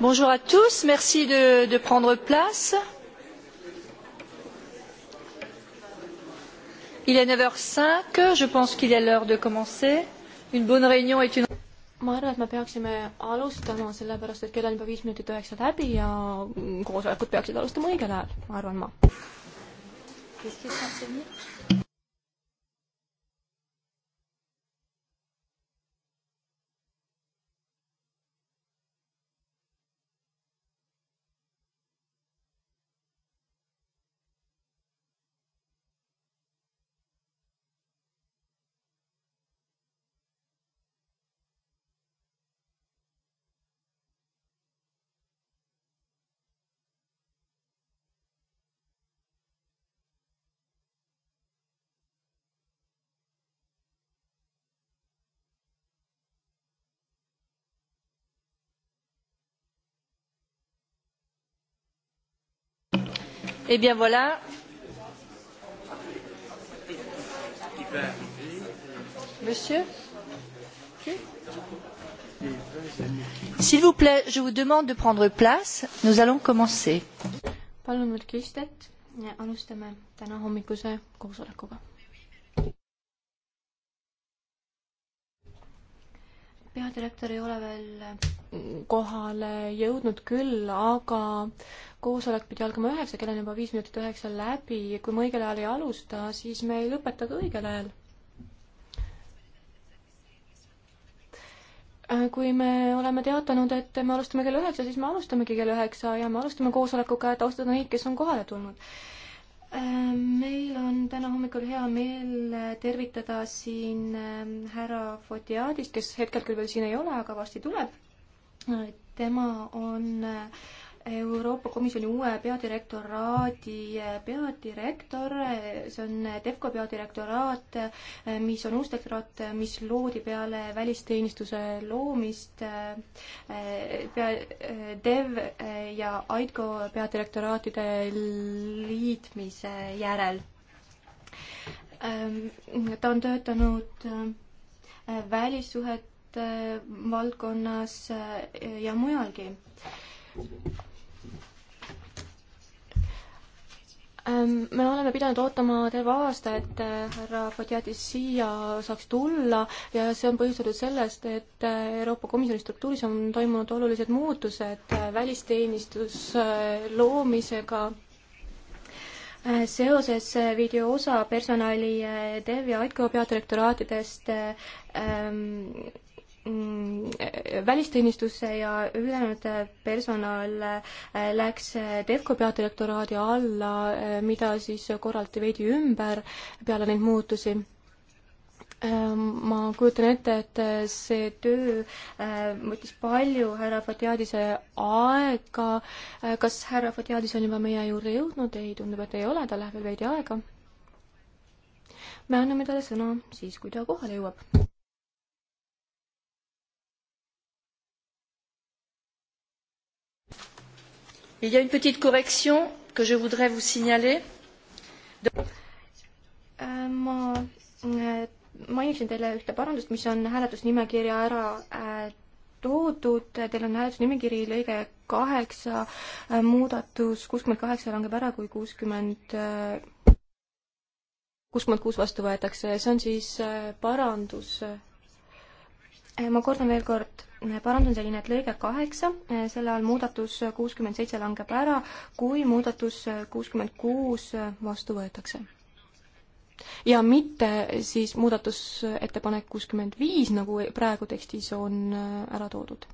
Bonjour à tous, merci de, de prendre place. Il est 9h05, je pense qu'il est l'heure de commencer. Une bonne réunion est une ma arvan, et me peaksime alustama, sellepärast et kell on juba viis minutit üheksa läbi ja koosolekud peaksid alustama õigel ajal, ma arvan ma. Eh bien voilà. Monsieur S'il vous plaît, je vous demande de prendre place. Nous allons commencer. palun võtke istet ja alustame täna hommikuse koosolekuga. peadirektor ei ole veel kohale jõudnud küll, aga koosolek pidi algama üheksa, kell on juba viis minutit üheksa läbi, kui me õigel ajal ei alusta, siis me ei lõpeta ka õigel ajal. Äh, kui me oleme teatanud, et me alustame kell üheksa, siis me alustamegi kell üheksa ja me alustame koosolekuga, et austada neid, kes on kohale tulnud äh, meil on täna hommikul hea meel tervitada siin äh, härra Fotiadist, kes hetkel küll veel siin ei ole, aga varsti tuleb tema on äh, Euroopa Komisjoni uue peadirektoraadi äh, peadirektor, see on äh, Defco peadirektoraat, mis on uus direktoraat, mis loodi peale välisteenistuse loomist. pea, Dev ja Aidgo peadirektoraatide liitmise järel. Ähm, ta on töötanud välissuhet uuringute äh, valdkonnas äh, ja mujalgi ähm, me oleme pidanud ootama terve aasta, et äh, härra Fadjadis siia saaks tulla ja see on põhjustatud sellest, et Euroopa Komisjoni struktuuris on toimunud olulised muutused välisteenistuse loomisega seoses viidi osa personali Dev ja Aitko peadirektoraatidest ähm, Mm, välisteenistusse ja ülejäänud personal äh, läks Defco peadirektoraadi alla, äh, mida siis korraldati veidi ümber peale neid muutusi ähm, ma kujutan ette, et äh, see töö võttis palju härra Fatiadise aega. kas härra Fatiadis on juba meie juurde jõudnud? ei, tundub, et ei ole, tal läheb veel veidi aega. me anname talle sõna siis, kui ta kohale jõuab. Il y a une petite correction que je voudrais vous signaler. De... Äh, ma äh, mainisin teile ühte parandust, mis on hääletusnimekirja ära äh, toodud, teil on hääletusnimekiri lõige kaheksa, muudatus kuuskümmend kaheksa langeb ära, kui kuuskümmend, kuuskümmend kuus vastu võetakse, see on siis parandus. ma kordan veel kord parandan selline, et lõige kaheksa, eh, selle all muudatus kuuskümmend seitse langeb ära, kui muudatus kuuskümmend kuus eh, vastu võetakse. ja mitte siis muudatusettepanek kuuskümmend viis, nagu praegu tekstis on eh, ära toodud.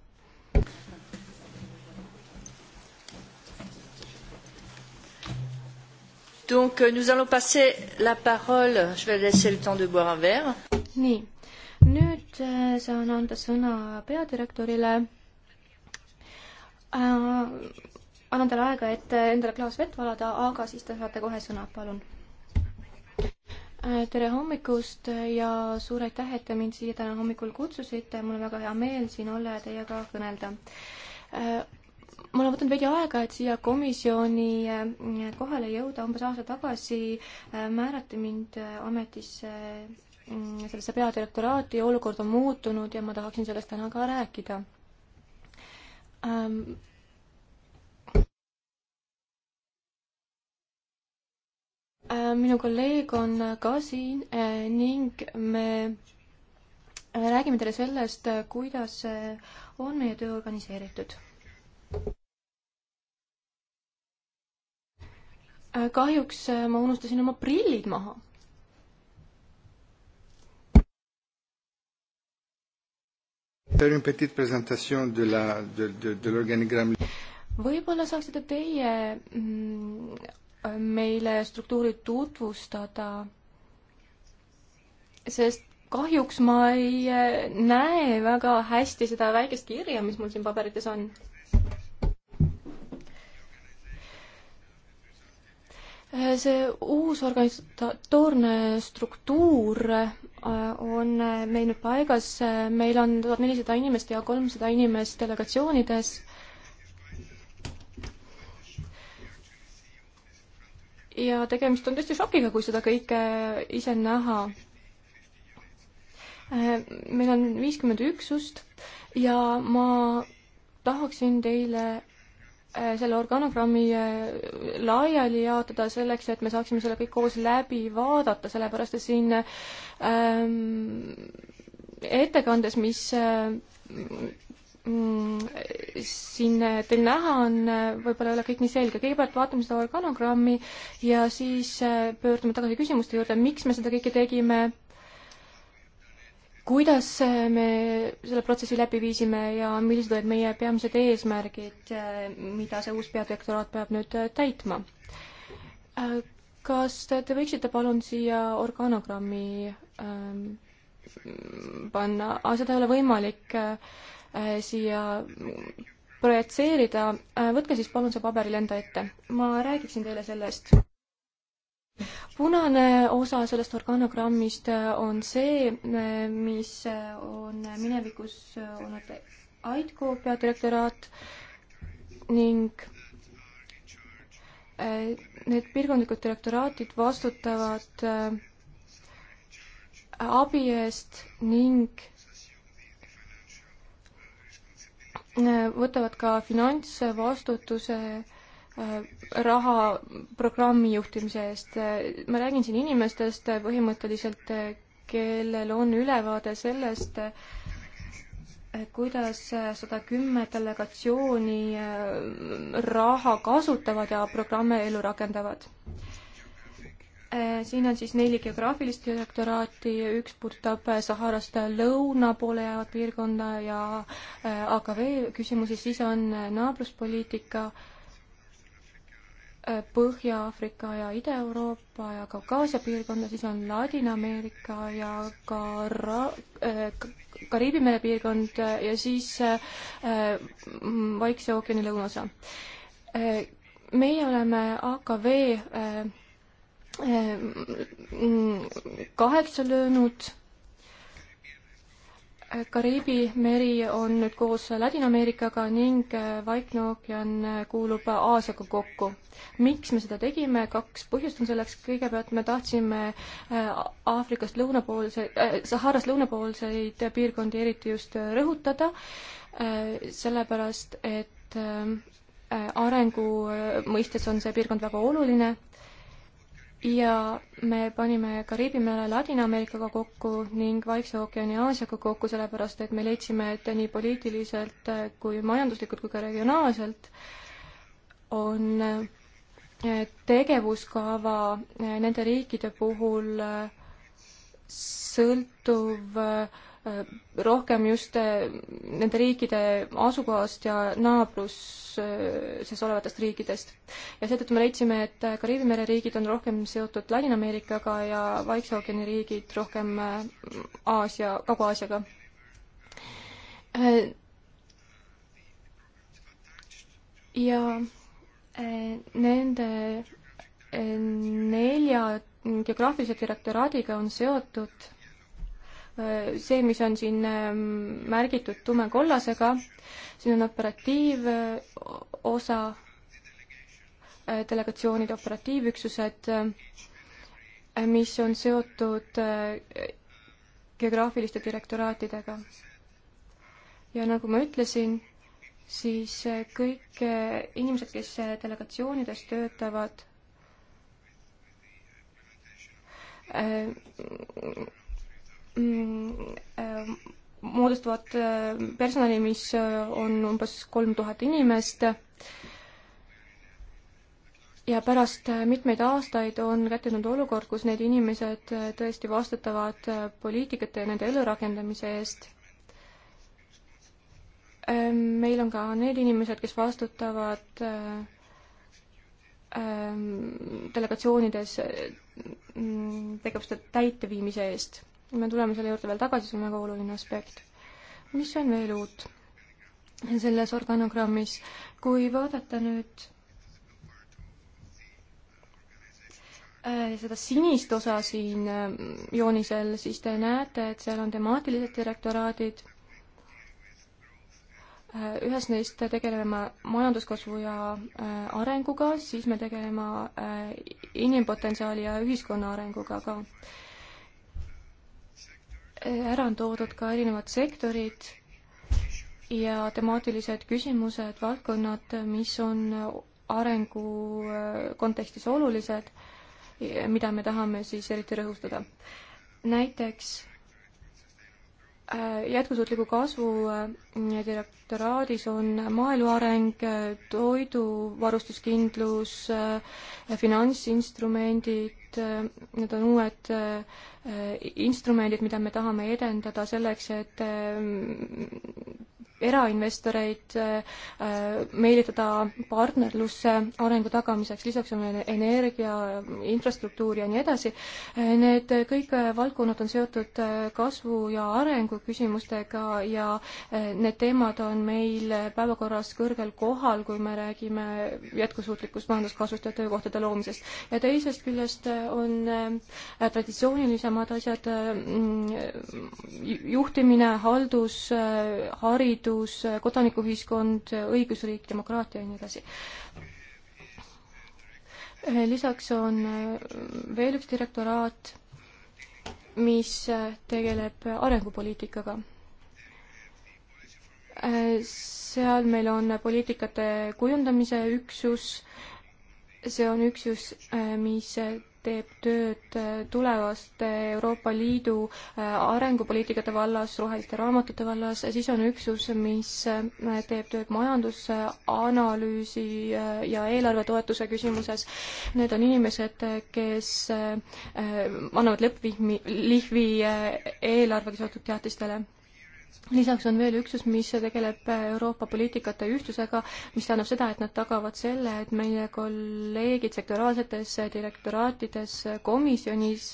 Donc euh, nous allons passer la parole, je vais laisser le temps de boire un verre. Nii nüüd äh, saan anda sõna peadirektorile. Äh, annan talle aega, et endale klaas vett valada, aga siis te saate kohe sõna, palun. Äh, tere hommikust ja suur aitäh, et te mind siia täna hommikul kutsusite, mul on väga hea meel siin olla ja teiega kõnelda ma olen võtnud veidi aega, et siia komisjoni kohale jõuda, umbes aasta tagasi määrati mind ametisse Mm, sellesse peadirektoraati, olukord on muutunud ja ma tahaksin sellest täna ka rääkida ähm.. minu kolleeg on ka siin äh, ning me äh, räägime teile sellest, äh, kuidas on meie töö organiseeritud. kahjuks ma unustasin oma prillid maha võib-olla saaksite teie mm, meile struktuuri tutvustada, sest kahjuks ma ei eh, näe väga hästi seda väikest kirja, mis mul siin paberites on. Eh, see uus organisatoorne struktuur Äh, on äh, meil nüüd paigas, äh, meil on tuhat nelisada inimest ja kolmsada inimest delegatsioonides. ja tegemist on tõesti šokiga, kui seda kõike ise näha. meil on viiskümmend üksust ja ma tahaksin teile Äh, selle organogrammi äh, laiali jaotada selleks, et me saaksime selle kõik koos läbi vaadata, sellepärast et siin ähm, ettekandes, mis äh, mm, siin teil näha on, võib-olla ei ole kõik nii selge, kõigepealt vaatame seda organogrammi ja siis äh, pöördume tagasi küsimuste juurde, miks me seda kõike tegime kuidas me selle protsessi läbi viisime ja millised olid meie peamised eesmärgid, mida see uus peadirektoraat peab nüüd täitma? kas te võiksite palun siia organogrammi ähm, panna, aga seda ei ole võimalik äh, siia projitseerida, äh, võtke siis palun see paberil enda ette. ma räägiksin teile sellest punane osa sellest organogrammist äh, on see, äh, mis äh, on minevikus olnud AIDCO peadirektoraat ning need piirkondlikud direktoraatid vastutavad abi eest ning võtavad ka finantsvastutuse Äh, raha programmi juhtimise eest. ma räägin siin inimestest äh, põhimõtteliselt, äh, kellel on ülevaade sellest, kuidas sada kümme delegatsiooni raha kasutavad ja programme ellu rakendavad. siin on siis neli geograafilist direktoraati, üks puudutab Saharast lõuna poole jäävat piirkonda ja AKV küsimusi, siis on naabruspoliitika äh, Äh, Põhja-Aafrika ja Ida-Euroopa ja Kaukaasia piirkonda, siis on Ladina-Ameerika ja ka ra-, äh, Kariibi mere piirkond äh, ja siis mm, Vaikse ookeani lõunaosa. meie oleme AKV mm, kaheksa löönud Kariibi meri on nüüd koos Ladina-Ameerikaga ning äh, Vaikne ookean äh, kuulub Aasiaga kokku. miks me seda tegime, kaks põhjust on selleks, kõigepealt me tahtsime äh, Aafrikast lõunapoolse äh,, Saharast lõunapoolseid piirkondi eriti just rõhutada äh,, sellepärast et äh, arengu mõistes on see piirkond väga oluline ja me panime Kariibi mere Ladina-Ameerikaga kokku ning Vaikse ookeani Aasiaga kokku, sellepärast et me leidsime, et nii poliitiliselt äh, kui majanduslikult kui ka regionaalselt on äh, tegevuskava äh, nende riikide puhul sõltuv äh, rohkem just eh, nende riikide asukohast ja naabruses eh, olevatest riikidest. ja seetõttu me leidsime, et eh, Kariibi mere riigid on rohkem seotud Ladina-Ameerikaga ja Vaikse ookeani riigid rohkem Aasia, Kagu-Aasiaga. ja nende nelja geograafilise direktoraadiga on seotud see, mis on siin ähm, märgitud tumekollasega, siin on operatiivosa, äh, äh, delegatsioonide operatiivüksused, äh, mis on seotud geograafiliste direktoraatidega. ja nagu ma ütlesin, siis kõik inimesed, kes delegatsioonides töötavad, Mm, äh, moodustavad äh, personali, mis äh, on umbes kolm tuhat inimest. ja pärast mitmeid aastaid on kätte tulnud olukord, kus need inimesed tõesti vastutavad poliitikate ja nende ellurakendamise eest. Ähm, meil on ka need inimesed, kes vastutavad ähm, delegatsioonides mm, tegevuste täiteviimise eest me tuleme selle juurde veel tagasi, see on väga oluline aspekt. mis on veel uut selles organogrammis, kui vaadata nüüd äh, seda sinist osa siin äh, joonisel, siis te näete, et seal on temaatilised direktoraadid. Äh, ühes neist tegeleme majanduskasvu ja arenguga, siis me tegeleme inimpotentsiaali ja ühiskonna arenguga ka ära on toodud ka erinevad sektorid ja temaatilised küsimused, valdkonnad, mis on arengu äh, kontekstis olulised, mida me tahame siis eriti rõhustada. näiteks äh, jätkusuutliku kasvu äh, direktoraadis on maaelu areng, toiduvarustuskindlus, äh, finantsinstrumendid, äh, need on uued äh, instrumendid, mida me tahame edendada selleks, et erainvestoreid meelitada partnerlusse arengu tagamiseks, lisaks on meil energia, infrastruktuur ja nii edasi. Need kõik valdkonnad on seotud kasvu ja arengu küsimustega ja need teemad on meil päevakorras kõrgel kohal, kui me räägime jätkusuutlikust majanduskasvust ja töökohtade loomisest. ja teisest küljest on äh, traditsioonilisemad asjad, mm, juhtimine, haldus, äh, haridus, kodanikuühiskond, õigusriik, demokraatia ja nii edasi äh, lisaks on veel üks direktoraat, mis tegeleb arengupoliitikaga seal meil on poliitikate kujundamise üksus, see on üksus, mis teeb tööd tulevaste Euroopa Liidu äh, arengupoliitikate vallas, roheliste raamatute vallas, siis on üksus, mis äh, teeb tööd majandusanalüüsi äh, ja eelarvetoetuse küsimuses. Need on inimesed, kes annavad lõppvihmi, lihvi eelarvega seotud teatistele lisaks on veel üksus, mis tegeleb Euroopa poliitikate ühtsusega, mis tähendab seda, et nad tagavad selle, et meie kolleegid sektoraalsetes direktoraatides komisjonis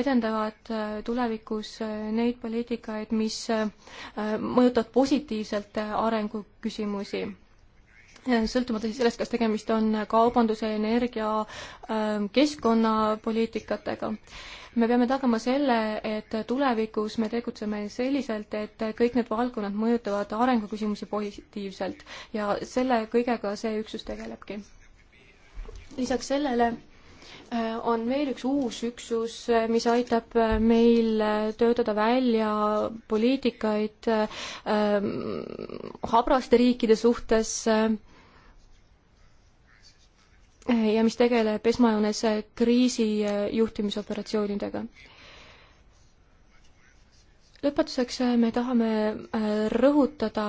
edendavad tulevikus neid poliitikaid, mis äh, mõjutavad positiivselt arenguküsimusi sõltumata siis sellest, kas tegemist on kaubanduse, energia, äh, keskkonnapoliitikatega me peame tagama selle, et tulevikus me tegutseme selliselt, et kõik need valdkonnad mõjutavad arenguküsimusi positiivselt ja selle kõigega see üksus tegelebki. lisaks sellele äh, on veel üks uus üksus, äh, mis aitab äh, meil töötada välja poliitikaid äh, habraste riikide suhtes äh, ja mis tegeleb esmajoones kriisijuhtimisoperatsioonidega. Äh, lõpetuseks äh, me tahame äh, rõhutada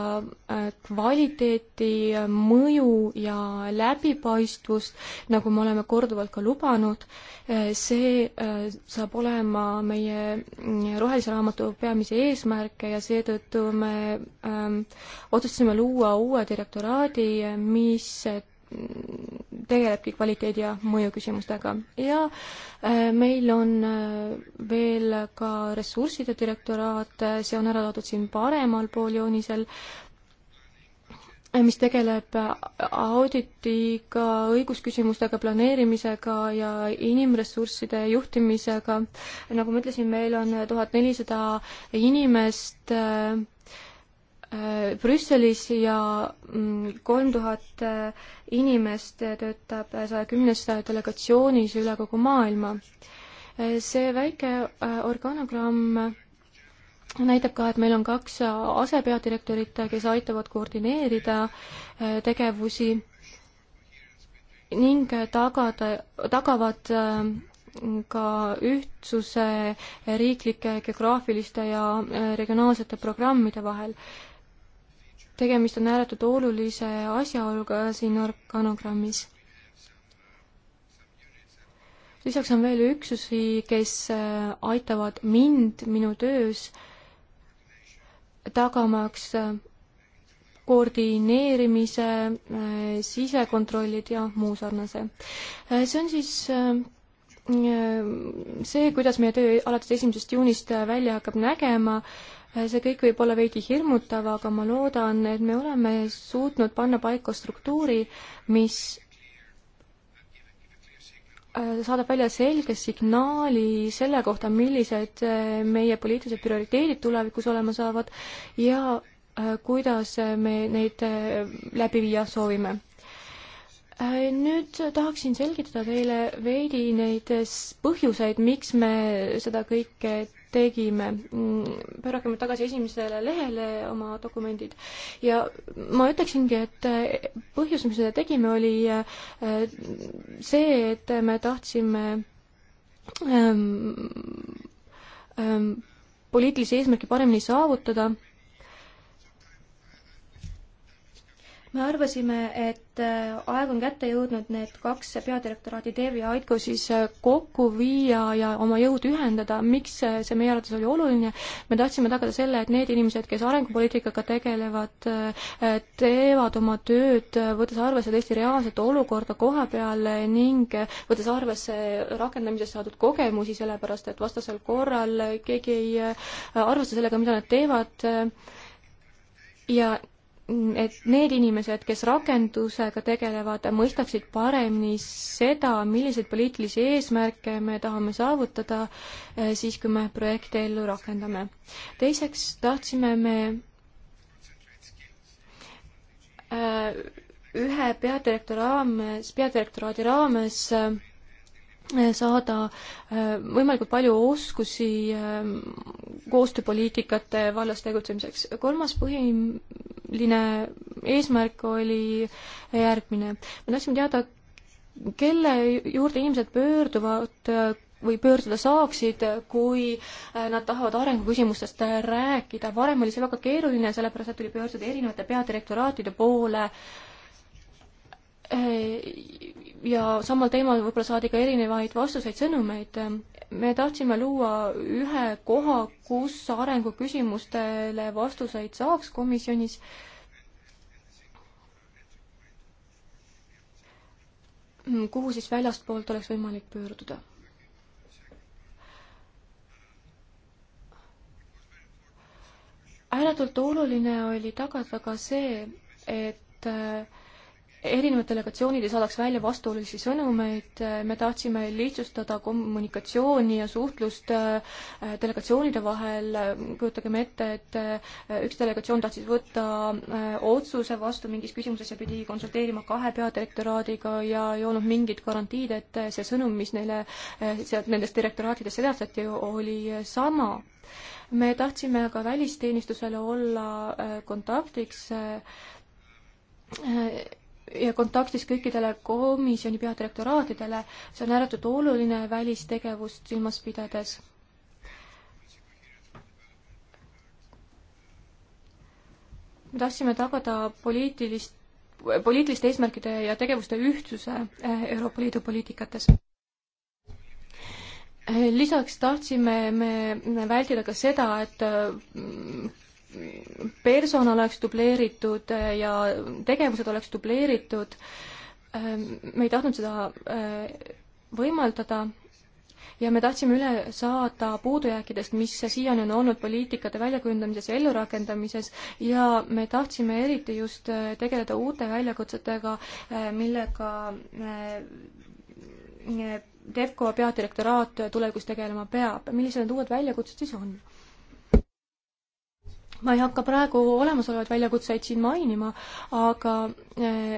kvaliteeti, mõju ja läbipaistvust, nagu me oleme korduvalt ka lubanud. see saab olema meie mm, rohelise raamatu peamisi eesmärke ja seetõttu me öö, ähm, otsustasime luua uue direktoraadi, mis tegelebki kvaliteedi ja mõju küsimustega ja äh, meil on äh, veel ka ressursside direktoraat, äh, see on ära toodud siin paremal pool joonisel, mis tegeleb auditiga, õigusküsimustega, planeerimisega ja inimressursside juhtimisega. nagu ma ütlesin, meil on tuhat nelisada inimest Äh, Brüsselis ja mm, kolm tuhat äh, inimest töötab saja kümnes äh, delegatsioonis üle kogu maailma. see väike organogramm näitab ka, et meil on kaks asepeadirektorit, kes aitavad koordineerida tegevusi ning tagada, tagavad ka ühtsuse riiklike geograafiliste ja regionaalsete programmide vahel tegemist on ääretult olulise asjaoluga siin organogrammis. lisaks on veel üksusi, kes äh, aitavad mind minu töös, tagamaks äh, koordineerimise, äh, sisekontrollid ja muu sarnase. see on siis see, kuidas meie töö alates esimesest juunist välja hakkab nägema see kõik võib olla veidi hirmutav, aga ma loodan, et me oleme suutnud panna paika struktuuri, mis äh, saadab välja selge signaali selle kohta, millised äh, meie poliitilised prioriteedid tulevikus olema saavad ja äh, kuidas me neid läbi viia soovime. nüüd tahaksin selgitada teile veidi neid põhjuseid, miks me seda kõike tegime. pöörake nüüd tagasi esimesele lehele oma dokumendid ja ma ütleksingi, et põhjus, miks me seda tegime, oli äh, see, et me tahtsime ähm, ähm, poliitilisi eesmärke paremini saavutada me arvasime, et äh, aeg on kätte jõudnud need kaks peadirektoraadi, Dev ja Aitko, siis äh, kokku viia ja oma jõud ühendada, miks äh, see meie arvates oli oluline, me tahtsime tagada selle, et need inimesed, kes arengupoliitikaga tegelevad, teevad oma tööd, võttes arvesse tõesti reaalset olukorda koha peal ning võttes arvesse rakendamisest saadud kogemusi, sellepärast et vastasel korral keegi ei arvesta sellega, mida nad teevad ja et need inimesed, kes rakendusega tegelevad, mõistaksid paremini seda, milliseid poliitilisi eesmärke me tahame saavutada eh, siis, kui me projekte ellu rakendame. teiseks tahtsime me eh, ühe peadirektori raames, peadirektoraadi raames eh, saada äh, võimalikult palju oskusi äh, koostööpoliitikate vallas tegutsemiseks. kolmas põhiline eesmärk oli järgmine. me tahtsime teada, kelle juurde inimesed pöörduvad äh, või pöörduda saaksid, kui nad tahavad arenguküsimustest rääkida. varem oli see väga keeruline, sellepärast et tuli pöörduda erinevate peadirektoraatide poole ja samal teemal võib-olla saadi ka erinevaid vastuseid, sõnumeid. me tahtsime luua ühe koha, kus arenguküsimustele vastuseid saaks komisjonis. kuhu siis väljastpoolt oleks võimalik pöörduda ääretult oluline oli tagada ka see, et äh, erinevad delegatsioonid ei saadaks välja vastuolulisi sõnumeid, me tahtsime lihtsustada kommunikatsiooni ja suhtlust äh, delegatsioonide vahel, kujutagem ette, et äh, üks delegatsioon tahtis võtta äh, otsuse vastu mingis küsimuses ja pidi konsulteerima kahe peadirektoraadiga ja ei olnud mingit garantiid, et see sõnum, mis neile sealt nendest direktoraatidest edastati, oli sama me tahtsime ka välisteenistusele olla kontaktiks ja kontaktis kõikidele komisjoni peadirektoraatidele, see on ääretult oluline välistegevust silmas pidades. me tahtsime tagada poliitilist, poliitiliste eesmärkide ja tegevuste ühtsuse eh, Euroopa Liidu poliitikates. Eh, lisaks tahtsime me vältida ka seda, et mm, personal oleks dubleeritud ja tegevused oleks dubleeritud. Ähm, me ei tahtnud seda äh, võimaldada ja me tahtsime üle saada puudujääkidest, mis siiani on olnud poliitikate väljakujundamises ja ellurakendamises ja me tahtsime eriti just äh, tegeleda uute väljakutsetega, äh, millega DEFCO peadirektoraat tulevikus tegelema peab. millised need uued väljakutsed siis on? ma ei hakka praegu olemasolevaid väljakutseid siin mainima, aga eh,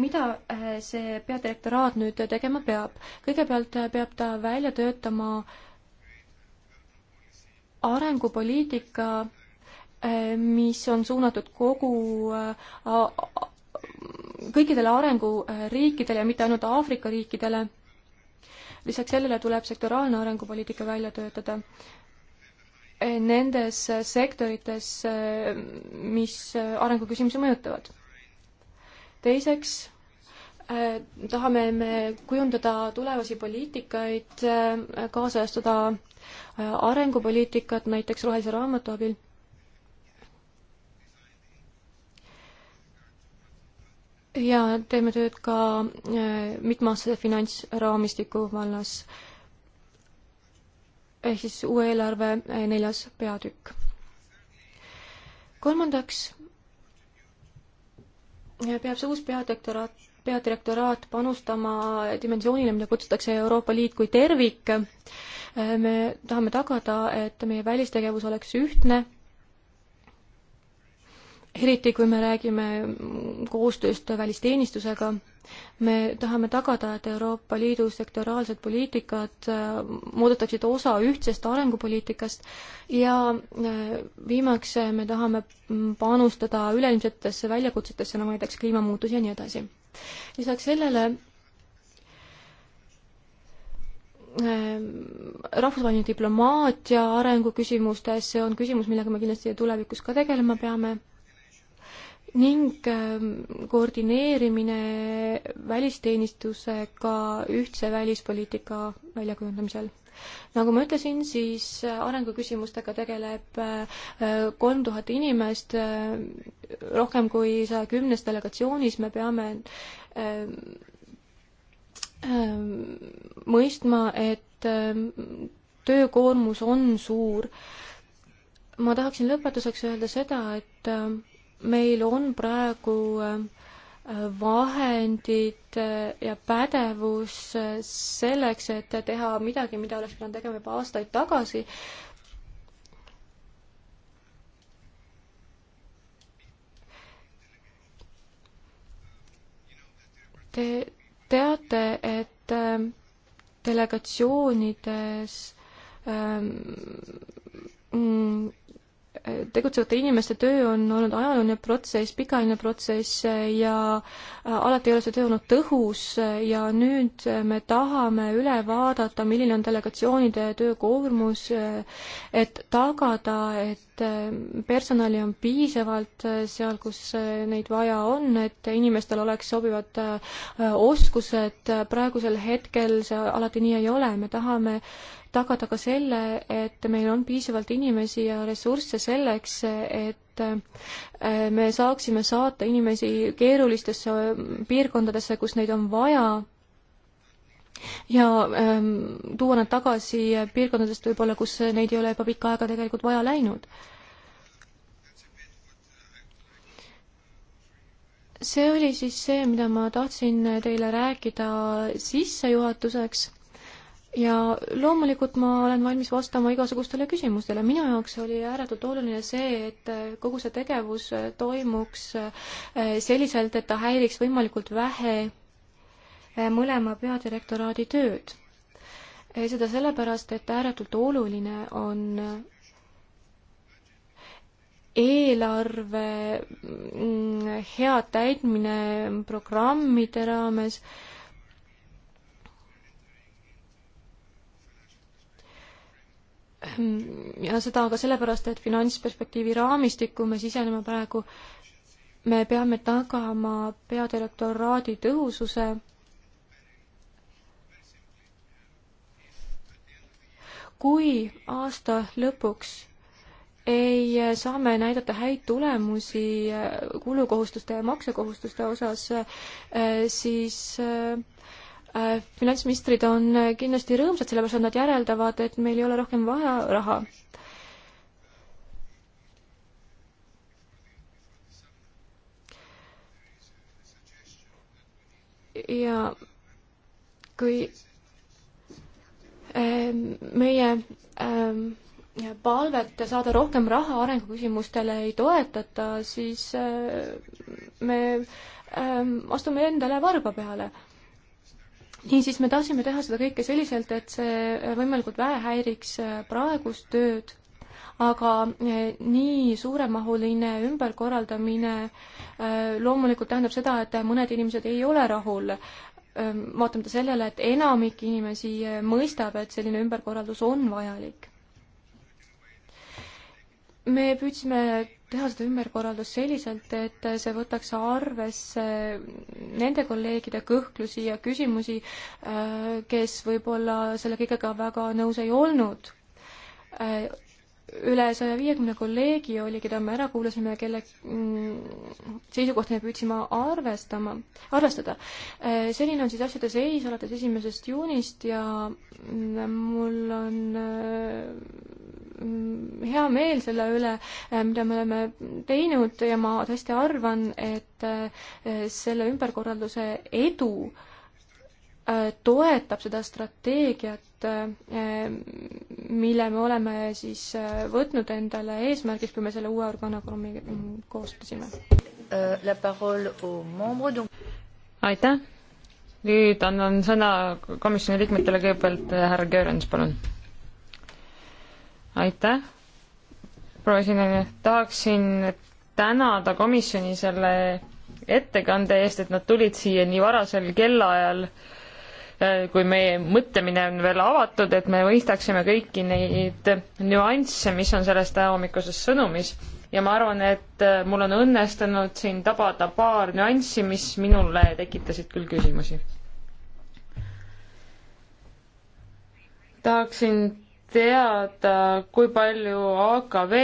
mida eh, see peadirektoraat nüüd tegema peab? kõigepealt eh, peab ta välja töötama arengupoliitika, mis on suunatud kogu kõikidele arenguriikidele ja mitte ainult Aafrika riikidele. lisaks sellele tuleb sektoraalne arengupoliitika välja töötada nendes sektorites, mis arenguküsimusi mõjutavad. teiseks eh, tahame me kujundada tulevasi poliitikaid eh,, kaasajastada eh, arengupoliitikat näiteks rohelise raamatu abil. ja teeme tööd ka mitmeaastase finantsraamistiku vallas äh, ehk siis uue eelarve eh, neljas peatükk. kolmandaks eh, peab see uus peadirektoraat, peadirektoraat panustama dimensioonile, mida kutsutakse Euroopa Liit kui tervik. Eh, me tahame tagada, et meie välistegevus oleks ühtne eriti kui me räägime koostööst välisteenistusega, me tahame tagada, et Euroopa Liidu sektoraalsed poliitikad äh, moodutaksid osa ühtsest arengupoliitikast ja äh, viimaks äh, me tahame panustada üleilmsetesse väljakutsetesse, nagu näiteks kliimamuutus ja nii edasi. lisaks sellele rahvusvaheline diplomaatia arengu küsimustes, see on küsimus, millega me kindlasti tulevikus ka tegelema peame ning ähm, koordineerimine välisteenistusega ühtse välispoliitika väljakujundamisel. nagu ma ütlesin, siis äh, arenguküsimustega tegeleb äh, äh, kolm tuhat inimest, rohkem kui saja kümnes delegatsioonis me peame ähm, ähm, mõistma, et töökoormus on suur. ma tahaksin lõpetuseks öelda seda, et meil on praegu äh, vahendid äh, ja pädevus äh, selleks, et teha midagi, mida oleks pidanud tegema juba aastaid tagasi. Te teate, et delegatsioonides ähm, mm, tegutsevate inimeste töö on olnud ajalooline protsess, pikaajaline protsess ja äh, alati ei ole see töö olnud tõhus ja nüüd me tahame üle vaadata, milline on delegatsioonide töökoormus, et tagada, et äh, personali on piisavalt seal, kus äh, neid vaja on, et inimestel oleks sobivad oskused, praegusel hetkel see alati nii ei ole, me tahame äh, tagada ka selle, et meil on piisavalt inimesi ja ressursse selleks, et äh, me saaksime saata inimesi keerulistesse äh, piirkondadesse, kus neid on vaja ja ähm, tuua nad tagasi piirkondadest võib-olla, kus neid ei ole juba pikka aega tegelikult vaja läinud. see oli siis see, mida ma tahtsin teile rääkida sissejuhatuseks ja loomulikult ma olen valmis vastama igasugustele küsimustele. minu jaoks oli ääretult oluline see, et äh, kogu see tegevus äh, toimuks äh, selliselt, et ta häiriks võimalikult vähe mõlema peadirektoraadi tööd. seda sellepärast, et ääretult oluline on eelarve mm, head täitmine programmide raames äh, Ehm, ja seda ka sellepärast, et finantsperspektiivi raamistikku me siseneme praegu, me peame tagama peadirektoraadi tõhususe. kui aasta lõpuks ei saa me näidata häid tulemusi eh, kulukohustuste ja maksekohustuste osas, eh, siis eh, Äh, finantsministrid on äh, kindlasti rõõmsad, sellepärast et nad järeldavad, et meil ei ole rohkem vaja raha. ja kui ähm, meie ähm, palvet saada rohkem raha arenguküsimustele ei toetata, siis äh, me ähm, astume endale varba peale niisiis, me tahtsime teha seda kõike selliselt, et see võimalikult vähe häiriks äh, praegust tööd, aga äh, nii suuremahuline ümberkorraldamine äh, loomulikult tähendab seda, et mõned inimesed ei ole rahul, ähm, vaatamata sellele, et enamik inimesi mõistab, et selline ümberkorraldus on vajalik me püüdsime teha seda ümberkorraldust selliselt, et see võtaks arvesse nende kolleegide kõhklusi ja küsimusi, äh, kes võib-olla selle kõigega väga nõus ei olnud. Äh, üle saja viiekümne kolleegi oli, keda me ära kuulasime ja kelle mm, seisukohti me püüdsime arvestama, arvestada. Äh, selline on siis asjade seis alates esimesest juunist ja mm, mul on Mm, hea meel selle üle, äh, mida me oleme teinud ja ma tõesti arvan, et äh, selle ümberkorralduse edu äh, toetab seda strateegiat, mille me oleme siis võtnud endale eesmärgiks, kui me selle uue organograami mm, koostasime. aitäh, nüüd annan sõna komisjoni liikmetele, kõigepealt härra Göörens, palun aitäh, proua esineja, tahaksin tänada komisjoni selle ettekande eest, et nad tulid siia nii varasel kellaajal, äh, kui meie mõtlemine on veel avatud, et me mõistaksime kõiki neid nüansse, mis on selles tänahommikuses sõnumis. ja ma arvan, et äh, mul on õnnestunud siin tabada paar nüanssi, mis minule tekitasid küll küsimusi. tahaksin teada, kui palju AKV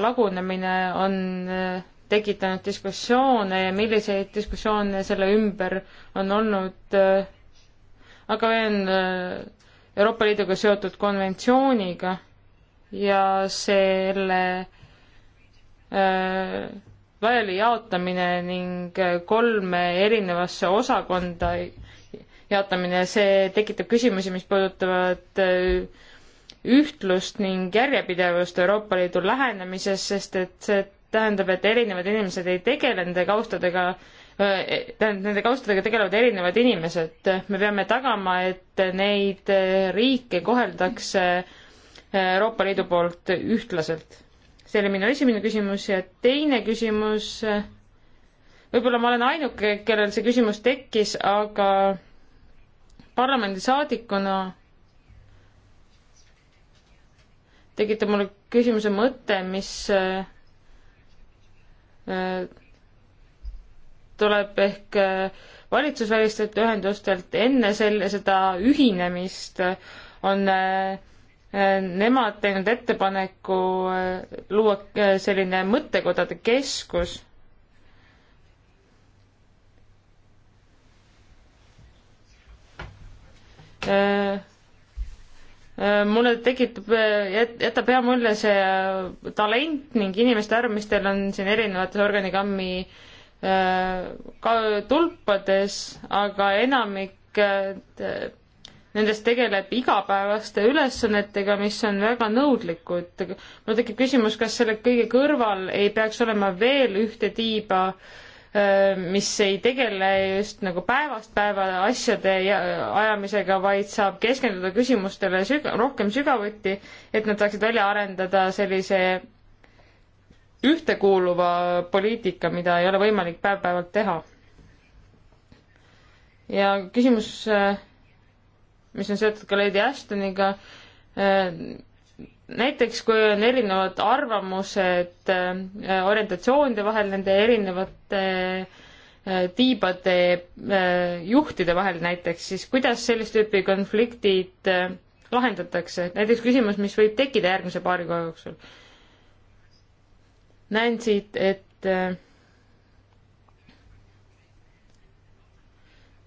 lagunemine on eh, tekitanud diskussioone ja milliseid diskussioone selle ümber on olnud. Eh, AKV on eh, Euroopa Liiduga seotud konventsiooniga ja selle äh, laiali jaotamine ning kolme erinevasse osakonda jaotamine, see tekitab küsimusi, mis puudutavad äh, ühtlust ning järjepidevust Euroopa Liidu lähenemises, sest et see tähendab, et erinevad inimesed ei tegele nende kaustadega, tähendab, nende kaustadega tegelevad erinevad inimesed. me peame tagama, et neid riike koheldakse Euroopa Liidu poolt ühtlaselt. see oli minu esimene küsimus ja teine küsimus, võib-olla ma olen ainuke, kellel see küsimus tekkis, aga parlamendisaadikuna tegite mulle küsimuse mõtte, mis äh, äh, tuleb ehk äh, valitsusvälistelt ühendustelt enne selle, seda ühinemist on nemad teinud ettepaneku luua selline mõttekodade keskus äh, Äh, mulle tekitab, äh, jätab hea mulje see äh, talent ning inimeste arv, mis teil on siin erinevates organigrammi ka tulpades, aga enamik nendest tegeleb igapäevaste ülesannetega, mis on väga nõudlikud. mul tekib küsimus, kas selle kõige kõrval ei peaks olema veel ühte tiiba äh, Äh, mis ei tegele just nagu päevast päeva asjade ajamisega, vaid saab keskenduda küsimustele süg-, rohkem sügavuti, et nad saaksid välja arendada sellise ühtekuuluva poliitika, mida ei ole võimalik päev-päevalt teha. ja küsimus, äh, mis on seotud ka Lady Ashtoniga, äh, näiteks kui on erinevad arvamused äh, orientatsioonide vahel, nende erinevate äh, tiibade äh, juhtide vahel näiteks, siis kuidas sellist tüüpi konfliktid lahendatakse, näiteks küsimus, mis võib tekkida järgmise paari kuu jooksul. näen siit, et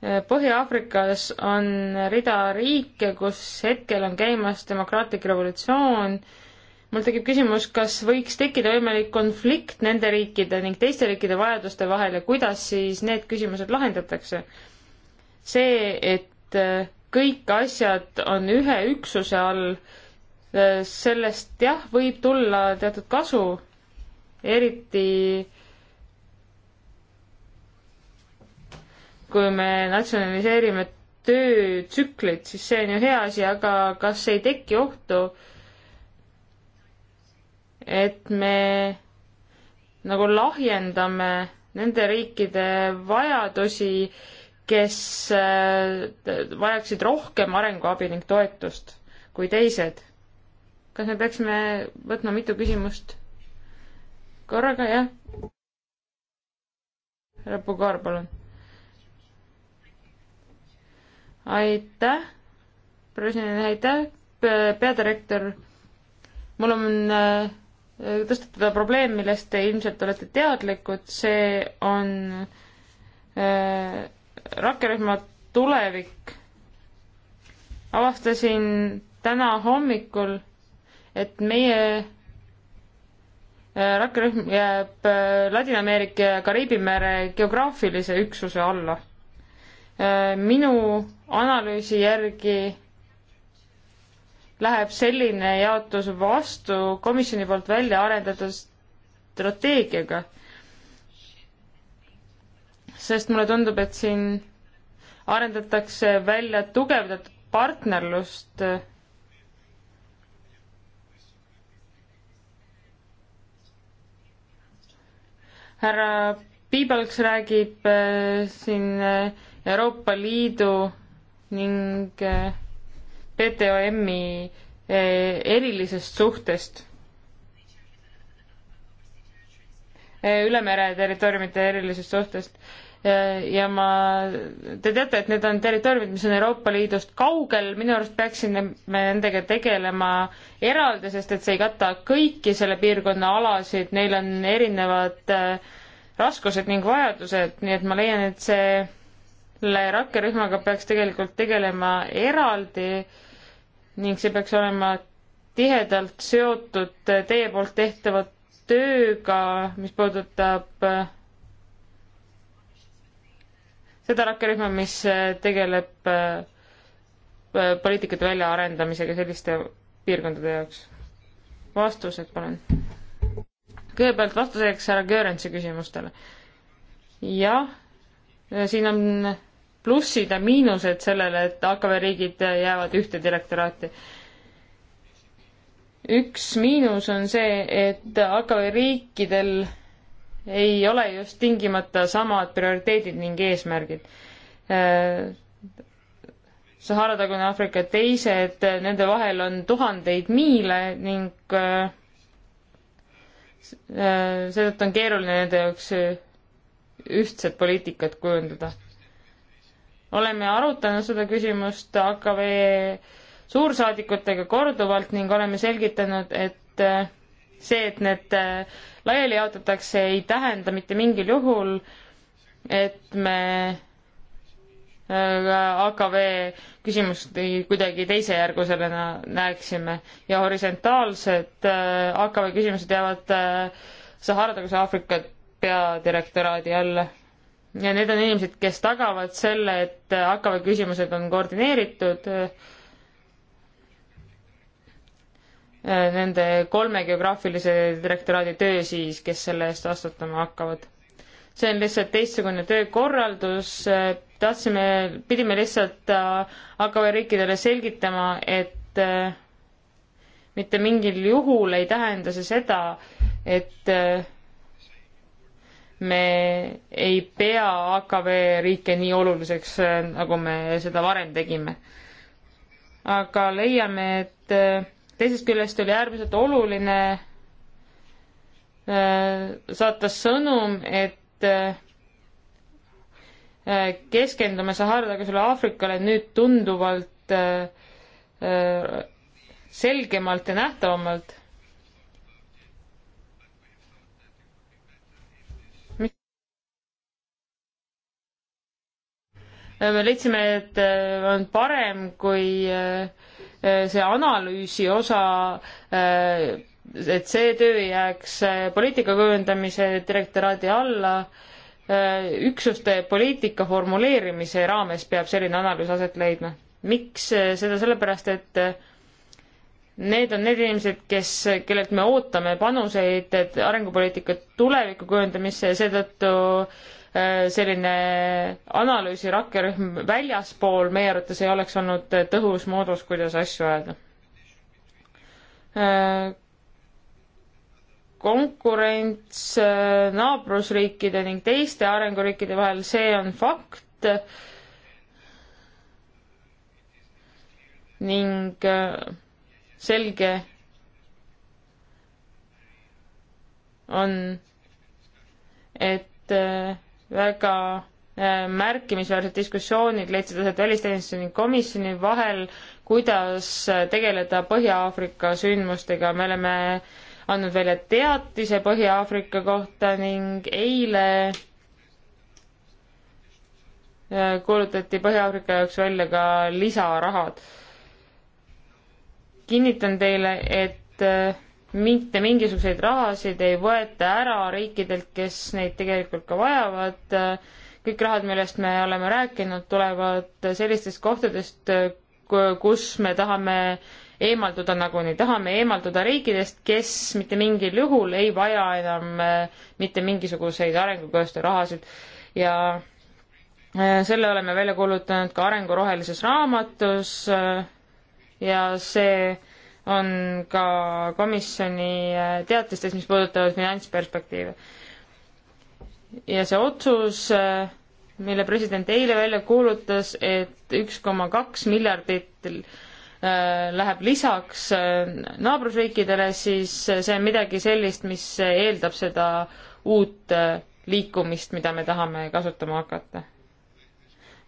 Põhja-Aafrikas on rida riike, kus hetkel on käimas demokraatlik revolutsioon. mul tekib küsimus, kas võiks tekkida võimalik konflikt nende riikide ning teiste riikide vajaduste vahel ja kuidas siis need küsimused lahendatakse? see, et äh, kõik asjad on ühe üksuse all, äh, sellest jah, võib tulla teatud kasu, eriti äh, kui me natsionaliseerime töötsüklit, siis see on ju hea asi, aga kas ei teki ohtu, et me nagu lahjendame nende riikide vajadusi, kes äh, vajaksid rohkem arenguabi ning toetust kui teised. kas me peaksime võtma mitu küsimust korraga, jah? härra Pugar, palun aitäh, president, aitäh, peadirektor. mul on äh, tõstatada probleem, millest te ilmselt olete teadlikud, see on äh, rakkerühma tulevik. avastasin täna hommikul, et meie äh, rakkerühm jääb Ladina-Ameerika ja Kariibi mere geograafilise üksuse alla. minu analüüsi järgi läheb selline jaotus vastu komisjoni poolt välja arendatud strateegiaga. sest mulle tundub, et siin arendatakse välja tugevdatud partnerlust härra Piibalks räägib äh, siin äh, Euroopa Liidu ning eh, PTOM-i eh, erilisest suhtest. Eh, üle mere territooriumite erilisest suhtest. ja ma, te teate, et need on territooriumid, mis on Euroopa Liidust kaugel, minu arust peaksime me nendega tegelema eraldi, sest et see ei kata kõiki selle piirkonna alasid, neil on erinevad raskused ning vajadused, nii et ma leian, et see rakkerühmaga peaks tegelikult tegelema eraldi ning see peaks olema tihedalt seotud teie poolt tehtava tööga, mis puudutab äh, seda rakkerühma, mis äh, tegeleb äh, poliitikate väljaarendamisega selliste piirkondade jaoks. vastused, palun. kõigepealt vastuseks härra Göransi küsimustele. jah, siin on plussid ja miinused sellele, et AKV riigid jäävad ühte direktoraati. üks miinus on see, et AKV riikidel ei ole just tingimata samad prioriteedid ning eesmärgid. Sahara-tagune Aafrika teised, nende vahel on tuhandeid miile ning äh, seetõttu on keeruline nende jaoks ühtset poliitikat kujundada oleme arutanud seda küsimust AKV suursaadikutega korduvalt ning oleme selgitanud, et eh, see, et need eh, laiali jaotatakse, ei tähenda mitte mingil juhul, et me eh, AKV küsimust kuidagi teisejärguselena näeksime ja horisontaalsed AKV küsimused jäävad Sahara taguse Aafrika peadirektoraadi alla ja need on inimesed, kes tagavad selle, et hakkavad küsimused on koordineeritud nende kolme geograafilise direktoraadi töö siis, kes selle eest vastutama hakkavad. see on lihtsalt teistsugune töökorraldus, tahtsime, pidime lihtsalt äh, AKV riikidele selgitama, et äh, mitte mingil juhul ei tähenda see seda, et äh, me ei pea AKV riike nii oluliseks, äh, nagu me seda varem tegime. aga leiame, et äh, teisest küljest oli äärmiselt oluline äh, saata sõnum, et keskendume Sahara tagusele Aafrikale nüüd tunduvalt selgemalt ja nähtavamalt me leidsime, et äh, on parem, kui äh, see analüüsi osa, äh, et see töö jääks poliitika kujundamise direktoraadi alla üksuste poliitika formuleerimise raames peab selline analüüs aset leidma. miks seda, sellepärast et need on need inimesed, kes, kellelt me ootame panuseid arengupoliitika tuleviku kujundamisse ja seetõttu Äh, selline analüüsi rakkerühm väljaspool meie arvates ei oleks olnud äh, tõhus moodus, kuidas asju ajada. Äh, konkurents naabrusriikide ning teiste arenguriikide vahel, see on fakt. ning selge on, et väga äh, märkimisväärsed diskussioonid leidsid aset välisteenistuse ning komisjoni vahel, kuidas äh, tegeleda Põhja-Aafrika sündmustega. me oleme andnud välja teatise Põhja-Aafrika kohta ning eile äh, kuulutati Põhja-Aafrika jaoks välja ka lisarahad. kinnitan teile, et mitte mingisuguseid rahasid ei võeta ära riikidelt, kes neid tegelikult ka vajavad. kõik rahad, millest me oleme rääkinud, tulevad sellistest kohtadest, kus me tahame eemalduda nagunii, tahame eemalduda riikidest, kes mitte mingil juhul ei vaja enam äh, mitte mingisuguseid arengukoostöö rahasid ja äh, selle oleme välja kuulutanud ka arengurohelises raamatus äh, ja see on ka komisjoni äh, teatistes, mis puudutavad finantsperspektiive. ja see otsus, äh, mille president eile välja kuulutas, et üks koma kaks miljardit äh, läheb lisaks naabrusriikidele, siis see on midagi sellist, mis eeldab seda uut liikumist, mida me tahame kasutama hakata.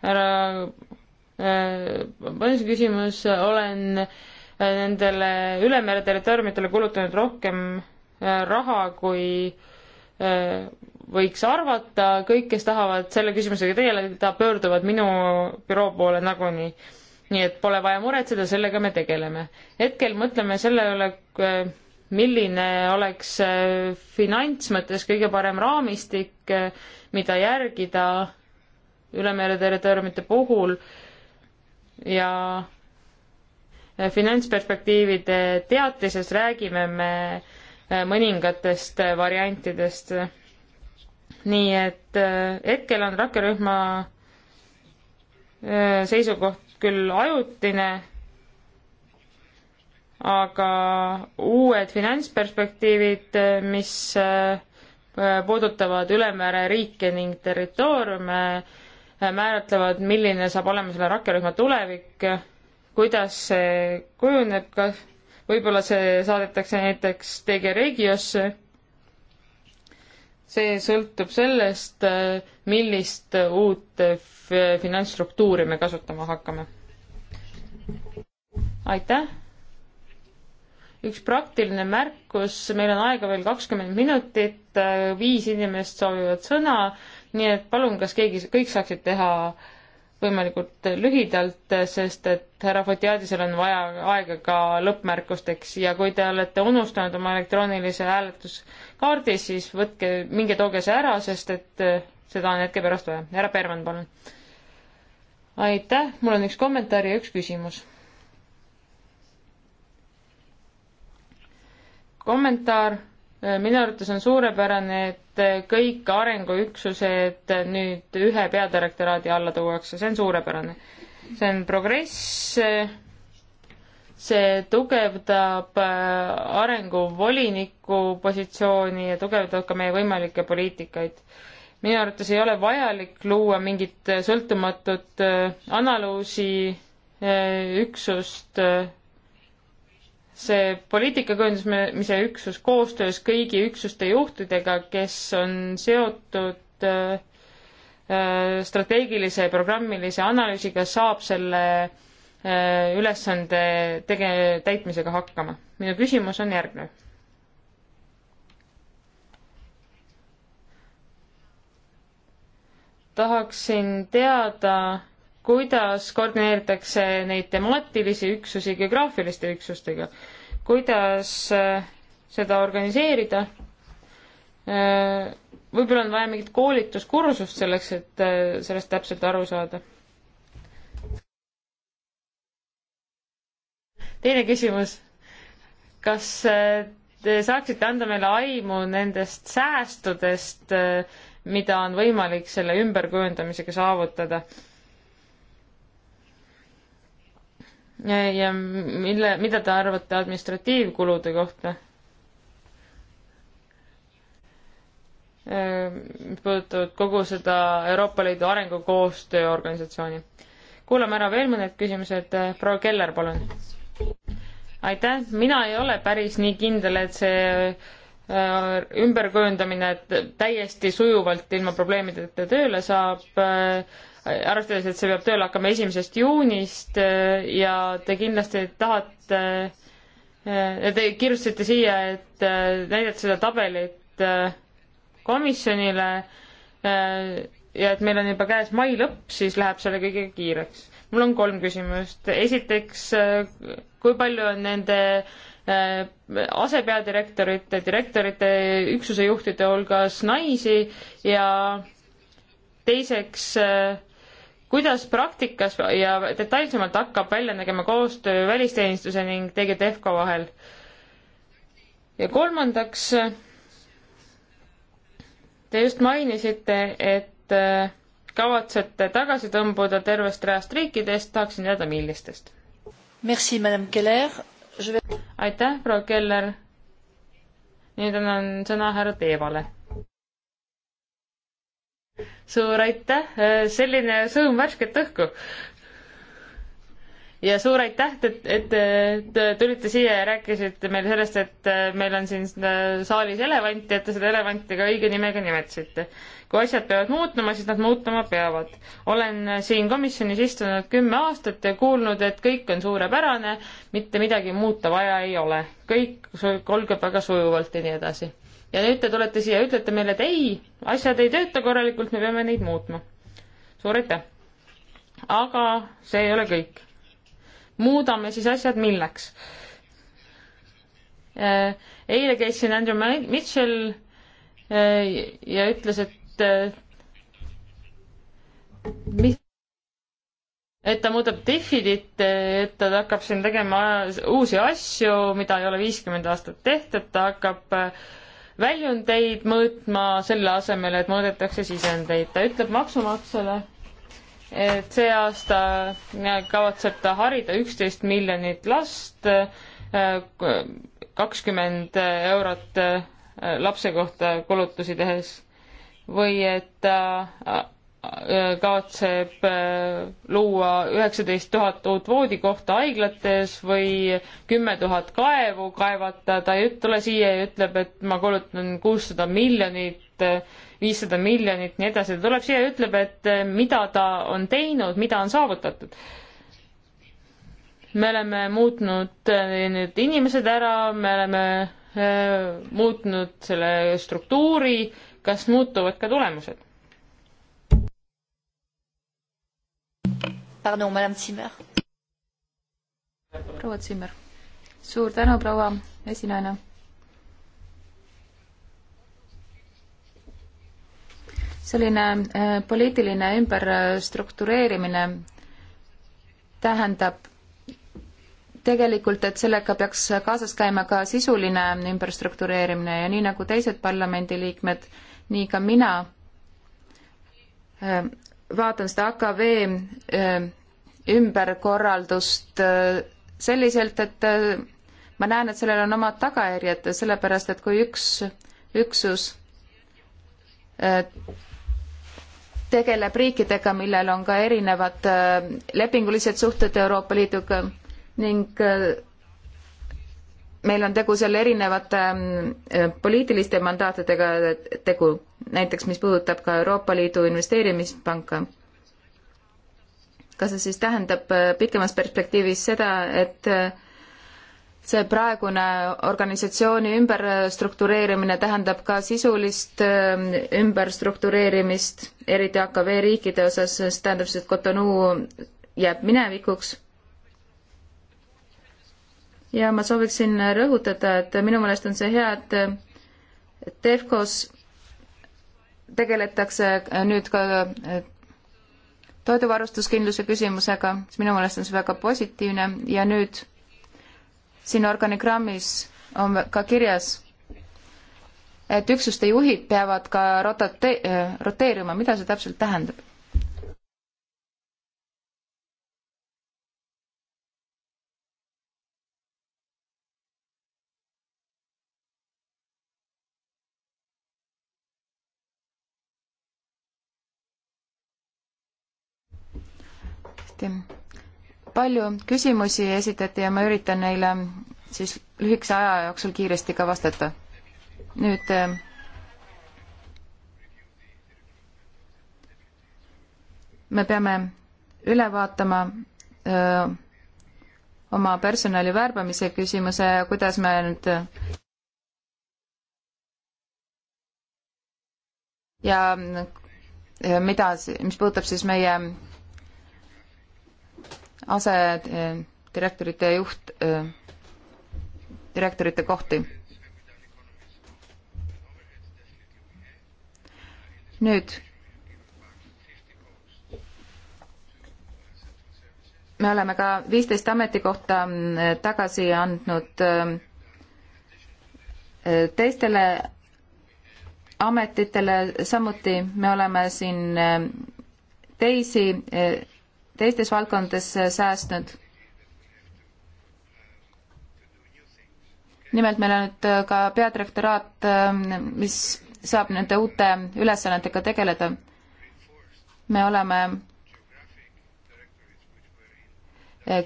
härra Põnes küsimus, olen äh, Äh, nendele ülemere territooriumitele kulutanud rohkem äh, raha, kui äh, võiks arvata, kõik, kes tahavad selle küsimusega tegeleda, pöörduvad minu büroo poole nagunii. nii et pole vaja muretseda, sellega me tegeleme. hetkel mõtleme selle üle, milline oleks finants mõttes kõige parem raamistik, mida järgida ülemere territooriumite puhul ja Eh, finantsperspektiivide teatises räägime me eh, mõningatest eh, variantidest. nii et hetkel on rakkerühma seisukoht küll ajutine, aga uued finantsperspektiivid, mis puudutavad ülemäära riike ning territooriume, määratlevad, milline saab olema selle rakkerühma tulevik kuidas see kujuneb, kas võib-olla see saadetakse näiteks TG Regiosse. see sõltub sellest, millist uut finantsstruktuuri me kasutama hakkame. aitäh! üks praktiline märkus, meil on aega veel kakskümmend minutit, viis inimest soovivad sõna, nii et palun, kas keegi, kõik saaksid teha äh, võimalikult lühidalt, sest et härra Fotiadisel on vaja aega ka lõppmärkusteks ja kui te olete unustanud oma elektroonilise hääletuskaardi, siis võtke, minge tooge see ära, sest et eh, seda on hetke pärast vaja. härra Berman, palun. aitäh, mul on üks kommentaar ja üks küsimus. kommentaar Äh, minu arvates on suurepärane, et äh, kõik arenguüksused nüüd ühe peadirektoraadi alla tuuakse, see on suurepärane. see on progress, see tugevdab äh, arenguvoliniku positsiooni ja tugevdab ka meie võimalikke poliitikaid. minu arvates ei ole vajalik luua mingit sõltumatut analüüsiüksust see poliitikakujundamise üksus koostöös kõigi üksuste juhtidega, kes on seotud äh, äh strateegilise programmilise analüüsiga, saab selle äh, ülesande tege-, täitmisega hakkama. minu küsimus on järgnev. tahaksin teada kuidas koordineeritakse neid temaatilisi üksusi geograafiliste üksustega, kuidas äh, seda organiseerida. Äh, võib-olla on vaja mingit koolituskursust selleks, et äh, sellest täpselt aru saada. teine küsimus. kas te saaksite anda meile aimu nendest säästudest, mida on võimalik selle ümberkujundamisega saavutada? ja mille, mida te arvate administratiivkulude kohta? Äh, mis puudutavad kogu seda Euroopa Liidu arengukoostöö organisatsiooni. kuulame ära veel mõned küsimused, äh, proua Keller, palun. aitäh, mina ei ole päris nii kindel, et see äh, ümberkujundamine täiesti sujuvalt ilma probleemideta tööle saab äh, arvestades, et see peab tööle hakkama esimesest juunist äh, ja te kindlasti tahate, äh, te kirjutasite siia, et äh, näidata seda tabelit komisjonile ja et meil on juba käes mai lõpp, siis läheb selle kõigega kiireks. mul on kolm küsimust. esiteks, kui palju on nende asepeadirektorite, direktorite, üksusejuhtide hulgas naisi ja teiseks äh, kuidas praktikas ja detailsemalt hakkab välja nägema koostöö välisteenistuse ning DGTFK vahel? ja kolmandaks, te just mainisite, et äh, kavatsete tagasi tõmbuda tervest reast riikidest, tahaksin teada, millistest? Merci, madame Keller Je.... aitäh, proua Keller. nüüd annan sõna härra Teevale suur aitäh, äh, selline sõõm värsket õhku. ja suur aitäh, et, et te tulite siia ja rääkisite meile sellest, et äh, meil on siin saalis elevant ja et te seda elevanti ka õige nimega nimetasite. kui asjad peavad muutuma, siis nad muutuma peavad. olen siin komisjonis istunud kümme aastat ja kuulnud, et kõik on suurepärane, mitte midagi muuta vaja ei ole, kõik kulgeb väga sujuvalt ja nii edasi ja nüüd te tulete siia ja ütlete meile, et ei, asjad ei tööta korralikult, me peame neid muutma. suur aitäh! aga see ei ole kõik. muudame siis asjad milleks? Äh, eile käis siin Andrew Mitchell äh, ja ütles, et äh, mis et ta muudab defidit, et ta hakkab siin tegema uusi asju, mida ei ole viiskümmend aastat tehtud, ta hakkab äh, väljundeid mõõtma selle asemel, et mõõdetakse sisendeid. ta ütleb maksumaksjale, et see aasta äh, kavatseb ta harida üksteist miljonit last, äh, kakskümmend eurot äh, lapse kohta kulutusi tehes või et ta kavatseb äh, luua üheksateist tuhat uut voodikohta haiglates või kümme tuhat kaevu kaevata, ta ei tule siia ja ütleb, et ma kulutan kuussada miljonit, äh, viissada miljonit, nii edasi, ta tuleb siia ja ütleb, et äh, mida ta on teinud, mida on saavutatud. me oleme muutnud need inimesed ära, me oleme muutnud selle struktuuri, kas muutuvad ka tulemused Pardon, madame Zimmer. proua Zimmer. suur tänu, proua esinaine. selline äh, poliitiline ümberstruktureerimine tähendab tegelikult, et sellega peaks kaasas käima ka sisuline ümberstruktureerimine ja nii nagu teised parlamendiliikmed, nii ka mina äh, vaatame seda AKV eh, ümberkorraldust eh, selliselt, et eh, ma näen, et sellel on omad tagajärjed, sellepärast et kui üks üksus tegeleb riikidega, millel on ka erinevad lepingulised suhted Euroopa Liiduga ning meil on tegu seal erinevate mm, eh, poliitiliste mandaatidega tegu, näiteks mis puudutab ka Euroopa Liidu investeerimispanka. kas see siis tähendab eh, pikemas perspektiivis seda, et eh, see praegune organisatsiooni ümberstruktureerimine tähendab ka sisulist ümberstruktureerimist, eriti AKV riikide osas, see tähendab, et Cotonou jääb minevikuks ja ma sooviksin rõhutada, et minu meelest on see hea, et TEFCOs tegeletakse nüüd ka toiduvarustuskindluse küsimusega, siis minu meelest on see väga positiivne ja nüüd siin organigrammis on ka kirjas, et üksuste juhid peavad ka rotate-, roteeruma, mida see täpselt tähendab? lahti. palju küsimusi esitati ja ma üritan neile siis lühikese aja jooksul kiiresti ka vastata. nüüd äh, me peame üle vaatama öö, äh, oma personali värbamise küsimuse, kuidas me nüüd äh, ja mida, mis puudutab siis meie asedirektorite juht, direktorite kohti. nüüd me oleme ka viisteist ametikohta eh, tagasi andnud eh, teistele ametitele, samuti me oleme siin eh, teisi teistes valdkondades äh, säästnud. nimelt meil on nüüd äh, ka peadirektoraat, ähm, mis saab nende uute ülesannetega tegeleda. me oleme äh,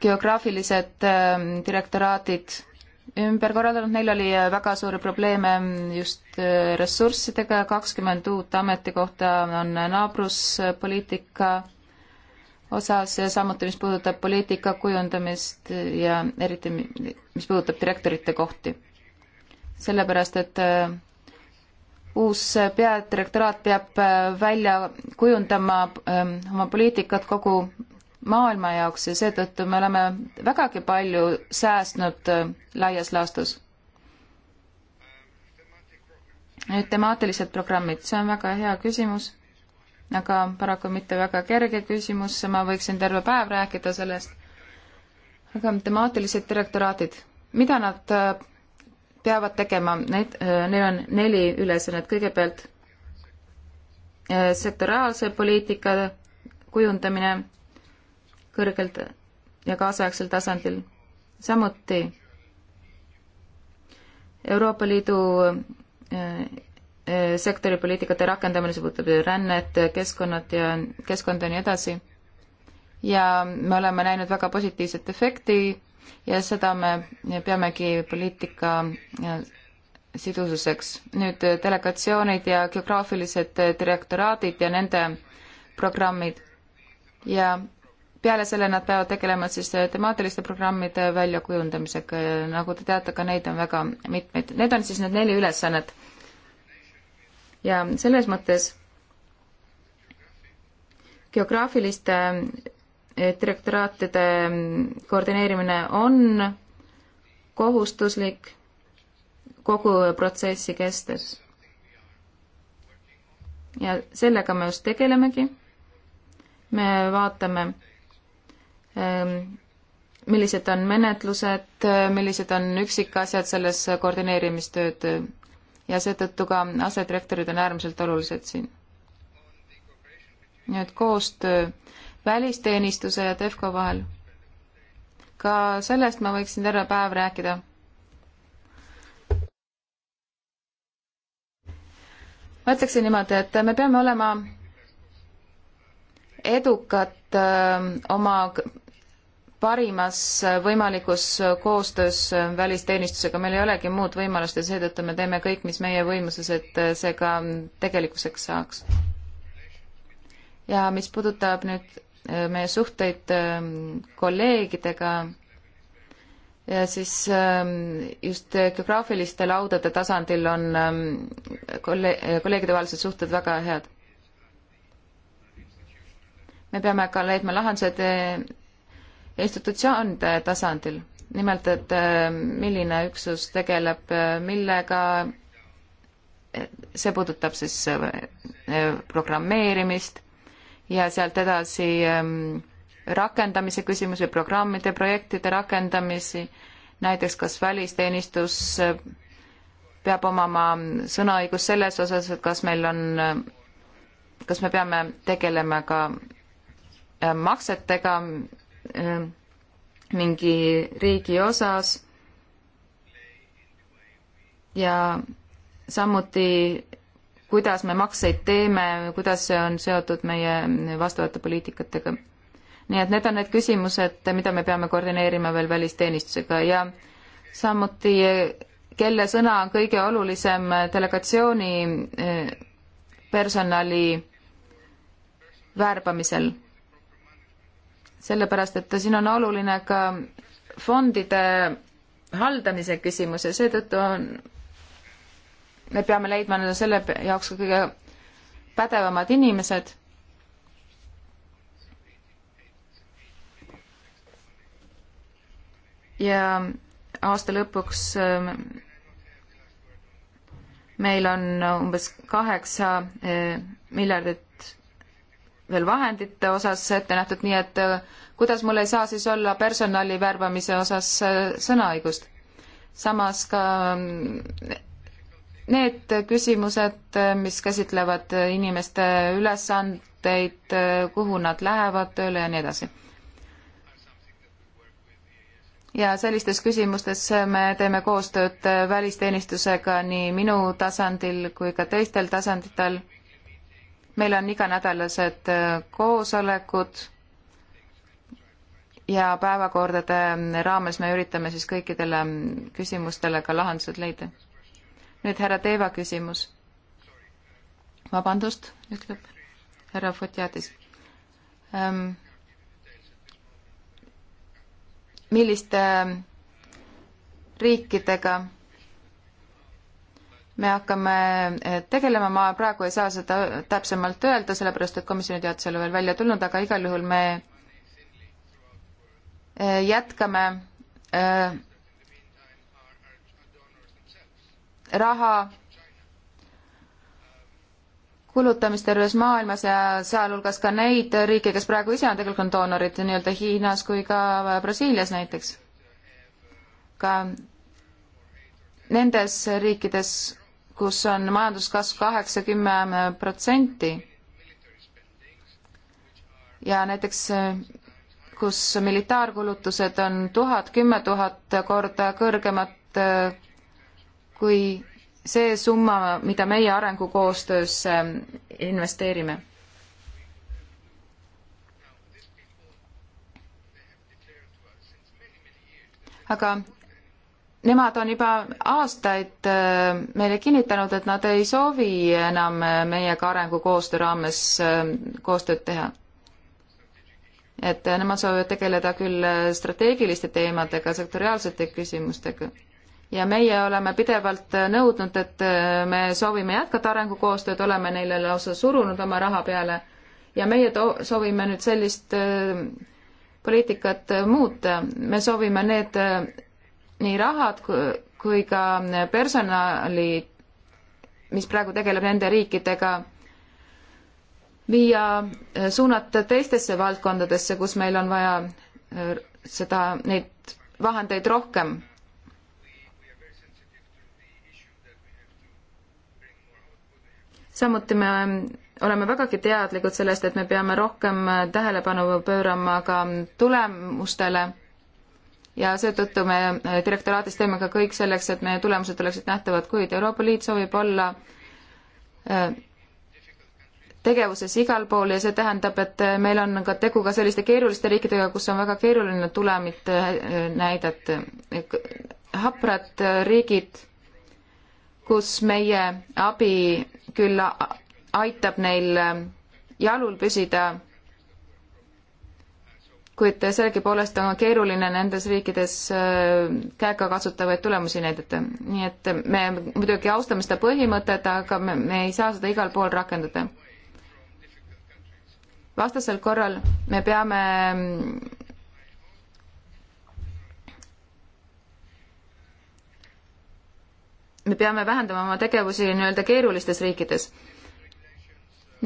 geograafilised ähm, direktoraadid ümber korraldanud, neil oli väga suuri probleeme ähm, just ressurssidega, kakskümmend uut ametikohta on naabruspoliitika osas ja samuti, mis puudutab poliitika kujundamist ja eriti, mis puudutab direktorite kohti. sellepärast, et äh, uus peadirektoraat peab äh, välja kujundama ähm, oma poliitikat kogu maailma jaoks ja seetõttu me oleme vägagi palju säästnud äh, laias laastus. nüüd temaatilised programmid, see on väga hea küsimus aga paraku mitte väga kerge küsimus, ma võiksin terve päev rääkida sellest. aga temaatilised direktoraadid, mida nad äh, peavad tegema, neid, äh, neil on neli ülesannet, kõigepealt äh, sektoraalse poliitika kujundamine kõrgelt ja kaasaegsel tasandil, samuti Euroopa Liidu Eh, sektori poliitikate rakendamine, see puudutab rännet, keskkonnad ja keskkonda ja nii edasi. ja me oleme näinud väga positiivset efekti ja seda me peamegi poliitika eh, sidususeks. nüüd eh, delegatsioonid ja geograafilised direktoraadid ja nende programmid ja peale selle nad peavad tegelema siis temaatiliste programmide väljakujundamisega ja nagu te teate, ka neid on väga mitmeid. Need on siis need neli ülesannet ja selles mõttes geograafiliste eh, direktoraatide mm, koordineerimine on kohustuslik kogu protsessi kestes. ja sellega me just tegelemegi. me vaatame, ehm, millised on menetlused, millised on üksikasjad selles koordineerimistööd ja seetõttu ka asedirektorid on äärmiselt olulised siin. nüüd koostöö välisteenistuse ja TEFCO vahel. ka sellest ma võiksin terve päev rääkida. ma ütleksin niimoodi, et me peame olema edukad öö, äh, oma parimas võimalikus koostöös välisteenistusega, meil ei olegi muud võimalust ja seetõttu me teeme kõik, mis meie võimuses, et see ka tegelikkuseks saaks. ja mis puudutab nüüd äh, meie suhteid ähm, kolleegidega, ja siis ähm, just geograafiliste laudade tasandil on ähm, kolle-, äh, kolleegide vahelised suhted väga head. me peame ka leidma lahendused äh, institutsioonide tasandil. nimelt, et äh, milline üksus tegeleb äh, millega, see puudutab siis äh, programmeerimist ja sealt edasi ähm, rakendamise küsimusi, programmide, projektide rakendamisi, näiteks kas välisteenistus peab omama sõnaõigus selles osas, et kas meil on, kas me peame tegelema ka maksetega, Ähm, mingi riigi osas ja samuti, kuidas me makseid teeme, kuidas see on seotud meie vastavate poliitikatega. nii et need on need küsimused, mida me peame koordineerima veel välisteenistusega ja samuti, kelle sõna on kõige olulisem delegatsiooni äh, personali värbamisel sellepärast et siin on oluline ka fondide haldamise küsimus ja seetõttu on, me peame leidma selle jaoks ka kõige pädevamad inimesed. ja aasta lõpuks ähm, meil on umbes kaheksa äh, miljardit veel vahendite osas ette nähtud, nii et äh, kuidas mul ei saa siis olla personali värbamise osas äh, sõnaõigust? samas ka mm, need küsimused, äh, mis käsitlevad inimeste ülesandeid, kuhu nad lähevad tööle ja nii edasi. ja sellistes küsimustes me teeme koostööd välisteenistusega nii minu tasandil kui ka teistel tasanditel meil on iganädalased äh, koosolekud ja päevakordade ähm, raames me üritame siis kõikidele ähm, küsimustele ka lahendused leida. nüüd härra Teeva küsimus. vabandust, ütleb härra Futjadis ähm,. milliste ähm, riikidega me hakkame eh, tegelema, ma praegu ei saa seda täpsemalt öelda, sellepärast et komisjoni teatis ei ole veel välja tulnud, aga igal juhul me eh, jätkame eh, raha kulutamist terves maailmas ja sealhulgas ka neid riike, kes praegu ise on tegelikult doonorid nii-öelda Hiinas kui ka äh, Brasiilias näiteks. ka nendes riikides kus on majanduskasv kaheksa, kümme protsenti ja näiteks kus militaarkulutused on tuhat, kümme tuhat korda kõrgemad kui see summa, mida meie arengukoostöös investeerime. aga nemad on juba aastaid äh, meile kinnitanud, et nad ei soovi enam äh, meiega arengukoostöö raames äh, koostööd teha. et nemad soovivad tegeleda küll strateegiliste teemadega, sektoriaalsete küsimustega. ja meie oleme pidevalt nõudnud, et me soovime jätkata arengukoostööd, oleme neile lausa surunud oma raha peale ja meie to-, soovime nüüd sellist poliitikat muuta, me soovime need nii rahad kui ka personali, mis praegu tegeleb nende riikidega, viia, äh, suunata teistesse valdkondadesse, kus meil on vaja äh, seda, neid vahendeid rohkem samuti me oleme vägagi teadlikud sellest, et me peame rohkem äh, tähelepanu pöörama ka tulemustele ja seetõttu me eh, direktoraadis teeme ka kõik selleks, et meie tulemused oleksid nähtavad, kuid Euroopa Liit soovib olla eh, tegevuses igal pool ja see tähendab, et eh, meil on ka tegu ka selliste keeruliste riikidega, kus on väga keeruline tulemit näidata. haprad riigid, kus meie abi küll aitab neil jalul püsida kuid sellegipoolest on keeruline nendes riikides äh, käegakatsutavaid tulemusi näidata. nii et me muidugi austame seda põhimõtet, aga me, me ei saa seda igal pool rakendada. vastasel korral me peame me peame vähendama oma tegevusi nii-öelda keerulistes riikides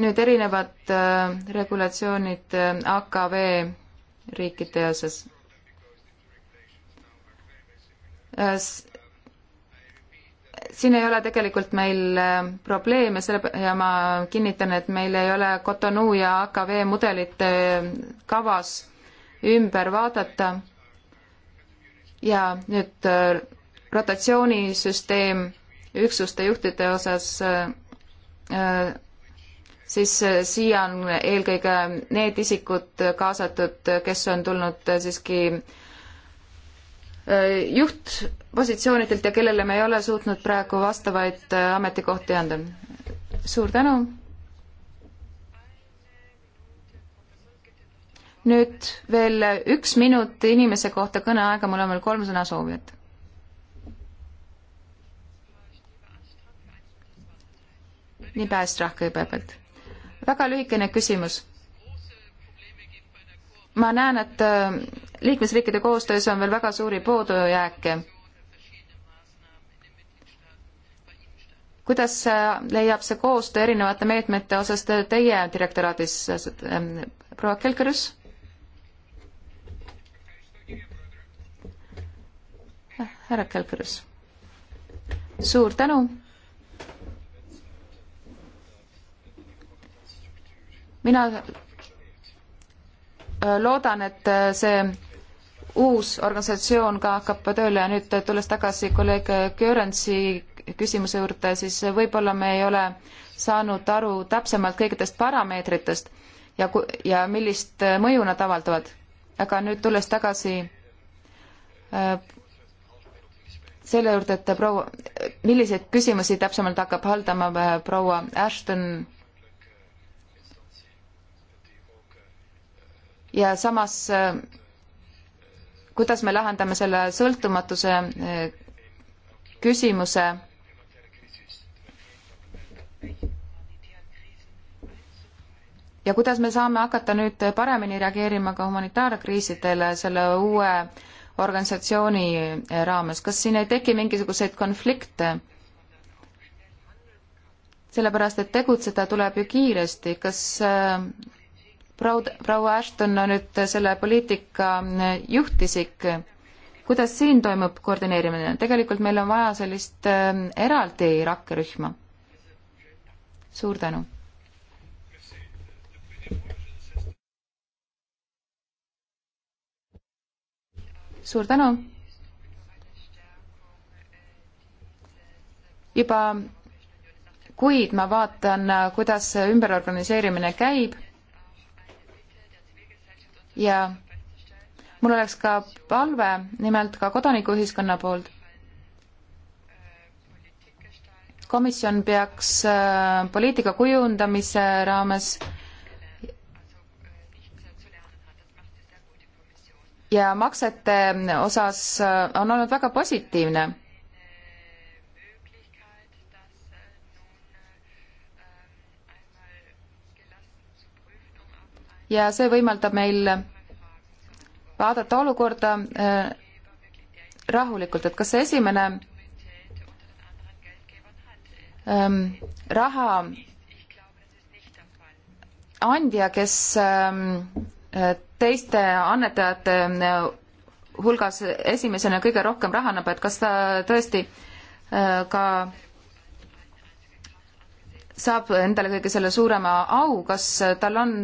nüüd erinevad äh, regulatsioonid äh, AKV riikide osas. siin ei ole tegelikult meil äh, probleeme, selle, ja ma kinnitan, et meil ei ole Cotonou ja AKV mudelite äh, kavas ümber vaadata ja nüüd äh, rotatsioonisüsteem üksuste juhtide osas siis äh, siia on eelkõige need isikud kaasatud, kes on tulnud äh, siiski äh, juhtpositsioonidelt ja kellele me ei ole suutnud praegu vastavaid ametikohti anda. suur tänu. nüüd veel üks minut inimese kohta kõneaega, mul on veel kolm sõna soovijat. nii, päästrahv kõigepealt väga lühikene küsimus. ma näen, et äh, liikmesriikide koostöös on veel väga suuri puudujääke. kuidas äh, leiab see koostöö erinevate meetmete osas teie direktoraadis, ähm, proua Kelkerüs? Äh, härra Kelkerüs. suur tänu mina äh, loodan, et äh, see uus organisatsioon ka hakkab tööle ja nüüd äh, tulles tagasi kolleeg Göransi küsimuse juurde, siis võib-olla me ei ole saanud aru täpsemalt kõikidest parameetritest ja, ja millist mõju nad avaldavad. aga nüüd tulles tagasi selle juurde, et proua, milliseid küsimusi täpsemalt hakkab haldama proua Ashton ja samas äh, kuidas me lahendame selle sõltumatuse äh, küsimuse ja kuidas me saame hakata nüüd paremini reageerima ka humanitaarkriisidele selle uue organisatsiooni äh, raames, kas siin ei teki mingisuguseid konflikte? sellepärast, et tegutseda tuleb ju kiiresti, kas proua Ashton on nüüd selle poliitika eh, juhtisik. kuidas siin toimub koordineerimine? tegelikult meil on vaja sellist eh, eraldi rakkerühma. suur tänu. suur tänu. juba kuid ma vaatan, eh, kuidas ümberorganiseerimine käib ja mul oleks ka palve nimelt ka kodanikuühiskonna poolt. komisjon peaks äh, poliitika kujundamise raames ja maksete osas äh, on olnud väga positiivne ja see võimaldab meil vaadata olukorda äh, rahulikult, et kas see esimene ähm, raha andja, kes ähm, äh, teiste annetajate äh, hulgas esimesena kõige rohkem raha annab, et kas ta tõesti äh, ka saab endale kõige selle suurema au, kas tal on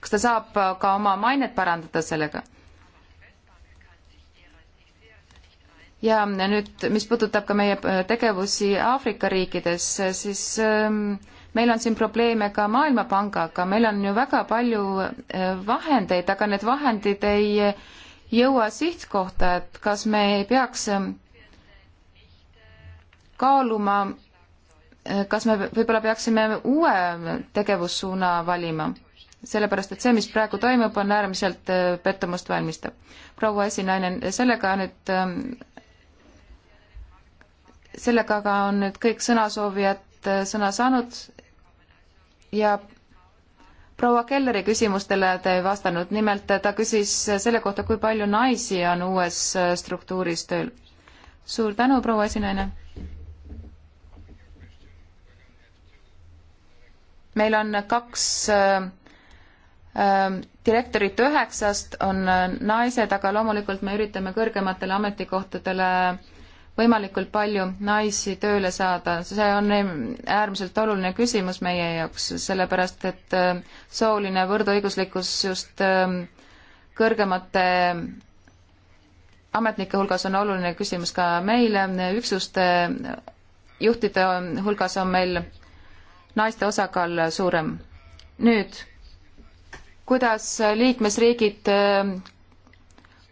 kas ta saab äh, ka oma mainet parandada sellega? ja nüüd, mis puudutab ka meie äh, tegevusi Aafrika riikides, äh, siis ähm, meil on siin probleeme ka Maailmapangaga, meil on ju väga palju vahendeid, aga need vahendid ei jõua sihtkohta, et kas me ei peaks ähm, kaaluma, kas me võib-olla peaksime uue tegevussuuna valima sellepärast, et see, mis praegu toimub, on äärmiselt äh, pettumust valmistav. proua esinaine, sellega nüüd, ähm, sellega aga on nüüd kõik sõnasoovijad äh, sõna saanud ja proua Kelleri küsimustele te ei vastanud, nimelt äh, ta küsis selle kohta, kui palju naisi on uues struktuuris tööl. suur tänu, proua esinaine. meil on kaks Ehm, direktorit üheksast on äh, naised, aga loomulikult me üritame kõrgematele ametikohtadele võimalikult palju naisi tööle saada, see on äärmiselt oluline küsimus meie jaoks, sellepärast et äh, sooline võrdõiguslikkus just ähm, kõrgemate ametnike hulgas on oluline küsimus ka meile, üksuste juhtide hulgas on meil naiste osakaal suurem. nüüd kuidas liikmesriigid ähm,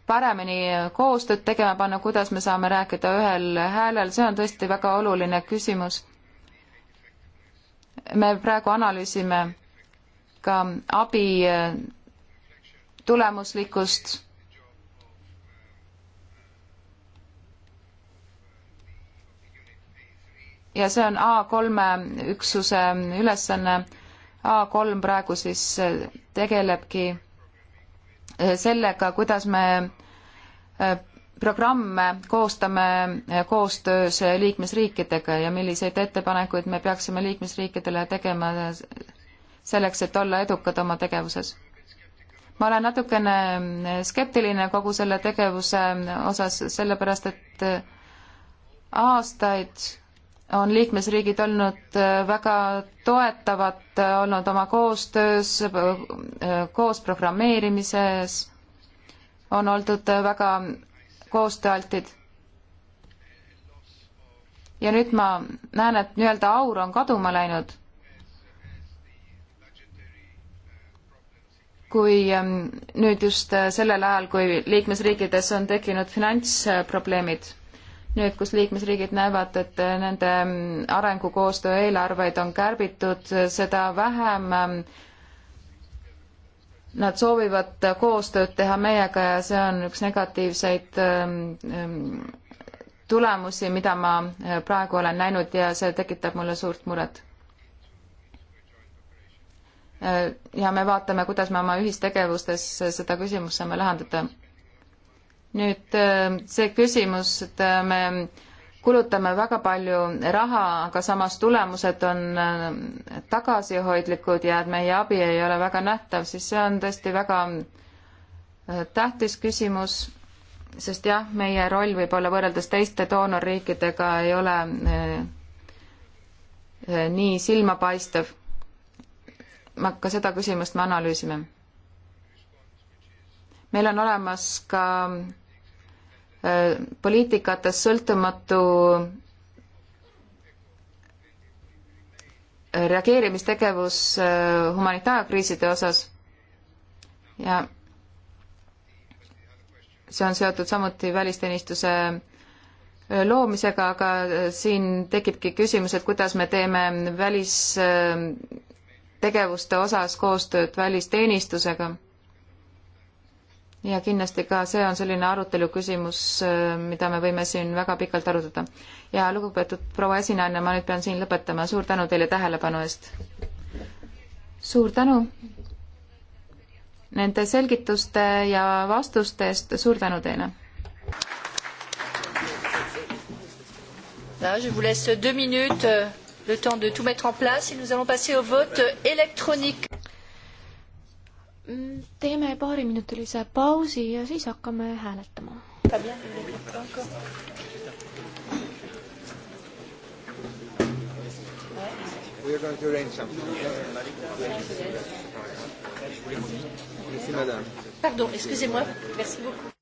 paremini koostööd tegema panna, kuidas me saame rääkida ühel häälel, see on tõesti väga oluline küsimus. me praegu analüüsime ka abi äh, tulemuslikkust. ja see on A3-e üksuse ülesanne A3 praegu siis äh, tegelebki äh, sellega, kuidas me äh, programme koostame koostöös liikmesriikidega ja milliseid ettepanekuid me peaksime liikmesriikidele tegema selleks, et olla edukad oma tegevuses. ma olen natukene skeptiline kogu selle tegevuse osas, sellepärast et aastaid on liikmesriigid olnud äh, väga toetavad äh, olnud oma koostöös, äh, koos programmeerimises, on oldud väga koostööaltid. ja nüüd ma näen, et nii-öelda aur on kaduma läinud. kui ähm, nüüd just sellel ajal, kui liikmesriikides on tekkinud finantsprobleemid nüüd, kus liikmesriigid näevad, et nende arengukoostöö eelarveid on kärbitud, seda vähem ähm, nad soovivad koostööd teha meiega ja see on üks negatiivseid ähm, ähm, tulemusi, mida ma äh, praegu olen näinud ja see tekitab mulle suurt muret. Äh, ja me vaatame, kuidas me oma ühistegevustes seda küsimust saame lahendada nüüd äh, see küsimus, et äh, me kulutame väga palju raha, aga samas tulemused on äh, tagasihoidlikud ja et meie abi ei ole väga nähtav, siis see on tõesti väga tähtis küsimus, sest jah, meie roll võib-olla võrreldes teiste doonorriikidega ei ole nii silmapaistev. ma, ka seda küsimust me analüüsime. meil on olemas ka poliitikates sõltumatu reageerimistegevus äh, humanitaarkriiside osas ja see on seotud samuti välisteenistuse äh, loomisega, aga äh, siin tekibki küsimus, et kuidas me teeme välistegevuste osas koostööd välisteenistusega ja kindlasti ka see on selline arutelu küsimus, äh, mida me võime siin väga pikalt arutada. ja lugupeetud proua esinaine, ma nüüd pean siin lõpetama, suur tänu teile tähelepanu eest! suur tänu nende selgituste ja vastuste eest, suur tänu teile! Voilà, je vous laisse deux minutes, euh, le temps de tout mettre en place et nous allons passer au vote électronique teeme paariminutilise pausi ja siis hakkame hääletama. We are going to arrange something. Merci, madame. Pardon, excusez-moi. Merci beaucoup.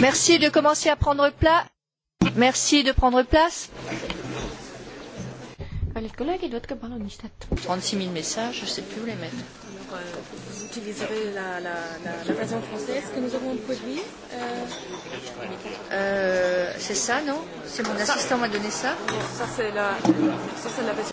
Merci de commencer à prendre pla-, merci de prendre place. Kallid kolleegid, võtke palun istet. trente-six mille messages, je sais plus où les mettre. Alors, euh, vous utiliserez la, la, la, la version française que nous avons produite. Euh, euh, c'est ça, non C'est mon assistant m'a donné ça. Ça c'est la, ça c'est la version.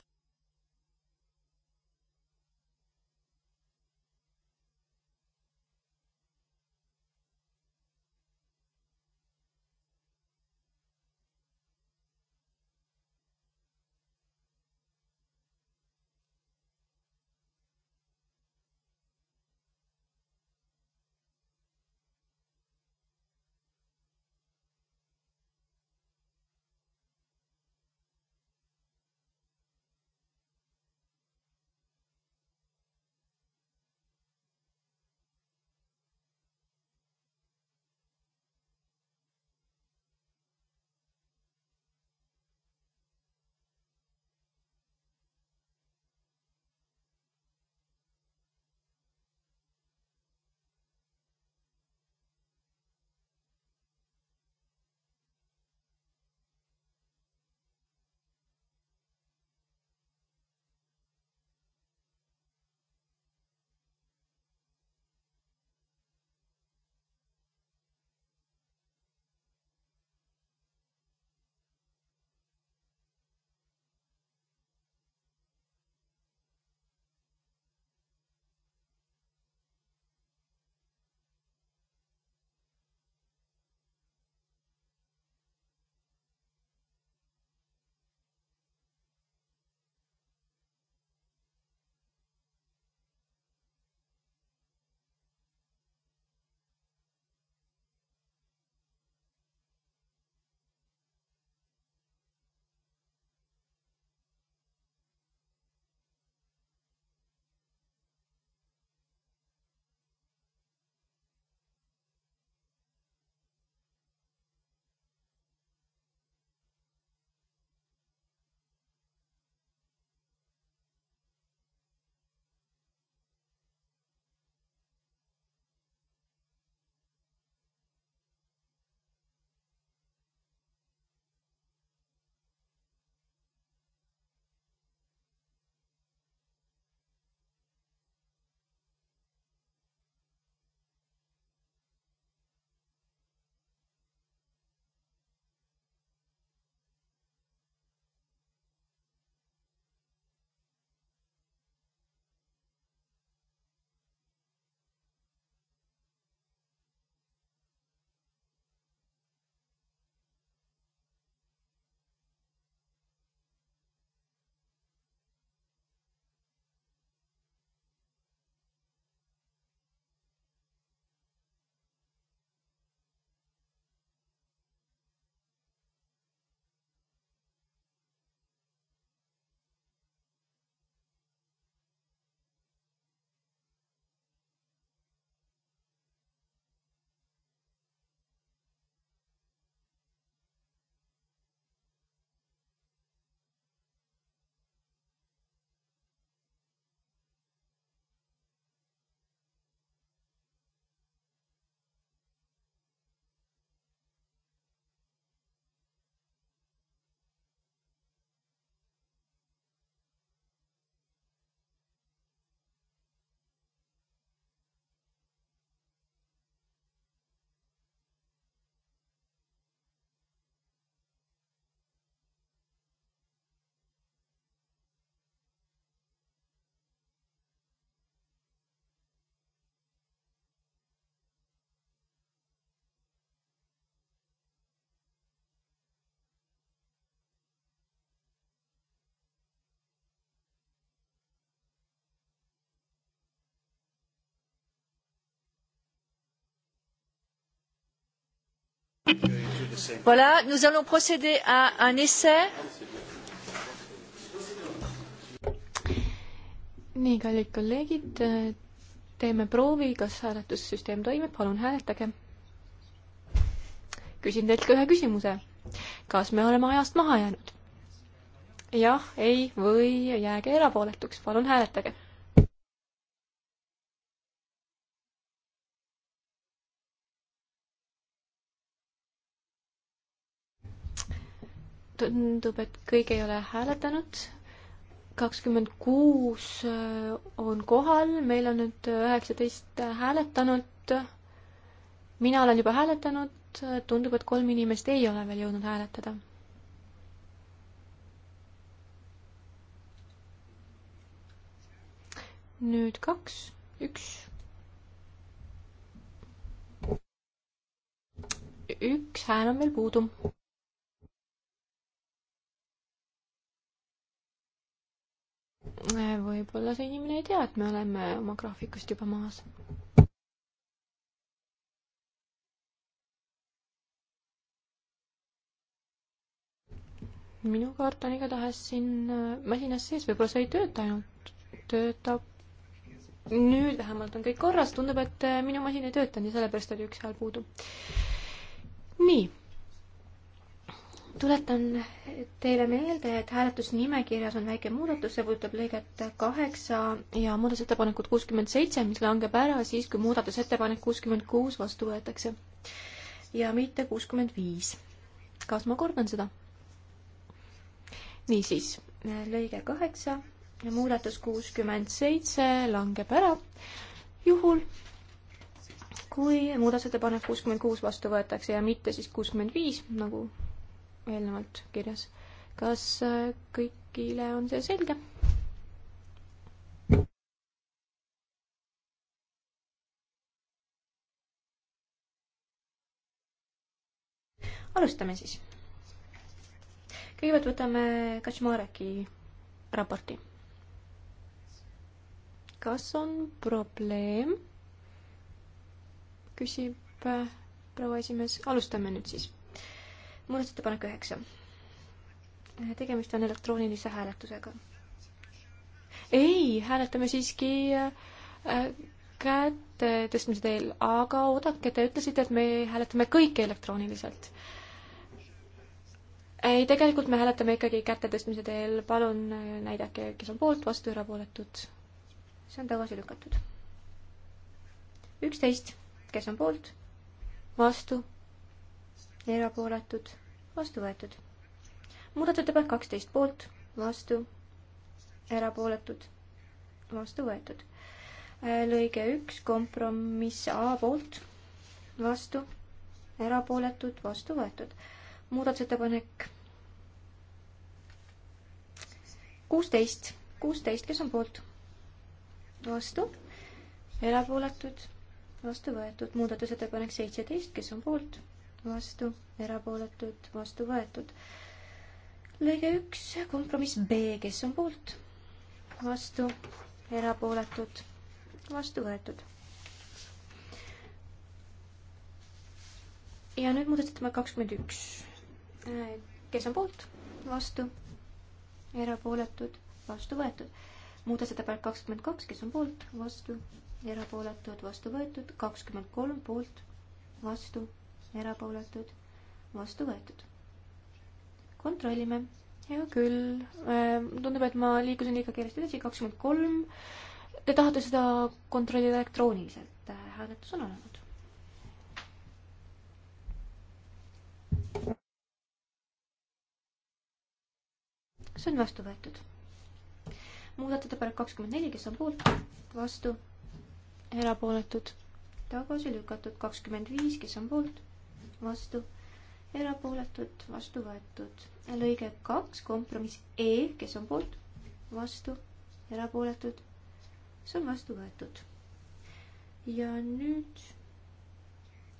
Voilà, nous allons procéder à un essai. nii, kallid kolleegid, teeme proovi, kas hääletussüsteem toimib, palun hääletage. küsin teilt ka ühe küsimuse. kas me oleme ajast maha jäänud? jah, ei või jääge erapooletuks, palun hääletage tundub, et kõik ei ole hääletanud. kakskümmend kuus äh, on kohal, meil on nüüd äh, üheksateist hääletanut. mina olen juba hääletanud, äh, tundub, et kolm inimest ei ole veel jõudnud hääletada. nüüd kaks, üks. üks hääl on veel puudu. võib-olla see inimene ei tea, et me oleme oma graafikust juba maas. minu kaart on igatahes siin äh, masinas sees, võib-olla see ei tööta ainult, töötab. nüüd vähemalt on kõik korras, tundub, et äh, minu masin ei tööta, nii sellepärast oli üks hääl puudu. nii tuletan teile meelde, et hääletusnimekirjas on väike muudatus, see puudutab lõiget kaheksa ja muudatusettepanekut kuuskümmend seitse, mis langeb ära siis, kui muudatusettepanek kuuskümmend kuus vastu võetakse. ja mitte kuuskümmend viis. kas ma kordan seda? niisiis, lõige kaheksa ja muudatus kuuskümmend seitse langeb ära juhul, kui muudatusettepanek kuuskümmend kuus vastu võetakse ja mitte siis kuuskümmend viis, nagu eelnevalt kirjas. kas äh, kõigile on see selge? alustame siis. kõigepealt võtame Kaczmareki raporti. kas on probleem? küsib äh, proua esimees, alustame nüüd siis muudatusettepanek üheksa. tegemist on elektroonilise hääletusega. ei, hääletame siiski äh, käte tõstmise teel, aga oodake, te ütlesite, et me hääletame kõike elektrooniliselt. ei, tegelikult me hääletame ikkagi käte tõstmise teel, palun äh, näidake, kes on poolt, vastu, erapooletud. see on tagasi lükatud. üksteist, kes on poolt, vastu erapooletud, vastu võetud. muudatusettepanek kaksteist poolt, vastu, erapooletud, vastu võetud. Äh, lõige üks, kompromiss A poolt, vastu, erapooletud, vastu võetud. muudatusettepanek kuusteist, kuusteist, kes on poolt? vastu, erapooletud, vastu võetud. muudatusettepanek seitseteist, kes on poolt? vastu, erapooletud, vastu võetud. lõige üks, kompromiss B, kes on poolt, vastu, erapooletud, vastu võetud. ja nüüd muudatusettepanek kakskümmend üks. Äh, kes on poolt, vastu, erapooletud, vastu võetud. muudatusettepanek kakskümmend kaks, kes on poolt, vastu, erapooletud, vastu võetud, kakskümmend kolm poolt, vastu, erapooletud, vastu võetud. kontrollime. hea küll, äh, tundub, et ma liikusin liiga kiiresti edasi, kakskümmend kolm. Te tahate seda kontrollida elektrooniliselt, äh, hääletus on olemas. see on vastu võetud. muudatusettepanek kakskümmend neli, kes on poolt, vastu, erapooletud, tagasi lükatud, kakskümmend viis, kes on poolt, vastu, erapooletud, vastu võetud. lõige kaks, kompromiss E, kes on poolt, vastu, erapooletud, see on vastu võetud. ja nüüd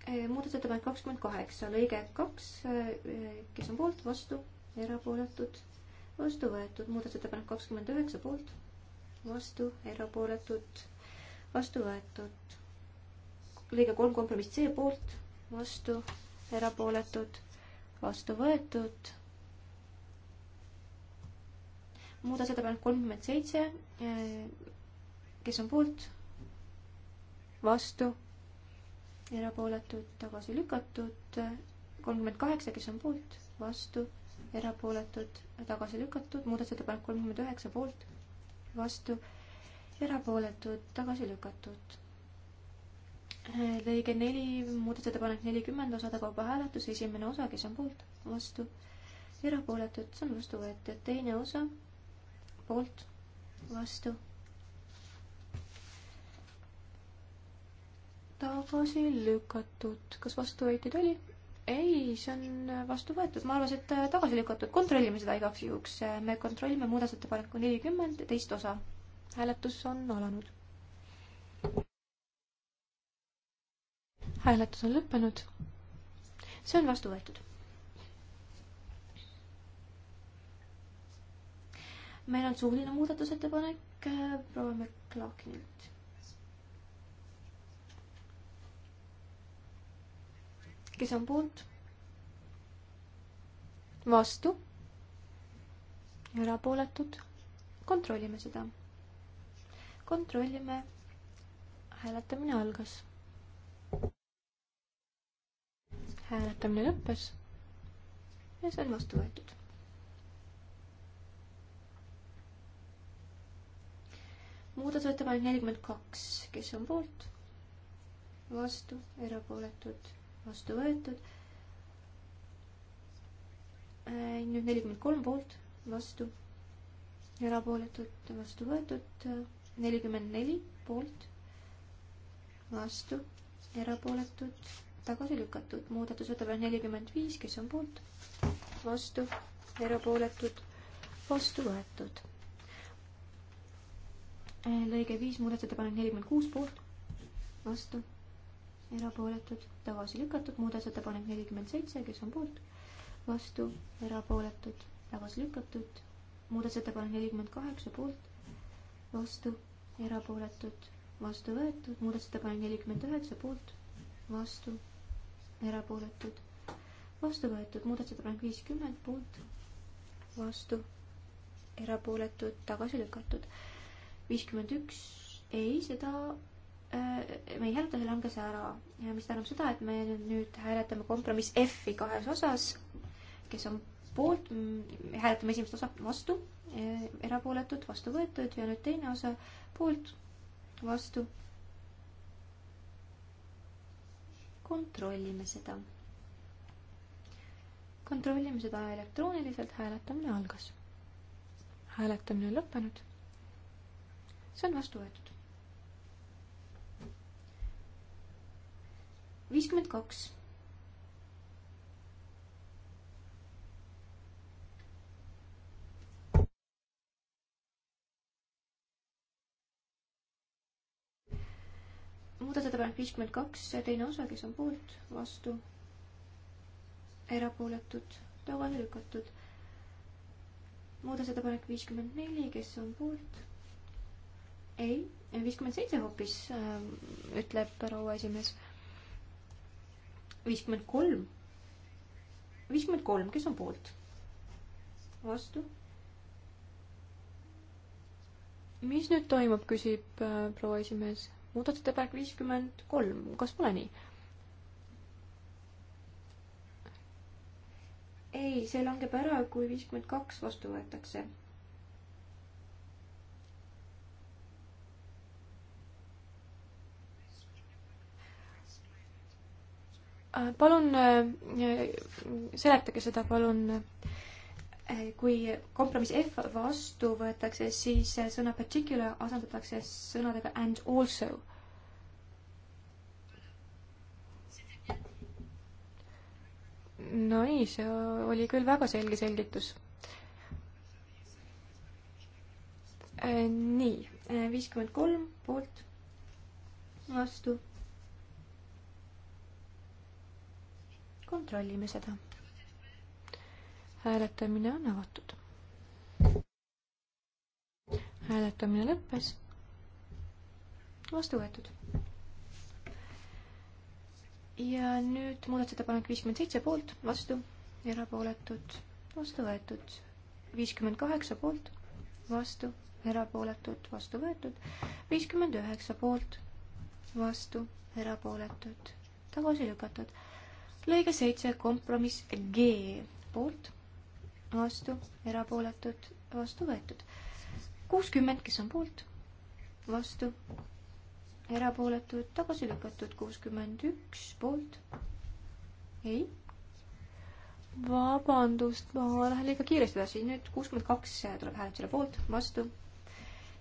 eh, muudatusettepanek kakskümmend kaheksa, lõige kaks eh,, kes on poolt, vastu, erapooletud, vastu võetud, muudatusettepanek kakskümmend üheksa poolt, vastu, erapooletud, vastu võetud. lõige kolm, kompromiss C poolt, vastu, erapooletud, vastu võetud. muudatusettepanek kolmkümmend seitse, eh, kes on poolt, vastu, erapooletud, tagasi lükatud, kolmkümmend kaheksa, kes on poolt, vastu, erapooletud, tagasi lükatud, muudatusettepanek kolmkümmend üheksa poolt, vastu, erapooletud, tagasi lükatud lõige neli, muudatusettepanek nelikümmend, osade kaupa hääletus, esimene osa, kes on poolt, vastu, erapooletud, see on vastu võetud, teine osa, poolt, vastu, tagasi lükatud, kas vastuväiteid oli? ei, see on vastu võetud, ma arvasin, et tagasi lükatud, kontrollime seda igaks juhuks, me kontrollime muudatusettepaneku nelikümmend, teist osa, hääletus on alanud hääletus on lõppenud. see on vastu võetud. meil on suuline muudatusettepanek äh, proua McLaughlinilt. kes on poolt? vastu? erapooletud? kontrollime seda. kontrollime. hääletamine algas hääletamine lõppes ja see on vastu võetud. muudatusettepanek nelikümmend kaks, kes on poolt? vastu, erapooletud, vastu võetud. Äh, nüüd nelikümmend kolm poolt, vastu, erapooletud, vastu võetud. Äh, nelikümmend neli poolt, vastu, erapooletud tagasi lükatud. muudatusettepanek nelikümmend viis, kes on poolt, vastu, erapooletud, vastu võetud. lõige viis, muudatusettepanek nelikümmend kuus poolt, vastu, erapooletud, tagasi lükatud. muudatusettepanek nelikümmend seitse, kes on poolt, vastu, erapooletud, tagasi lükatud. muudatusettepanek nelikümmend kaheksa poolt, vastu, erapooletud, vastu võetud, muudatusettepanek nelikümmend üheksa poolt, vastu, erapooletud, vastu võetud, muudatusettepanek viiskümmend poolt, vastu, erapooletud, tagasi lükatud. viiskümmend üks, ei, seda äh, me ei hääleta, see langes ära ja mis tähendab seda, et me nüüd hääletame kompromiss F-i kahes osas, kes on poolt, mm, hääletame esimest osa vastu, äh, erapooletud, vastu võetud ja nüüd teine osa poolt, vastu kontrollime seda. kontrollime seda elektrooniliselt, hääletamine algas. hääletamine on lõppenud. see on vastu võetud. viiskümmend kaks muudatusettepanek viiskümmend kaks, teine osa, kes on poolt, vastu, erapooletud, tagasi lükatud. muudatusettepanek viiskümmend neli, kes on poolt? ei, viiskümmend seitse hoopis äh,, ütleb proua esimees. viiskümmend kolm, viiskümmend kolm, kes on poolt? vastu mis nüüd toimub, küsib äh, proua esimees muudatusettepanek viiskümmend kolm, kas pole nii? ei, see langeb ära, kui viiskümmend kaks vastu võetakse. Äh, palun äh, äh, seletage seda, palun kui kompromiss F vastu võetakse, siis sõna particular asendatakse sõnadega and also. Nonii, see oli küll väga selge selgitus. Äh, nii, äh, viiskümmend kolm poolt, vastu. kontrollime seda hääletamine on avatud. hääletamine lõppes. vastu võetud. ja nüüd muudatusettepanek viiskümmend seitse poolt, vastu, erapooletud, vastu võetud. viiskümmend kaheksa poolt, vastu, erapooletud, vastu võetud. viiskümmend üheksa poolt, vastu, erapooletud, tagasi lükatud. lõige seitse, kompromiss G poolt vastu, erapooletud, vastu võetud. kuuskümmend, kes on poolt, vastu, erapooletud, tagasi lükatud, kuuskümmend üks poolt. ei. vabandust, ma lähen liiga kiiresti edasi, nüüd kuuskümmend kaks tuleb hääletusele poolt, vastu,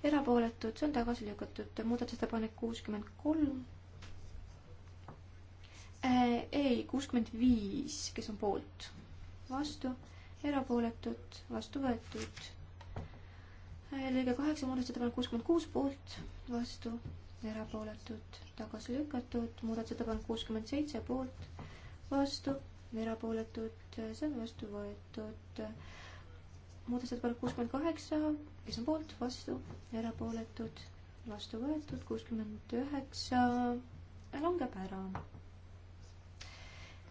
erapooletud, see on tagasi lükatud, muudatusettepanek kuuskümmend kolm äh, ei, kuuskümmend viis, kes on poolt, vastu erapooletud, vastu võetud. Äh, lõige kaheksa muudatusettepanek kuuskümmend kuus poolt, vastu, erapooletud, tagasi lükatud, muudatusettepanek kuuskümmend seitse poolt, vastu, erapooletud, äh, see on vastu võetud. muudatusettepanek kuuskümmend kaheksa, kes on poolt, vastu, erapooletud, vastu võetud, kuuskümmend üheksa äh, langeb ära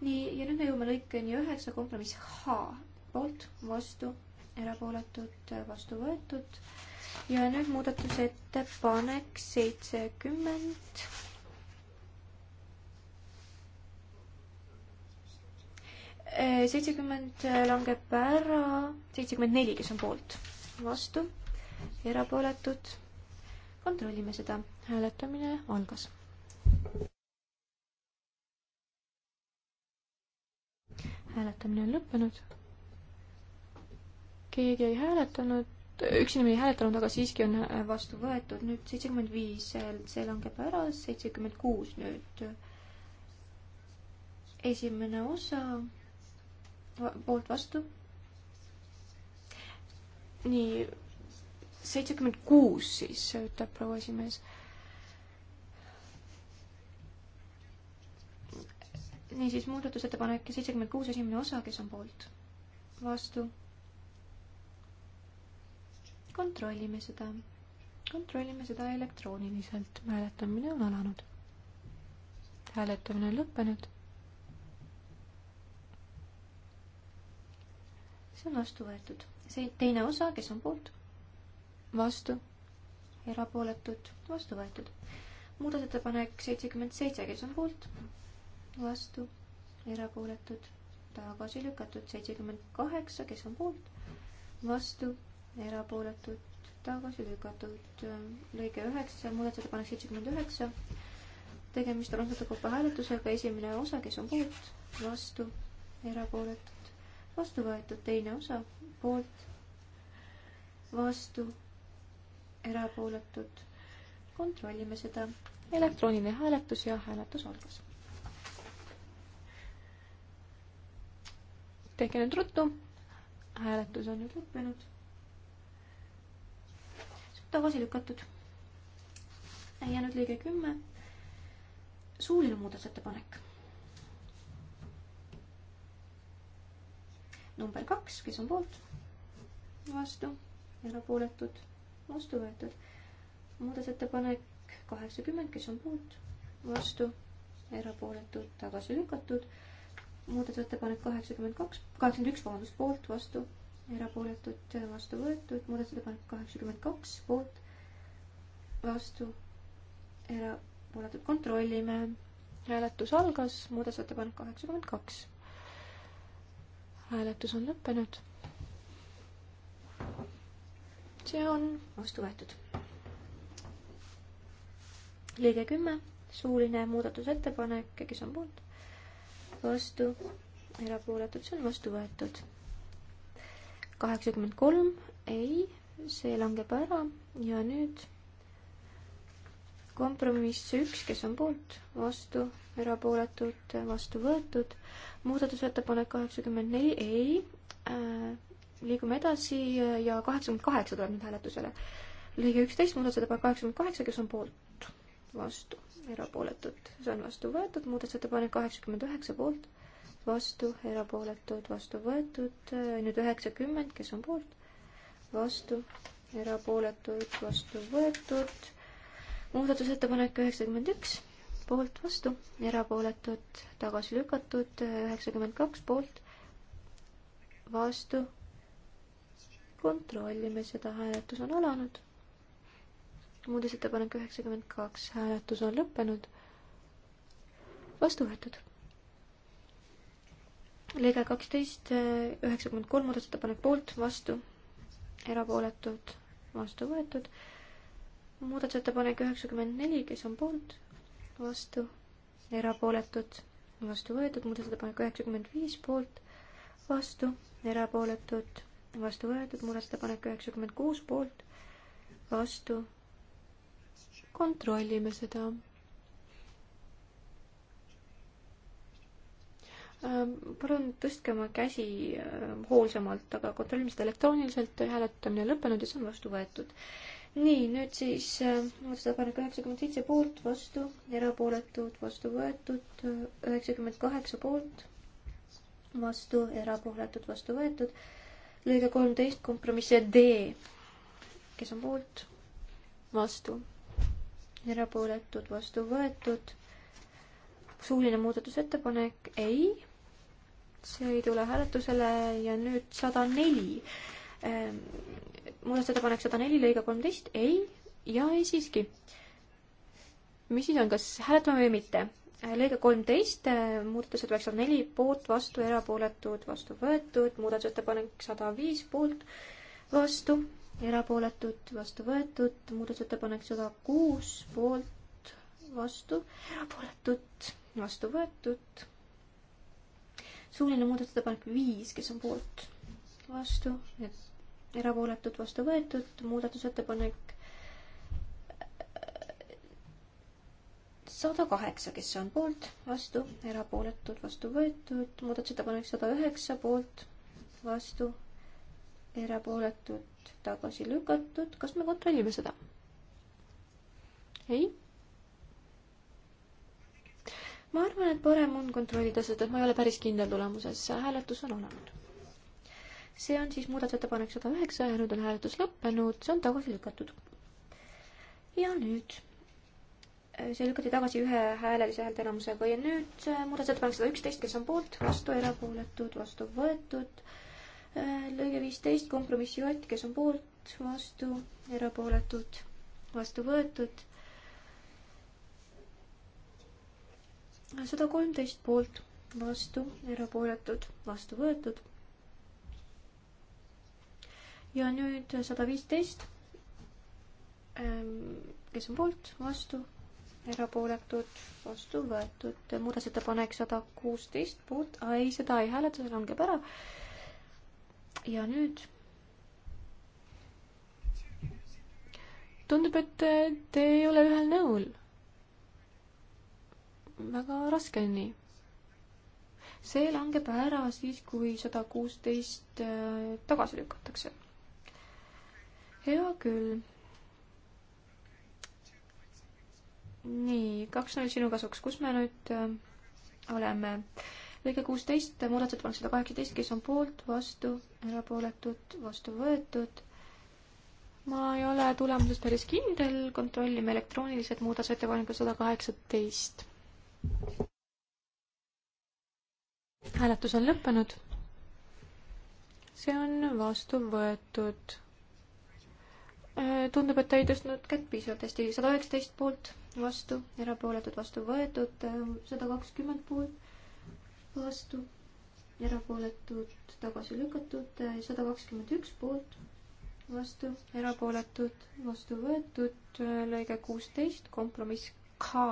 nii, ja nüüd me jõuame lõikeni üheksa kompromiss H poolt, vastu, erapooletud, vastu võetud. ja nüüd muudatusettepanek seitsekümmend. Äh, seitsekümmend langeb ära, seitsekümmend neli, kes on poolt, vastu, erapooletud. kontrollime seda, hääletamine algas. hääletamine on lõppenud keegi ei hääletanud, üks inimene ei hääletanud, aga siiski on vastu võetud. nüüd seitsekümmend viis, see langeb ära, seitsekümmend kuus nüüd. esimene osa poolt vastu. nii, seitsekümmend kuus siis, ütleb proua esimees niisiis muudatusettepanek seitsekümmend kuus, esimene osa, kes on poolt? vastu? kontrollime seda. kontrollime seda elektrooniliselt. hääletamine on alanud. hääletamine on lõppenud. see on vastu võetud. see teine osa, kes on poolt? vastu. erapooletud, vastu võetud. muudatusettepanek seitsekümmend seitse, kes on poolt? vastu. erapooletud, tagasi lükatud. seitsekümmend kaheksa, kes on poolt? vastu erapooletud, tagasi lükatud. lõige üheksa, muudatusettepanek seitsekümmend üheksa. tegemist on rahvusliku hääletusega, esimene osa, kes on poolt, vastu, erapooletud, vastu võetud, teine osa, poolt, vastu, erapooletud. kontrollime seda. elektrooniline hääletus ja hääletus algas. tehke nüüd ruttu. hääletus on nüüd lõppenud tagasi lükatud. ja nüüd lõige kümme. suuline muudatusettepanek. number kaks, kes on poolt? vastu, erapooletud, vastu võetud. muudatusettepanek kaheksakümmend, kes on poolt? vastu, erapooletud, tagasi lükatud muudatusettepanek kaheksakümmend kaks, kaheksakümmend üks, vabandust, poolt, vastu, erapooletud, vastu võetud, muudatusettepanek kaheksakümmend kaks, poolt, vastu, erapooletud, kontrollime. hääletus algas, muudatusettepanek kaheksakümmend kaks. hääletus on lõppenud. see on vastu võetud. lõige kümme, suuline muudatusettepanek, kes on poolt, vastu, erapooletud, see on vastu võetud kaheksakümmend kolm, ei, see langeb ära ja nüüd kompromiss üks, kes on poolt, vastu, erapooletud, vastu võetud. muudatusettepanek kaheksakümmend neli, ei äh,. liigume edasi ja kaheksakümmend kaheksa tuleb nüüd hääletusele. lõige üksteist, muudatusettepanek kaheksakümmend kaheksa, kes on poolt, vastu, erapooletud, see on vastu võetud. muudatusettepanek kaheksakümmend üheksa poolt, vastu, erapooletud, vastu võetud, nüüd üheksakümmend, kes on poolt, vastu, erapooletud, vastu võetud, muudatusettepanek üheksakümmend üks, poolt, vastu, erapooletud, tagasi lükatud, üheksakümmend kaks, poolt, vastu, kontrollime seda, hääletus on alanud. muudatusettepanek üheksakümmend kaks, hääletus on lõppenud, vastu võetud lõige kaksteist, üheksakümmend kolm muudatusettepanek poolt, vastu, erapooletud, vastu võetud. muudatusettepanek üheksakümmend neli, kes on poolt, vastu, erapooletud, vastu võetud. muudatusettepanek üheksakümmend viis poolt, vastu, erapooletud, vastu võetud. muudatusettepanek üheksakümmend kuus poolt, vastu. kontrollime seda Ähm, palun tõstke oma käsi ähm, hoolsamalt, aga kontrollime seda elektrooniliselt, hääletamine lõppenud ja see on vastu võetud. nii, nüüd siis ähm, muudatusettepanek üheksakümmend seitse poolt, vastu, erapooletud, vastu võetud, üheksakümmend kaheksa poolt, vastu, erapooletud, vastu võetud, lõige kolmteist, kompromiss D, kes on poolt, vastu, erapooletud, vastu võetud suuline muudatusettepanek, ei, see ei tule hääletusele ja nüüd sada neli. Ehm, muudatusettepanek sada neli lõige kolmteist, ei ja ei siiski. mis siis on, kas hääletame või mitte? lõige kolmteist, ehm, muudatusettepanek sada neli, poolt, vastu, erapooletud, vastu võetud, muudatusettepanek sada viis, poolt, vastu, erapooletud, vastu võetud, muudatusettepanek sada kuus, poolt, vastu, erapooletud, vastu võetud. suuline muudatusettepanek viis, kes on poolt, vastu, erapooletud, vastu võetud, muudatusettepanek äh, sada kaheksa, kes on poolt, vastu, erapooletud, vastu võetud, muudatusettepanek sada üheksa, poolt, vastu, erapooletud, tagasi lükatud. kas me kontrollime seda? ei ma arvan, et parem on kontrollida seda, ma ei ole päris kindel tulemuses, hääletus on alanud. see on siis muudatusettepanek sada üheksa ja nüüd on hääletus lõppenud, see on tagasi lükatud. ja nüüd, äh, see lükati tagasi ühehäälelise häälteenamusega ja nüüd äh, muudatusettepanek sada üksteist, kes on poolt, vastu, erapooletud, vastu võetud, äh, lõige viisteist, kompromissi Ott, kes on poolt, vastu, erapooletud, vastu võetud sada kolmteist poolt, vastu, erapooletud, vastu võetud. ja nüüd sada viisteist. Ähm, kes on poolt, vastu, erapooletud, vastu võetud, muudatusettepanek sada kuusteist poolt, ei, seda ei hääleta, see langeb ära. ja nüüd tundub, et te ei ole ühel nõul väga raske on nii. see langeb ära siis, kui sada kuusteist äh, tagasi lükatakse. hea küll. nii, kaks null sinu kasuks, kus me nüüd äh, oleme? lõige kuusteist, muudatusettepanek sada kaheksateist, kes on poolt, vastu, erapooletud, vastu võetud ma ei ole tulemuses päris kindel, kontrollime elektrooniliselt muudatusettepaneku sada kaheksateist hääletus on lõppenud. see on vastu võetud. Äh, tundub, et ta ei tõstnud kätt piisavalt hästi, sada üheksateist poolt vastu, erapooletud vastu võetud, äh, sada kakskümmend poolt vastu, erapooletud tagasi lükatud, äh, sada kakskümmend üks poolt vastu, erapooletud vastu võetud, lõige kuusteist, kompromiss K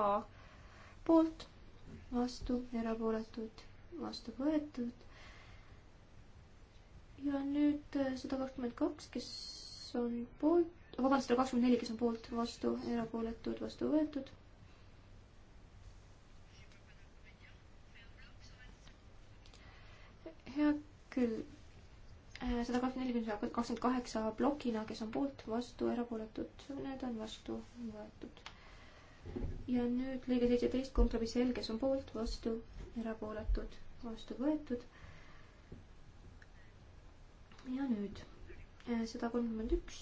poolt, vastu, erapooletud, vastu võetud. ja nüüd äh, sada kakskümmend kaks, kes on poolt, vabandust, sada kakskümmend neli, kes on poolt, vastu, erapooletud, vastu võetud hea küll. Äh, sada kakskümmend neli, kakskümmend kaheksa plokina, kes on poolt, vastu, erapooletud, need on vastu võetud ja nüüd lõige seitseteist, kompromiss L, kes on poolt, vastu, erapooletud, vastu võetud. ja nüüd äh, sada kolmkümmend üks.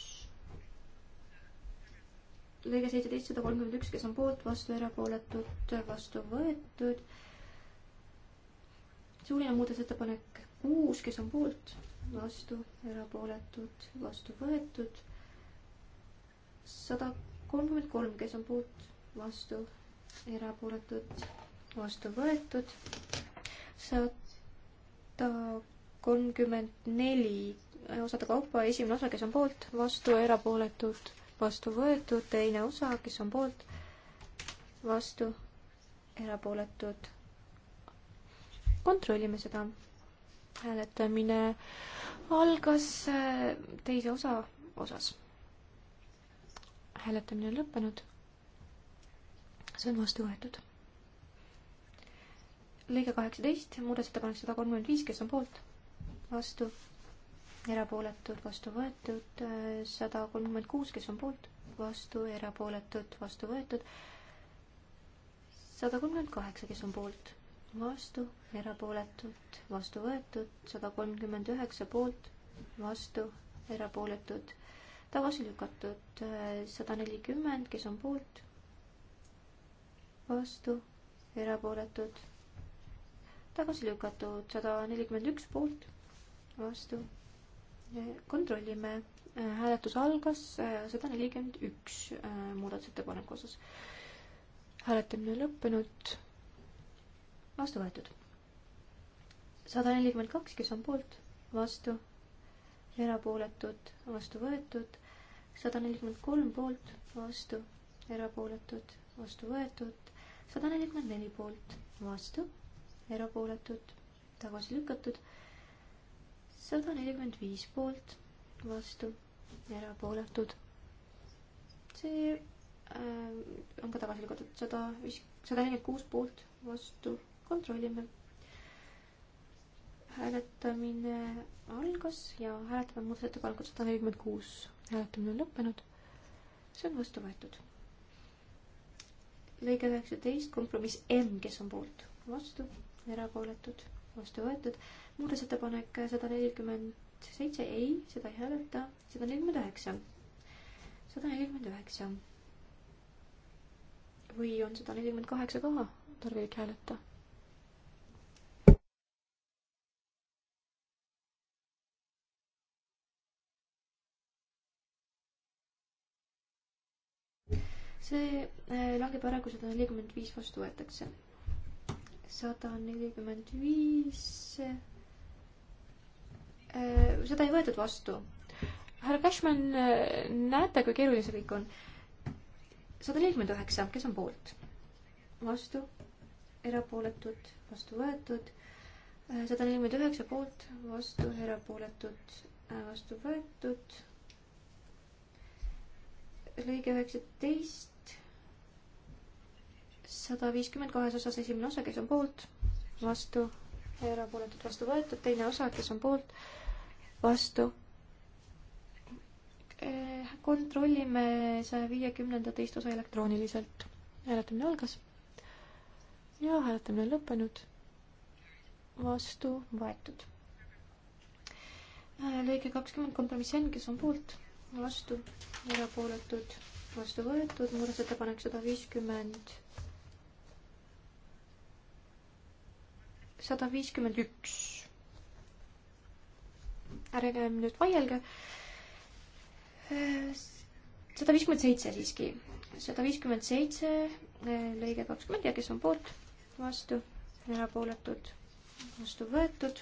lõige seitseteist, sada kolmkümmend üks, kes on poolt, vastu, erapooletud, vastu võetud. suuline muudatusettepanek kuus, kes on poolt, vastu, erapooletud, vastu võetud. sada kolmkümmend kolm, kes on poolt vastu, erapooletud, vastu võetud. sada kolmkümmend neli osade kaupa, esimene osa, kes on poolt, vastu, erapooletud, vastu võetud, teine osa, kes on poolt, vastu, erapooletud. kontrollime seda. hääletamine algas äh, teise osa osas. hääletamine on lõppenud see on vastu võetud. lõige kaheksateist, muudatusettepanek sada kolmkümmend viis, kes on poolt? vastu, erapooletud, vastu võetud, sada kolmkümmend kuus, kes on poolt? vastu, erapooletud, vastu võetud, sada kolmkümmend kaheksa, kes on poolt? vastu, erapooletud, vastu võetud, sada kolmkümmend üheksa poolt, vastu, erapooletud, tagasi lükatud, sada nelikümmend, kes on poolt vastu, erapooletud, tagasi lükatud, sada nelikümmend üks poolt, vastu. kontrollime, hääletus algas äh, sada nelikümmend üks äh, muudatusettepaneku osas. hääletamine lõppenud, vastu võetud. sada nelikümmend kaks, kes on poolt, vastu, erapooletud, vastu võetud sada nelikümmend kolm poolt, vastu, erapooletud, vastu võetud, sada nelikümmend neli poolt, vastu, erapooletud, tagasi lükatud. sada nelikümmend viis poolt, vastu, erapooletud. see äh, on ka tagasi lükatud, sada viis, sada nelikümmend kuus poolt, vastu, kontrollime. hääletamine algas ja hääletame muudatusettepanekut sada nelikümmend kuus, hääletamine on lõppenud. see on vastu võetud lõige üheksateist, kompromiss M, kes on poolt, vastu, erapooletud, vastu võetud. muudatusettepanek sada nelikümmend seitse, ei, seda ei hääleta, sada nelikümmend üheksa, sada nelikümmend üheksa. või on sada nelikümmend kaheksa ka tarvilik hääletada see äh, langeb ära, kui sada nelikümmend viis vastu võetakse. sada nelikümmend viis. Äh, seda ei võetud vastu. härra Cashman, äh, näete, kui keeruline see kõik on. sada nelikümmend üheksa, kes on poolt? vastu, erapooletud, vastu võetud. sada nelikümmend üheksa poolt, vastu, erapooletud, vastu võetud. lõige üheksateist sada viiskümmend kahes osas esimene osa, kes on poolt, vastu, erapooletud, vastu võetud, teine osa, kes on poolt, vastu. Eh, kontrollime saja viiekümnenda teist osa elektrooniliselt. hääletamine algas ja hääletamine on lõppenud. vastu võetud. Eh, lõige kakskümmend kompromiss N, kes on poolt, vastu, erapooletud, vastu võetud, muudatusettepanek sada viiskümmend sada viiskümmend üks. ärge nüüd vaielge. sada viiskümmend seitse siiski, sada viiskümmend seitse eh, lõige kakskümmend ja kes on poolt, vastu, erapooletud, vastu võetud.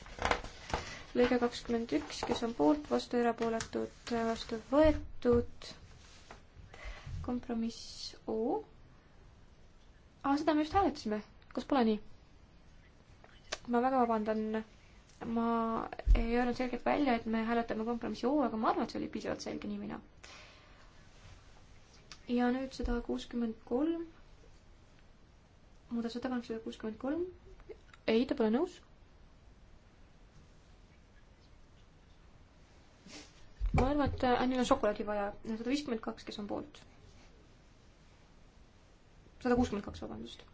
lõige kakskümmend üks, kes on poolt, vastu, erapooletud, vastu võetud kompromiss O. aa, seda me just hääletasime, kas pole nii? ma väga vabandan, ma ei öelnud selgelt välja, et me hääletame kompromissi O, aga ma arvan, et see oli piisavalt selge nimina. ja nüüd sada kuuskümmend kolm, muudatusettepanek sada kuuskümmend kolm, ei, ta pole nõus. ma arvan, et Annil äh, on šokolaadi vaja, sada viiskümmend kaks, kes on poolt. sada kuuskümmend kaks, vabandust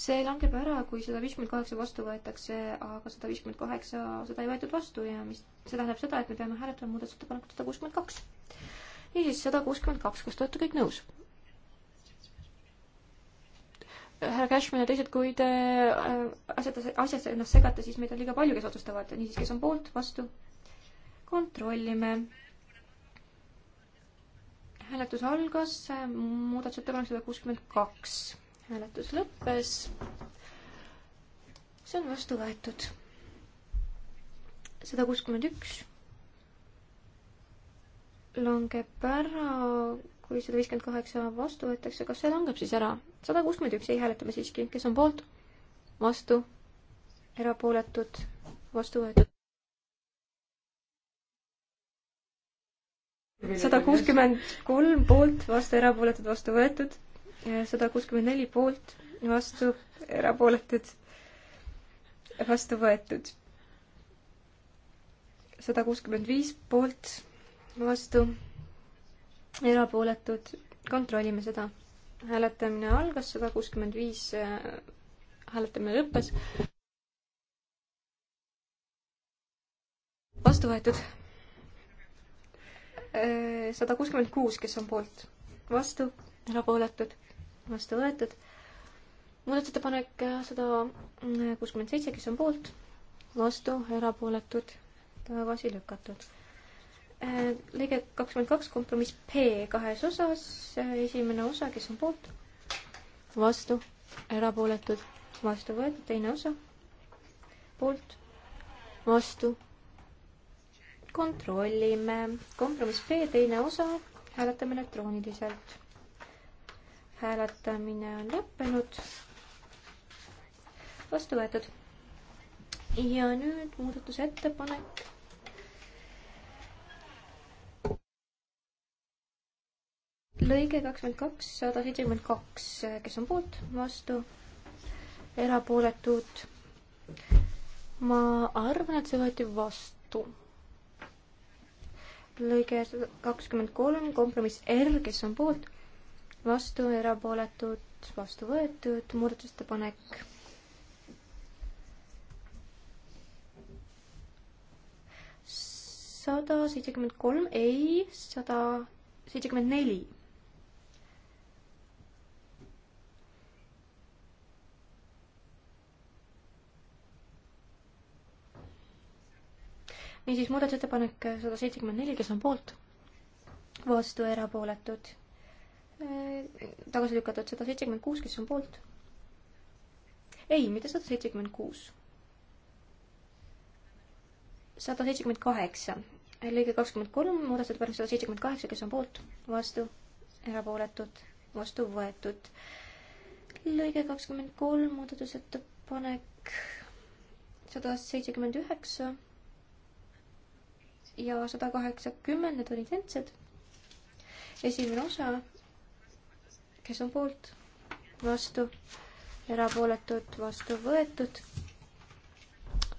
see langeb ära, kui sada viiskümmend kaheksa vastu võetakse, aga sada viiskümmend kaheksa, seda ei võetud vastu ja mis, see tähendab seda, et me peame hääletama muudatusettepanekut sada kuuskümmend kaks. niisiis, sada kuuskümmend kaks, kas te olete kõik nõus? härra Cashman ja teised, kui te äh, asjad, asjasse ennast segate, siis meid on liiga palju, kes otsustavad, niisiis, kes on poolt, vastu? kontrollime. hääletus algas, äh, muudatusettepanek sada kuuskümmend kaks hääletus lõppes. see on vastu võetud. sada kuuskümmend üks langeb ära, kui sada viiskümmend kaheksa vastu võetakse, kas see langeb siis ära? sada kuuskümmend üks, ei hääletame siiski, kes on poolt? vastu, erapooletud, vastu võetud. sada kuuskümmend kolm poolt, vastu erapooletud, vastu võetud sada kuuskümmend neli poolt, vastu, erapooletud, vastu võetud. sada kuuskümmend viis poolt, vastu, erapooletud, kontrollime seda. hääletamine algas, sada kuuskümmend viis, äh, hääletamine lõppes. vastu võetud. Äh, sada kuuskümmend kuus, kes on poolt, vastu, erapooletud vastu võetud. muudatusettepanek äh, sada mm, kuuskümmend seitse, kes on poolt, vastu, erapooletud, tagasi lükatud. Äh, lõige kakskümmend kaks, kompromiss P kahes osas, äh, esimene osa, kes on poolt, vastu, erapooletud, vastu võetud, teine osa, poolt, vastu, kontrollime. kompromiss B teine osa, hääletame elektrooniliselt hääletamine on lõppenud. vastu võetud. ja nüüd muudatusettepanek lõige kakskümmend kaks, sada seitsekümmend kaks, kes on poolt, vastu, erapooletud. ma arvan, et see võeti vastu. lõige kakskümmend kolm, kompromiss R, kes on poolt, vastu, erapooletud, vastu võetud, muudatusettepanek. sada seitsekümmend kolm, ei, sada seitsekümmend neli. niisiis muudatusettepanek sada seitsekümmend neli, kes on poolt? vastu erapooletud Äh, tagasi lükatud sada seitsekümmend kuus, kes on poolt? ei, mitte sada seitsekümmend kuus. sada seitsekümmend kaheksa, lõige kakskümmend kolm, muudatusettepanek sada seitsekümmend kaheksa, kes on poolt, vastu, erapooletud, vastu võetud. lõige kakskümmend kolm, muudatusettepanek sada seitsekümmend üheksa ja sada kaheksakümmend, need on identsed. esimene osa kes on poolt, vastu, erapooletud, vastu võetud.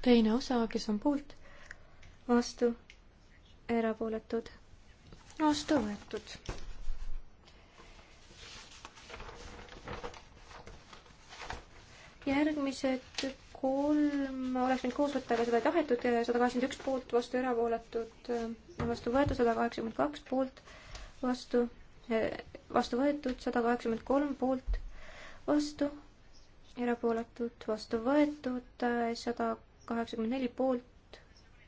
teine osa, kes on poolt, vastu, erapooletud, vastu võetud. järgmised kolm oleks võinud koos võtta, aga seda ei tahetud, sada kaheksakümmend üks poolt, vastu erapooletud, vastu võetud, sada kaheksakümmend kaks poolt, vastu vastu võetud, sada kaheksakümmend kolm poolt, vastu, erapooletud, vastu võetud, sada kaheksakümmend neli poolt,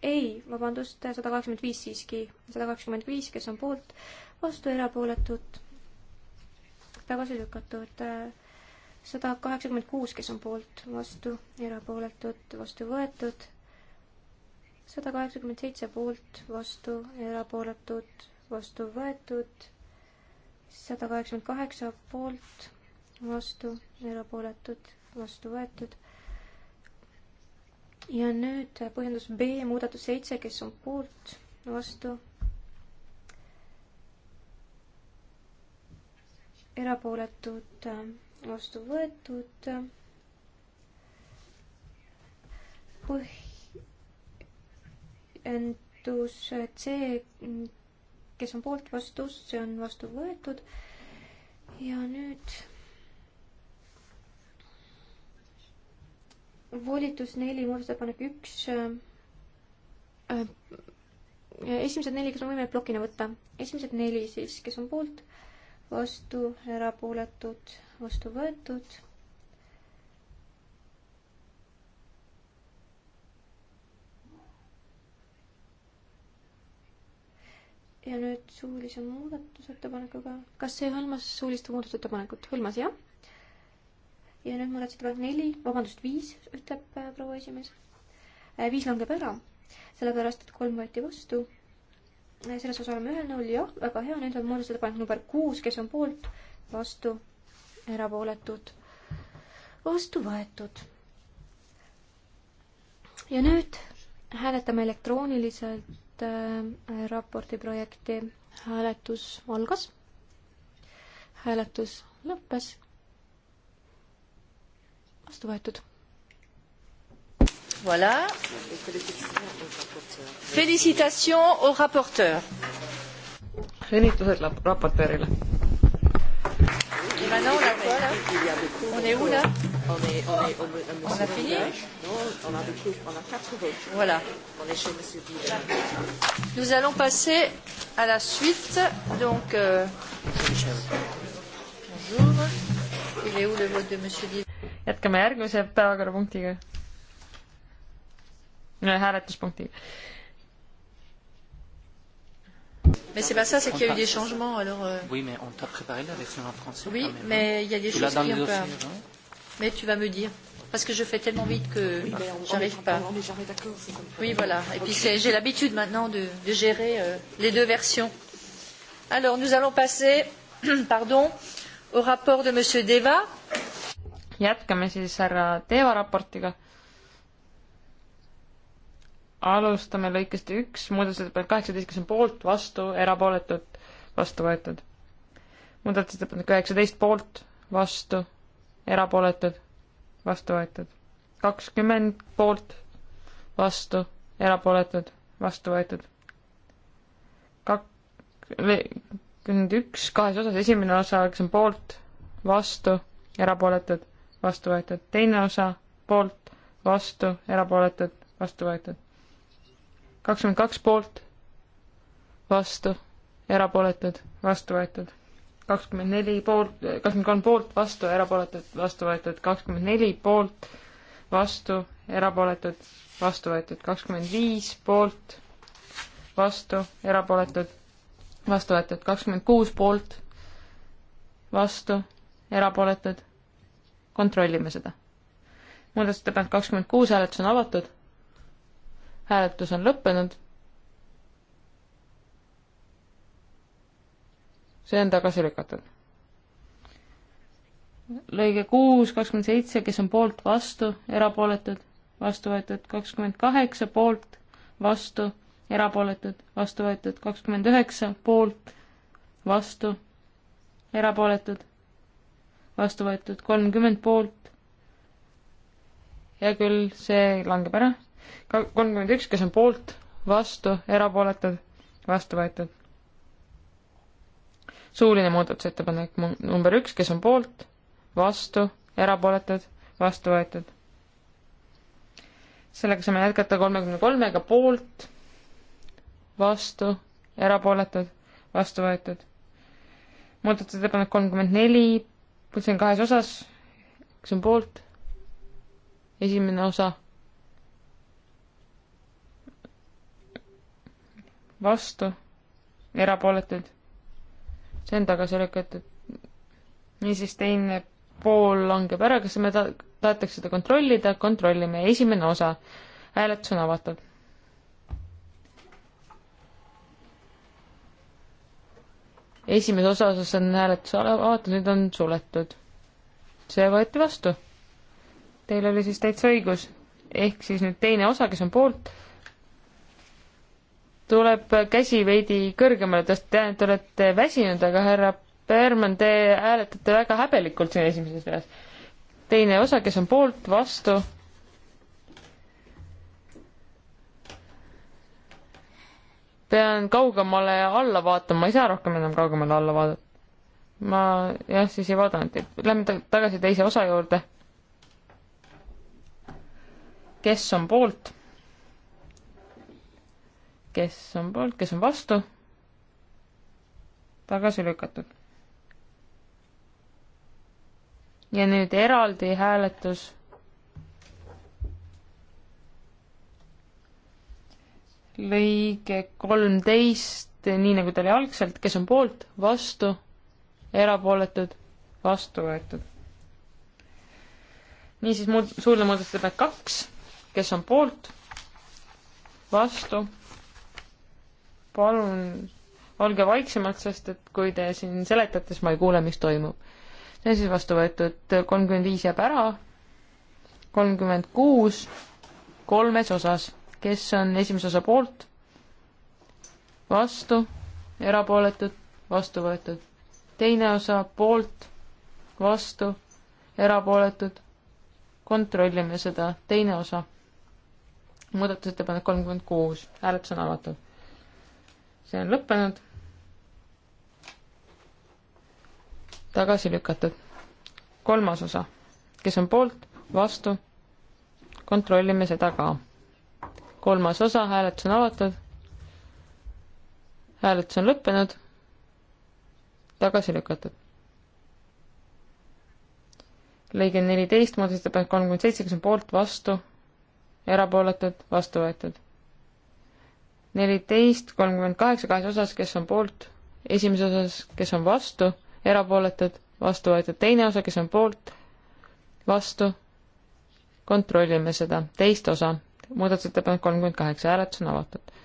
ei, vabandust, sada kaheksakümmend viis siiski, sada kakskümmend viis, kes on poolt, vastu, erapooletud, tagasi lükatud, sada kaheksakümmend kuus, kes on poolt, vastu, erapooletud, vastu võetud, sada kaheksakümmend seitse poolt, vastu, erapooletud, vastu võetud sada kaheksakümmend kaheksa poolt, vastu, erapooletud, vastu võetud. ja nüüd põhjendus B, muudatus seitse, kes on poolt, vastu, erapooletud, vastu võetud. põhjendus C kes on poolt, vastu, see on vastu võetud. ja nüüd volitus neli, muudatusettepanek üks. Äh, äh, esimesed neli, kas me võime plokina võtta? esimesed neli siis, kes on poolt, vastu, erapooletud, vastu võetud. ja nüüd suulise muudatusettepanekuga, kas see hõlmas suulist muudatusettepanekut, hõlmas jah? ja nüüd muudatusettepanek neli, vabandust, viis, ütleb äh, proua esimees. Äh, viis langeb ära, sellepärast et kolm võeti vastu. Äh, selles osas oleme ühel nõul, jah, väga hea, nüüd on muudatusettepanek number kuus, kes on poolt, vastu, erapooletud, vastu võetud. ja nüüd hääletame elektrooniliselt hääletused äh, raporti projekti. hääletus algas, hääletus lõppes, vastu võetud. Voilà. Félicitations au rapporteur. Õnnitlused raportöörile. Et maintenant, on a quoi là On est où là On, est, on, est, on, on, on, on a fini Non, on a, beaucoup, on a quatre votes. Voilà. On est chez M. Boulet. Nous allons passer à la suite. Donc, euh, bonjour. Il est où le vote de M. Boulet jätkame järgmise päevakorrapunktiga. hääletuspunktiga. Mais c'est pas ça, c'est qu'il y a eu des changements, alors... Euh... Oui, mais on t'a préparé la version en français. Oui, mais il y a des tu choses qui ont pas... Mais tu vas me dire. Parce que je fais tellement vite que oui, j'arrive pas. On n'est jamais d'accord. Oui, voilà. Et puis j'ai l'habitude maintenant de, de gérer euh, les deux versions. Alors, nous allons passer, pardon, au rapport de Monsieur Deva. jätkame siis härra Deva raportiga. alustame lõikest üks, muudatusettepanek kaheksateist, kes on poolt, vastu, erapooletud, vastu võetud. muudatusettepanek üheksateist poolt, vastu erapooletud, vastu võetud. kakskümmend poolt, vastu, erapooletud, vastu võetud. kakskümmend üks kahes osas, esimene osa, kes on poolt, vastu, erapooletud, vastu võetud. teine osa, poolt, vastu, erapooletud, vastu võetud. kakskümmend kaks poolt, vastu, erapooletud, vastu võetud kakskümmend neli poolt, kakskümmend kolm poolt, vastu, erapooletud, vastu võetud, kakskümmend neli poolt, vastu, erapooletud, vastu võetud, kakskümmend viis poolt, vastu, erapooletud, vastu võetud, kakskümmend kuus poolt, vastu, erapooletud, kontrollime seda. muudatusettepanek kakskümmend kuus, hääletus on avatud, hääletus on lõppenud see on tagasi lükatud. lõige kuus, kakskümmend seitse, kes on poolt, vastu, erapooletud, vastu võetud, kakskümmend kaheksa, poolt, vastu, erapooletud, vastu võetud, kakskümmend üheksa, poolt, vastu, erapooletud, vastu võetud, kolmkümmend poolt, hea küll, see langeb ära, kolmkümmend üks, kes on poolt, vastu, erapooletud, vastu võetud suuline muudatusettepanek number üks, kes on poolt, vastu, erapooletud, vastu võetud. sellega saame jätkata kolmekümne kolmega poolt, vastu, erapooletud, vastu võetud. muudatusettepanek kolmkümmend neli, see on kahes osas, kes on poolt, esimene osa, vastu, erapooletud see on tagasi lükatud. niisiis teine pool langeb ära, kas me ta-, tahetaks seda kontrollida, kontrollime, esimene osa. hääletus on avatud. esimese osa osas on hääletus avatud, nüüd on suletud. see võeti vastu. Teil oli siis täitsa õigus. ehk siis nüüd teine osa, kes on poolt tuleb käsi veidi kõrgemale tõsta, tean, et te olete väsinud, aga härra Berman, te hääletate väga häbelikult siin esimeses reas. teine osa, kes on poolt, vastu? pean kaugemale alla vaatama, ma ei saa rohkem enam kaugemale alla vaadata. ma jah, siis ei vaadanud, et lähme tagasi teise osa juurde. kes on poolt? kes on poolt, kes on vastu, tagasi lükatud. ja nüüd eraldi hääletus. lõige kolmteist, nii nagu ta oli algselt, kes on poolt, vastu, erapooletud, vastu võetud. niisiis muud, suurde muudatusettepanek kaks, kes on poolt, vastu palun olge vaiksemad, sest et kui te siin seletate, siis ma ei kuule, mis toimub. see on siis vastu võetud, kolmkümmend viis jääb ära, kolmkümmend kuus kolmes osas, kes on esimese osa poolt, vastu, erapooletud, vastu võetud. teine osa poolt, vastu, erapooletud, kontrollime seda, teine osa. muudatusettepanek kolmkümmend kuus, hääletus on avatud see on lõppenud. tagasi lükatud. kolmas osa, kes on poolt, vastu, kontrollime seda ka. kolmas osa, hääletus on avatud. hääletus on lõppenud. tagasi lükatud. lõige neliteist, muudatusettepanek kolmkümmend seitse, kes on poolt, vastu, erapooletud, vastu võetud neliteist, kolmkümmend kaheksa kahes osas, kes on poolt, esimeses osas, kes on vastu, erapooletud, vastu võetud, teine osa, kes on poolt, vastu, kontrollime seda, teist osa, muudatusettepanek kolmkümmend kaheksa, hääletus on avatud.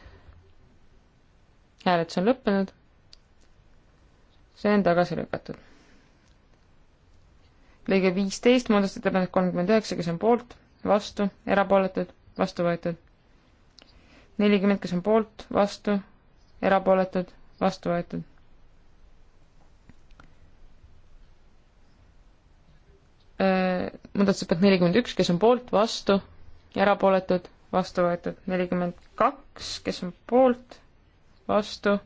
hääletus on lõppenud, see on tagasi lükatud. lõige viisteist, muudatusettepanek kolmkümmend üheksa, kes on poolt, vastu, erapooletud, vastu võetud nelikümmend, kes on poolt, vastu, erapooletud, vastu võetud. muudatusettepanek nelikümmend üks, kes on poolt, vastu, erapooletud, vastu võetud, nelikümmend kaks, kes on poolt, vastu,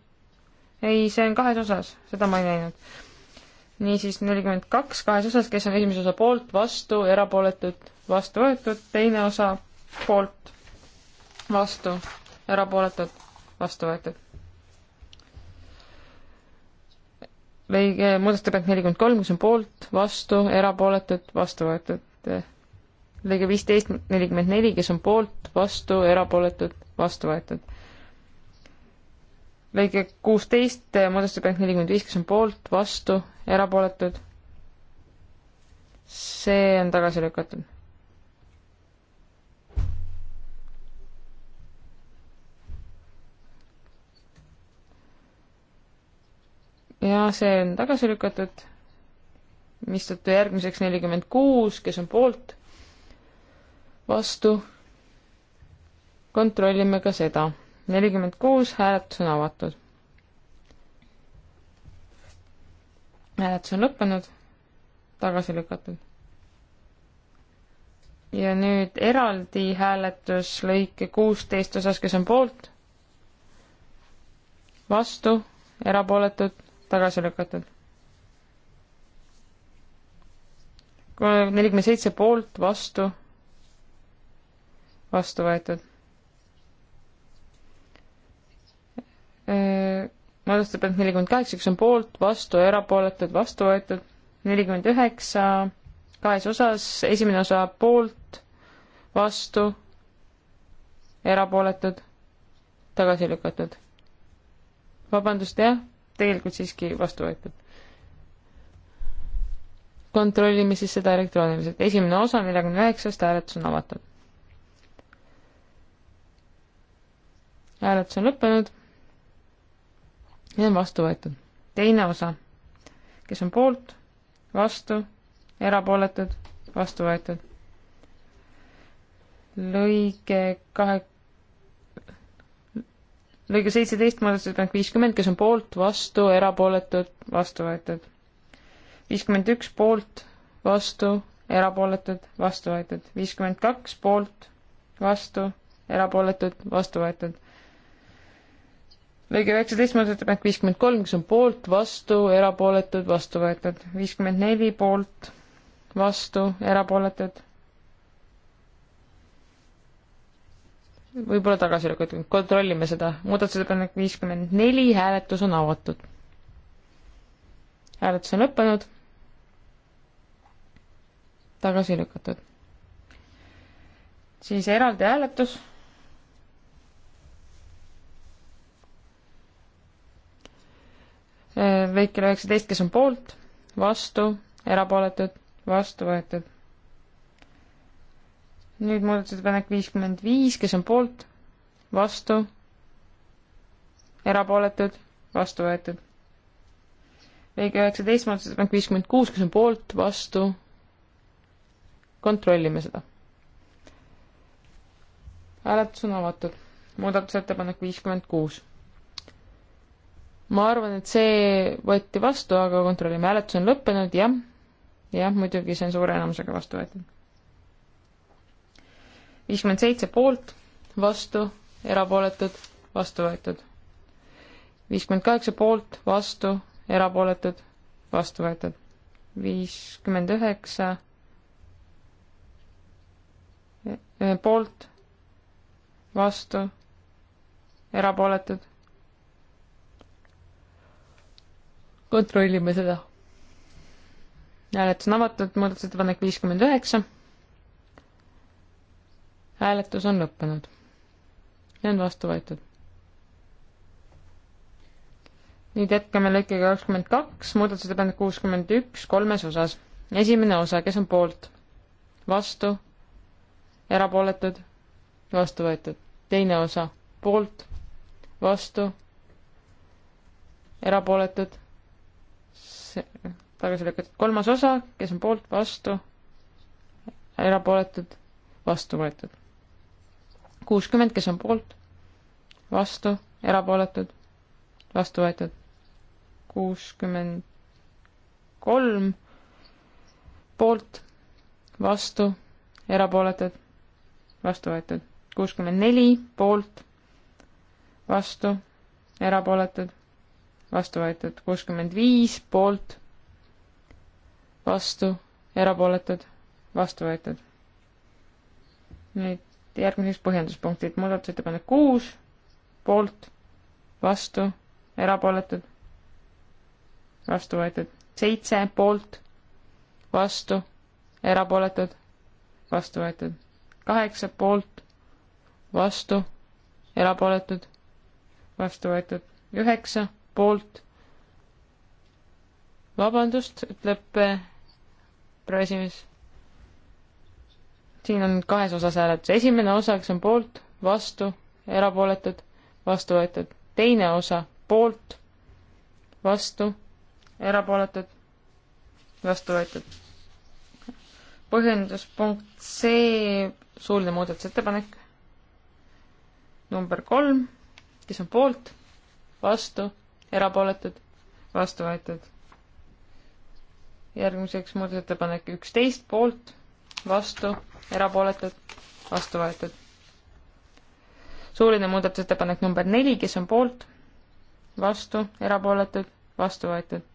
ei, see on kahes osas, seda ma ei näinud. niisiis nelikümmend kaks kahes osas, kes on esimese osa poolt, vastu, erapooletud, vastu võetud, teine osa poolt vastu, erapooletud, vastu võetud. lõige, muudatusettepanek nelikümmend kolm, kes on poolt, vastu, erapooletud, vastu võetud. lõige viisteist, nelikümmend neli, kes on poolt, vastu, erapooletud, vastu võetud. lõige kuusteist, muudatusettepanek nelikümmend viis, kes on poolt, vastu, erapooletud. see on tagasi lükatud ja see on tagasi lükatud, mistõttu järgmiseks nelikümmend kuus, kes on poolt, vastu, kontrollime ka seda. nelikümmend kuus, hääletus on avatud. hääletus on lõppenud, tagasi lükatud. ja nüüd eraldi hääletus lõike kuusteist osas, kes on poolt, vastu, erapooletud tagasi lükatud. nelikümmend seitse poolt, vastu, vastu võetud. Äh, muudatusettepanek nelikümmend kaheksa, üks on poolt, vastu, erapooletud, vastu võetud. nelikümmend üheksa kahes osas, esimene osa poolt, vastu, erapooletud, tagasi lükatud. vabandust, jah tegelikult siiski vastu võetud. kontrollime siis seda elektrooniliselt. esimene osa neljakümne üheksast hääletus on avatud. hääletus on lõppenud ja on vastu võetud. teine osa, kes on poolt, vastu, erapooletud, vastu võetud. lõige kahe lõige seitseteist muudatusettepanek viiskümmend, kes on poolt, vastu, erapooletud, vastu võetud. viiskümmend üks poolt, vastu, erapooletud, vastu võetud. viiskümmend kaks poolt, vastu, erapooletud, vastu võetud. lõige üheksateist muudatusettepanek viiskümmend kolm, kes on poolt, vastu, erapooletud, vastu võetud. viiskümmend neli poolt, vastu, erapooletud, võib-olla tagasi lükatud, kontrollime seda. muudatusettepanek viiskümmend neli, hääletus on avatud. hääletus on lõppenud. tagasi lükatud. siis eraldi hääletus. lõikele äh, üheksateist, kes on poolt, vastu, erapooletud, vastu võetud nüüd muudatusettepanek viiskümmend viis, kes on poolt, vastu, erapooletud, vastu võetud. lõige üheksateist, muudatusettepanek viiskümmend kuus, kes on poolt, vastu, kontrollime seda. hääletus on avatud. muudatusettepanek viiskümmend kuus. ma arvan, et see võeti vastu, aga kontrollime, hääletus on lõppenud, jah. jah, muidugi see on suure enamusega vastu võetud viiskümmend seitse poolt, vastu, erapooletud, vastu võetud. viiskümmend kaheksa poolt, vastu, erapooletud, vastu võetud. viiskümmend üheksa eh, poolt, vastu, erapooletud. kontrollime seda. hääletus on avatud, muudatusettepanek viiskümmend üheksa hääletus on lõppenud. see on vastu võetud. nüüd jätkame lõikega kakskümmend kaks, muudatusettepanek kuuskümmend üks kolmes osas. esimene osa, kes on poolt? vastu? erapooletud? vastu võetud. teine osa, poolt? vastu? erapooletud? tagasi lükatud. kolmas osa, kes on poolt, vastu, erapooletud, vastu võetud kuuskümmend, kes on poolt, vastu, erapooletud, vastu võetud. kuuskümmend kolm poolt, vastu, erapooletud, vastu võetud. kuuskümmend neli poolt, vastu, erapooletud, vastu võetud. kuuskümmend viis poolt, vastu, erapooletud, vastu võetud. nüüd järgmiseks põhjenduspunktid, muudatusettepanek kuus, poolt, vastu, erapooletud, vastu võetud, seitse poolt, vastu, erapooletud, vastu võetud, kaheksa poolt, vastu, erapooletud, vastu võetud, üheksa poolt, vabandust, ütleb eh, proua esimees siin on kahes osas hääletus, esimene osa, kes on poolt, vastu, erapooletud, vastu võetud, teine osa poolt, vastu, erapooletud, vastu võetud. põhjenduspunkt C, suuline muudatusettepanek, number kolm, kes on poolt, vastu, erapooletud, vastu võetud. järgmiseks muudatusettepanek üksteist poolt vastu, erapooletud, vastu võetud. suuline muudatusettepanek number neli, kes on poolt, vastu, erapooletud, vastu võetud.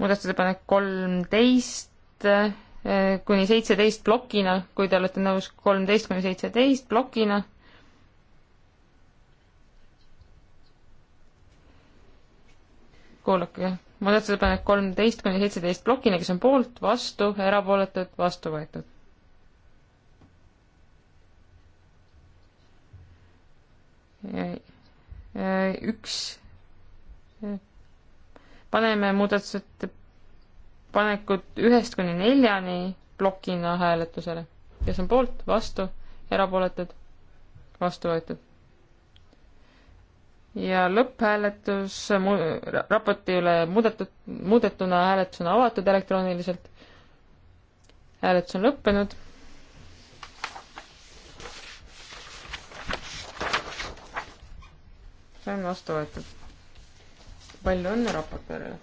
muudatusettepanek kolmteist eh, kuni seitseteist plokina, kui te olete nõus kolmteist kuni seitseteist plokina kuulake, muudatusettepanek kolmteist kuni seitseteist plokina, kes on poolt, vastu, erapooletud, vastu võetud. üks, paneme muudatusettepanekud ühest kuni neljani plokina hääletusele, kes on poolt, vastu, erapooletud, vastu võetud ja lõpphääletus mu-, raporti üle muudetud, muudetuna hääletus on avatud elektrooniliselt. hääletus on lõppenud see on vastu võetud. palju õnne raportöörile.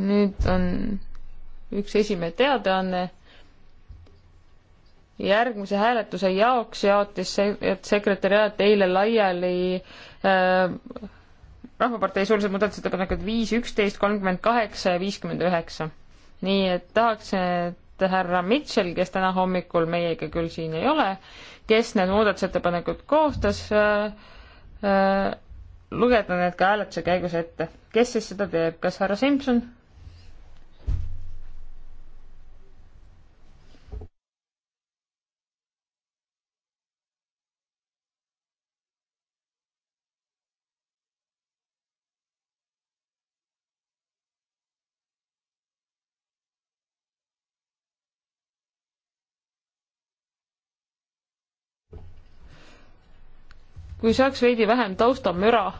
nüüd on üks esimene teadaanne. järgmise hääletuse jaoks jaotis sekretäriaat eile laiali äh, Rahvapartei suulised muudatusettepanekud viis, üksteist, kolmkümmend kaheksa ja viiskümmend üheksa. nii et tahaks, et härra Mitchell, kes täna hommikul meiega küll siin ei ole, kes need muudatusettepanekud koostas äh,, äh, lugeda need ka hääletuse käigus ette. kes siis seda teeb, kas härra Simson? kui saaks veidi vähem taustamüra,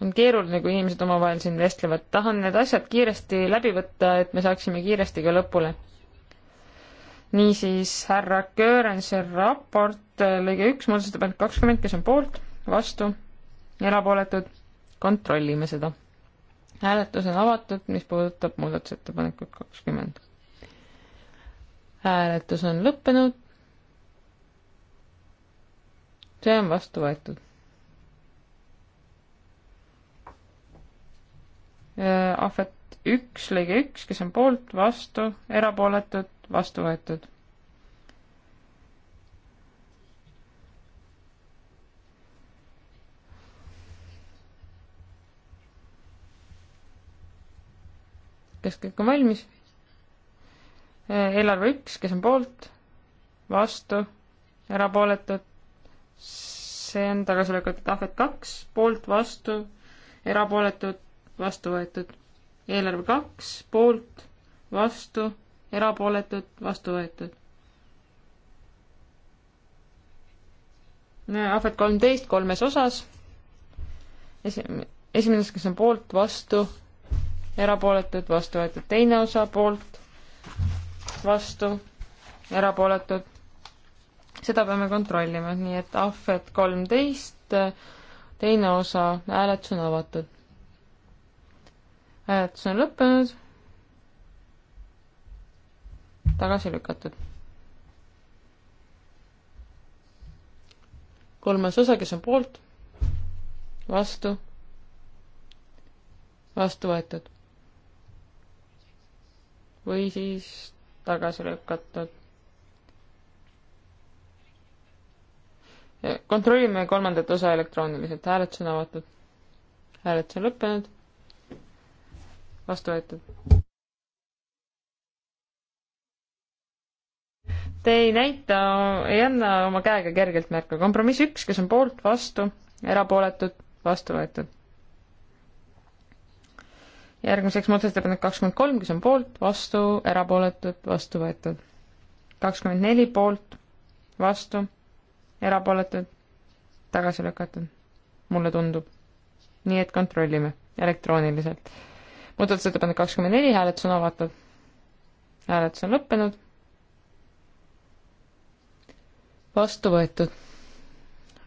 on keeruline, kui inimesed omavahel siin vestlevad. tahan need asjad kiiresti läbi võtta, et me saaksime kiiresti ka lõpule. niisiis, härra Göransi raport, äh, lõige üks, muudatusettepanek kakskümmend, kes on poolt, vastu, erapooletud, kontrollime seda. hääletus on avatud, mis puudutab muudatusettepanekut kakskümmend. hääletus on lõppenud see on vastu võetud. Äh, ahvet üks, lõige üks, kes on poolt, vastu, erapooletud, vastu võetud. kas kõik on valmis? Äh, eelarve üks, kes on poolt, vastu, erapooletud, see on tagasi lükatud ahvet kaks, poolt, vastu, erapooletud, vastu võetud. eelarve kaks, poolt, vastu, erapooletud, vastu võetud. ahvet kolmteist kolmes osas. esimene, esimeses, kes on poolt, vastu, erapooletud, vastu võetud, teine osa poolt, vastu, erapooletud, seda peame kontrollima, nii et ahved kolmteist, teine osa, hääletus on avatud. hääletus on lõppenud. tagasi lükatud. kolmas osa, kes on poolt, vastu, vastu võetud või siis tagasi lükatud kontrollime kolmandat osa elektrooniliselt, hääletus on avatud. hääletus on lõppenud. vastu võetud. Te ei näita, ei anna oma käega kergelt märku. kompromiss üks, kes on poolt, vastu, erapooletud, vastu võetud. järgmiseks muudatusettepanek kakskümmend kolm, kes on poolt, vastu, erapooletud, vastu võetud. kakskümmend neli poolt, vastu erapooletud, tagasi lükatud, mulle tundub. nii et kontrollime elektrooniliselt. muudatusettepanek kakskümmend neli, hääletus on avatud. hääletus on lõppenud. vastu võetud.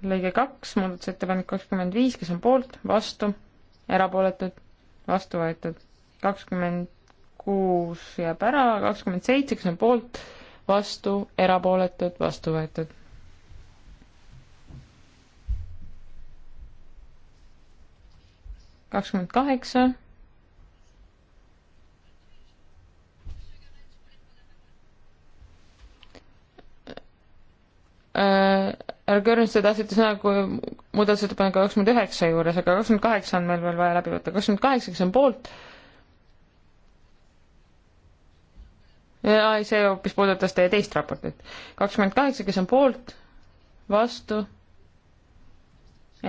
lõige kaks, muudatusettepanek kakskümmend viis, kes on poolt, vastu, erapooletud, vastu võetud. kakskümmend kuus jääb ära, kakskümmend seitse, kes on poolt, vastu, erapooletud, vastu võetud kakskümmend kaheksa. Äh, härra Körns, te tahtsite sõna kui muudatusettepaneku kakskümmend üheksa juures, aga kakskümmend kaheksa on meil veel vaja läbi võtta. kakskümmend kaheksa, kes on poolt? ei, see hoopis puudutas teie teist raportit. kakskümmend kaheksa, kes on poolt, vastu,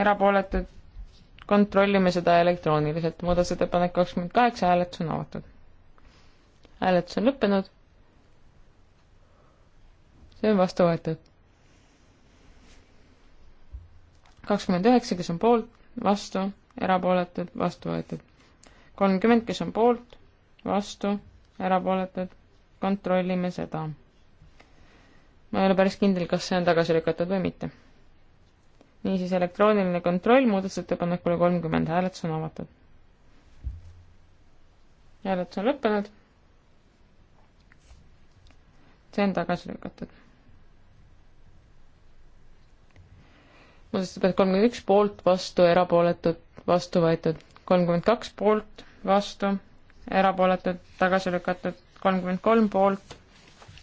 erapooletud, kontrollime seda elektrooniliselt. muudatusettepanek kakskümmend kaheksa, hääletus on avatud. hääletus on lõppenud. see on vastu võetud. kakskümmend üheksa, kes on poolt, vastu, erapooletud, vastu võetud. kolmkümmend, kes on poolt, vastu, erapooletud, kontrollime seda. ma ei ole päris kindel, kas see on tagasi lükatud või mitte niisiis elektrooniline kontroll muudatusettepanekule kolmkümmend, hääletus on avatud. hääletus on lõppenud. see on tagasi lükatud. muudatusettepanek kolmkümmend üks poolt, vastu, erapooletud, vastu võetud. kolmkümmend kaks poolt, vastu, erapooletud, tagasi lükatud. kolmkümmend kolm poolt,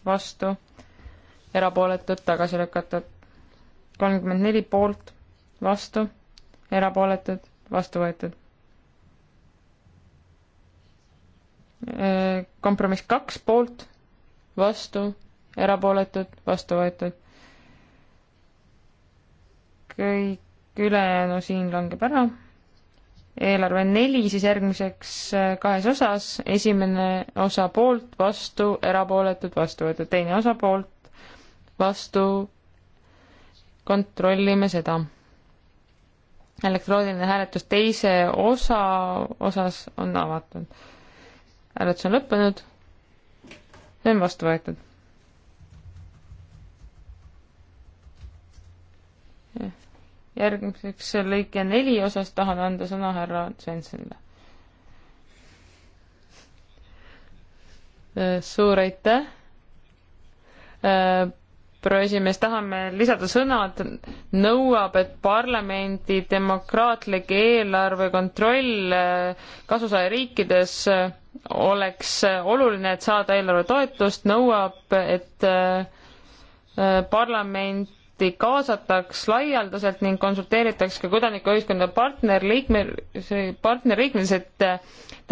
vastu, erapooletud, tagasi lükatud kolmkümmend neli poolt, vastu, erapooletud, vastu võetud. kompromiss kaks poolt, vastu, erapooletud, vastu võetud. kõik ülejäänu no siin langeb ära. eelarve neli siis järgmiseks äh, kahes osas, esimene osa poolt, vastu, erapooletud, vastu võetud, teine osa poolt, vastu, kontrollime seda. elektrooniline hääletus teise osa osas on avatud. hääletus on lõppenud. see on vastu võetud. järgmiseks lõike neli osas tahan anda sõna härra Svenssonile. suur aitäh proua esimees, tahame lisada sõnad, nõuab, et parlamendi demokraatlik eelarve kontroll eh, kasusaaja riikides eh, oleks eh, oluline, et saada eelarve toetust, nõuab, et parlament projekti kaasataks laialdaselt ning konsulteeritaks ka kodanikuühiskonda partnerliikme, partnerliikmes, et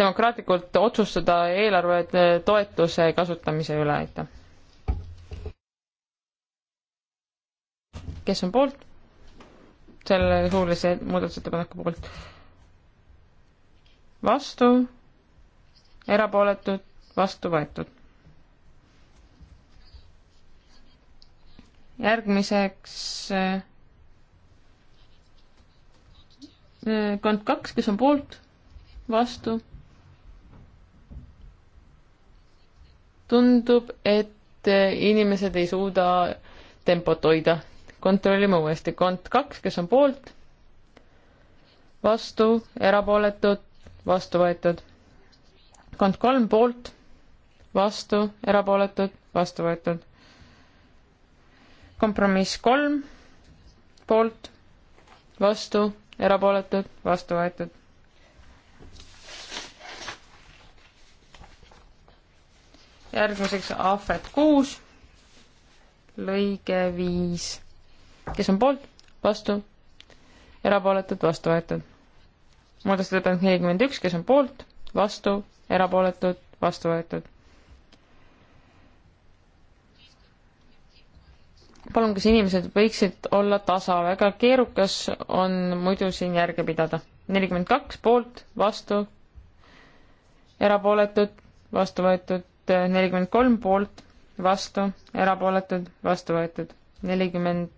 demokraatlikult otsustada eelarve toetuse kasutamise üle, aitäh. kes on poolt? selle suulise muudatusettepaneku poolt. vastu, erapooletud, vastu võetud. järgmiseks äh, kond kaks, kes on poolt, vastu. tundub, et inimesed ei suuda tempot hoida kontrollime uuesti. kont kaks, kes on poolt, vastu, erapooletud, vastu võetud. kont kolm poolt, vastu, erapooletud, vastu võetud. kompromiss kolm, poolt, vastu, erapooletud, vastu võetud. järgmiseks ahvet kuus, lõige viis kes on poolt, vastu, erapooletud, vastu võetud. muudatusettepanek nelikümmend üks, kes on poolt, vastu, erapooletud, vastu võetud. palun, kas inimesed võiksid olla tasa, väga keerukas on muidu siin järge pidada. nelikümmend kaks poolt, vastu, erapooletud, vastu võetud, nelikümmend kolm poolt, vastu, erapooletud, vastu võetud, nelikümmend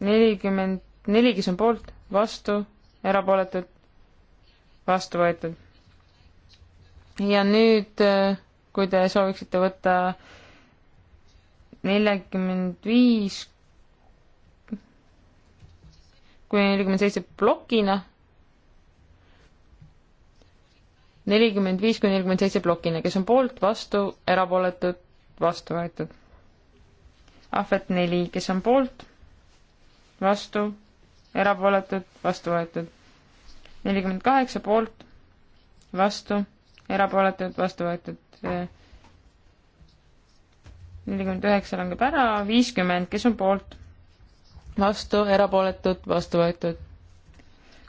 nelikümmend neli, kes on poolt, vastu, erapooletud, vastu võetud. ja nüüd, kui te sooviksite võtta neljakümmend viis kuni nelikümmend seitse plokina, nelikümmend viis kuni nelikümmend seitse plokina, kes on poolt, vastu, erapooletud, vastu võetud. ahvet neli, kes on poolt vastu, erapooletud, vastu võetud. nelikümmend kaheksa poolt, vastu, erapooletud, vastu võetud. nelikümmend üheksa langeb ära, viiskümmend, kes on poolt, vastu, erapooletud, vastu võetud.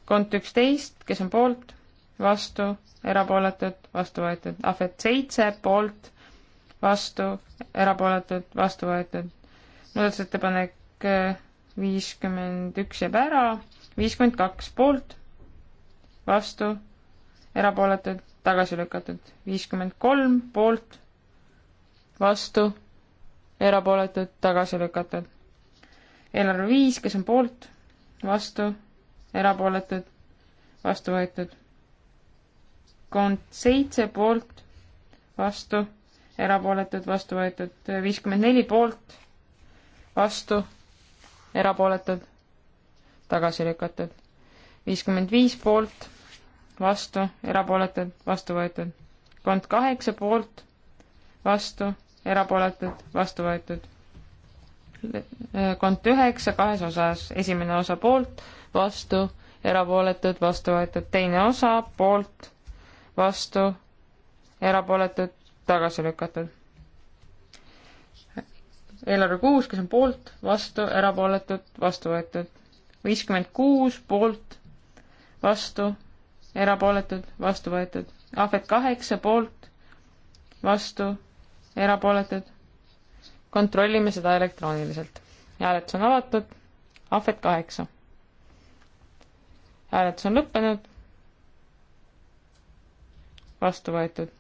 kont üksteist, kes on poolt, vastu, erapooletud, vastu võetud. ahvet seitse, poolt, vastu, erapooletud, vastu võetud. muudatusettepanek viiskümmend üks jääb ära, viiskümmend kaks poolt, vastu, erapooletud, tagasi lükatud, viiskümmend kolm poolt, vastu, erapooletud, tagasi lükatud. eelarve viis, kes on poolt, vastu, erapooletud, vastu võetud. kond seitse poolt, vastu, erapooletud, vastu võetud, viiskümmend neli poolt, vastu erapooletud, tagasi lükatud. viiskümmend viis poolt, vastu, erapooletud, vastu võetud. kond kaheksa poolt, vastu, erapooletud, vastu võetud. kond üheksa kahes osas, esimene osa poolt, vastu, erapooletud, vastu võetud, teine osa poolt, vastu, erapooletud, tagasi lükatud eelarve kuus, kes on poolt, vastu, erapooletud, vastu võetud. viiskümmend kuus poolt, vastu, erapooletud, vastu võetud. ahvet kaheksa poolt, vastu, erapooletud. kontrollime seda elektrooniliselt. hääletus on avatud, ahvet kaheksa. hääletus on lõppenud, vastu võetud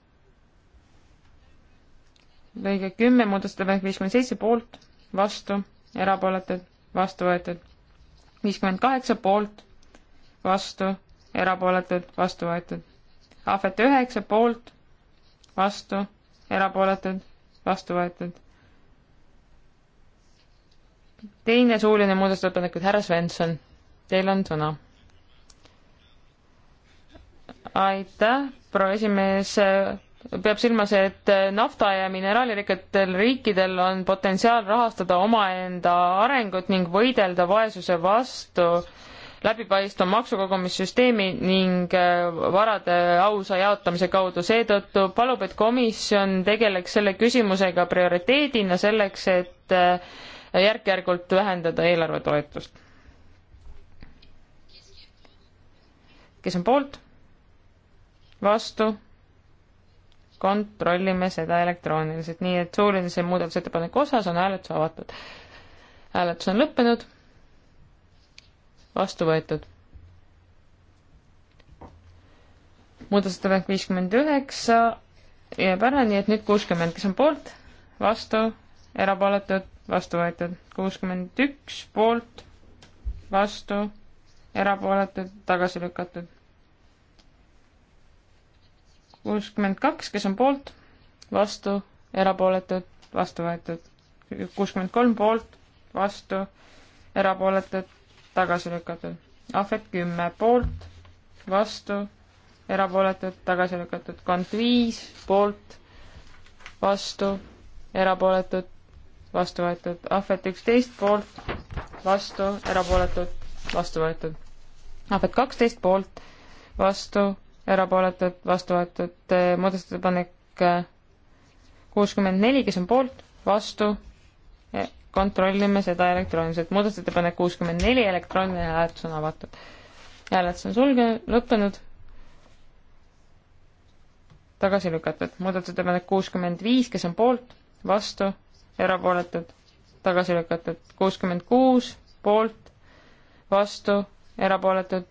lõige kümme, muudatusettepanek viiskümmend seitse poolt, vastu, erapooletud, vastu võetud. viiskümmend kaheksa poolt, vastu, erapooletud, vastu võetud. ahvet üheksa poolt, vastu, erapooletud, vastu võetud. teine suuline muudatusettepanek, härra Svensson, teil on sõna. aitäh, proua esimees peab silmas, et nafta ja mineraalirikkatel riikidel on potentsiaal rahastada omaenda arengut ning võidelda vaesuse vastu läbipaistva maksukogumissüsteemi ning äh, varade ausa jaotamise kaudu. seetõttu palub, et komisjon tegeleks selle küsimusega prioriteedina selleks, et äh, järk-järgult vähendada eelarvetoetust. kes on poolt? vastu kontrollime seda elektrooniliselt, nii et suulise muudatusettepaneku osas on hääletus avatud. hääletus on lõppenud, vastu võetud. muudatusettepanek viiskümmend üheksa jääb ära, nii et nüüd kuuskümmend, kes on poolt, vastu, erapooletud, vastu võetud, kuuskümmend üks poolt, vastu, erapooletud, tagasi lükatud kuuskümmend kaks, kes on poolt, vastu, erapooletud, vastu võetud. kuuskümmend kolm poolt, vastu, erapooletud, tagasi lükatud. ahvet kümme poolt, vastu, erapooletud, tagasi lükatud. kont viis poolt, vastu, erapooletud, vastu võetud. ahvet üksteist poolt, vastu, erapooletud, vastu võetud. ahvet kaksteist poolt, vastu, erapooletud, vastu võetud eh, muudatusettepanek eh, kuuskümmend neli, kes on poolt, vastu, eh, kontrollime seda elektrooniliselt. muudatusettepanek kuuskümmend neli, elektrooniline hääletus on avatud. hääletus on sulgenud, lõppenud, tagasi lükatud. muudatusettepanek kuuskümmend viis, kes on poolt, vastu, erapooletud, tagasi lükatud. kuuskümmend kuus, poolt, vastu, erapooletud,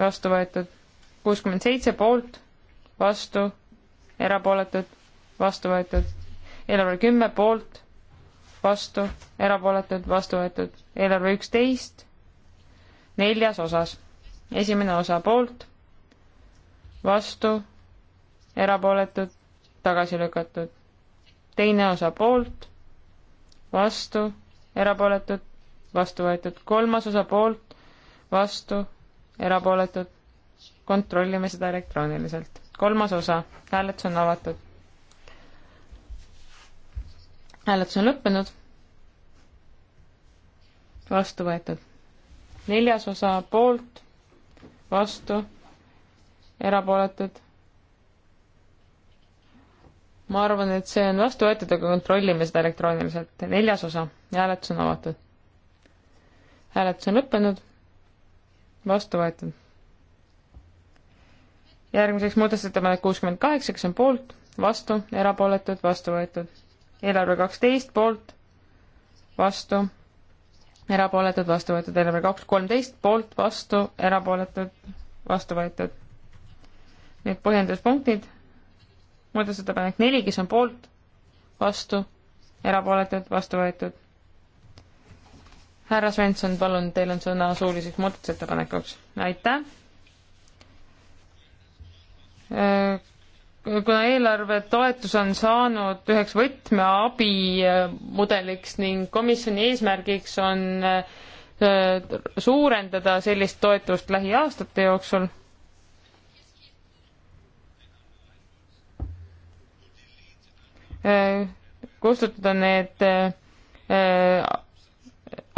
vastu võetud. kuuskümmend seitse poolt, vastu, erapooletud, vastu võetud. eelarve kümme poolt, vastu, erapooletud, vastu võetud. eelarve üksteist, neljas osas. esimene osa poolt, vastu, erapooletud, tagasi lükatud. teine osa poolt, vastu, erapooletud, vastu võetud. kolmas osa poolt, vastu, erapooletud, kontrollime seda elektrooniliselt. kolmas osa, hääletus on avatud. hääletus on lõppenud. vastu võetud. neljas osa poolt, vastu, erapooletud. ma arvan, et see on vastu võetud, aga kontrollime seda elektrooniliselt. neljas osa, hääletus on avatud. hääletus on lõppenud vastu võetud. järgmiseks muudatusettepanek kuuskümmend kaheksa, kes on poolt, vastu, erapooletud, vastu võetud. eelarve kaksteist poolt, vastu, erapooletud, vastu võetud. eelarve kaks, kolmteist poolt, vastu, erapooletud, vastu võetud. nüüd põhjenduspunktid. muudatusettepanek neli, kes on poolt, vastu, erapooletud, vastu võetud härra Svensson, palun, teil on sõna suuliseks muudatusettepanekuks. aitäh. Äh, kuna eelarvetoetus on saanud üheks võtmeabimudeliks äh, ning komisjoni eesmärgiks on äh, suurendada sellist toetust lähiaastate jooksul kustutada need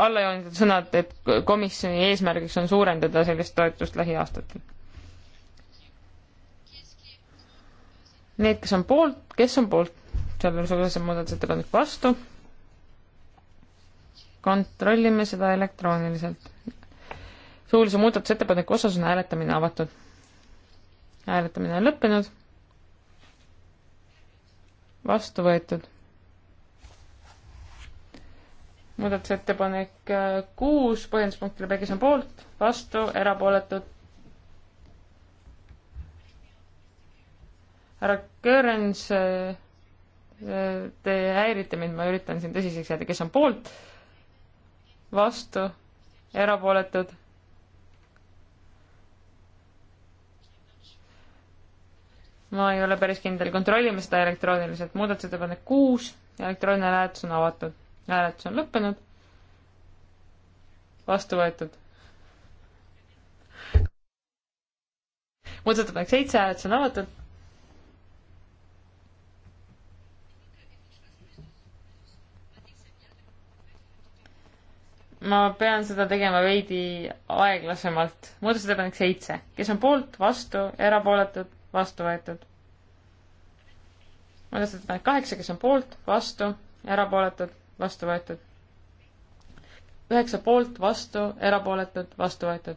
alla joonitud sõnad, et komisjoni eesmärgiks on suurendada sellist toetust lähiaastatel. Need, kes on poolt, kes on poolt, selle suhtes on muudatusettepanek vastu. kontrollime seda elektrooniliselt. suulise muudatusettepaneku osas on hääletamine avatud. hääletamine on lõppenud. vastu võetud muudatusettepanek äh, kuus põhjenduspunktile Pegis on poolt, vastu, erapooletud. härra Görens, äh, äh, te häirite mind, ma üritan siin tõsiseks jääda, kes on poolt, vastu, erapooletud. ma ei ole päris kindel, kontrollime seda elektrooniliselt, muudatusettepanek kuus, elektrooniline hääletus on avatud hääletus on lõppenud. vastu võetud. muudatusettepanek seitse, hääletus on avatud. ma pean seda tegema veidi aeglasemalt. muudatusettepanek seitse, kes on poolt, vastu, erapooletud, vastu võetud. muudatusettepanek kaheksa, kes on poolt, vastu, erapooletud, vastu võetud. üheksa poolt, vastu, erapooletud, vastu võetud.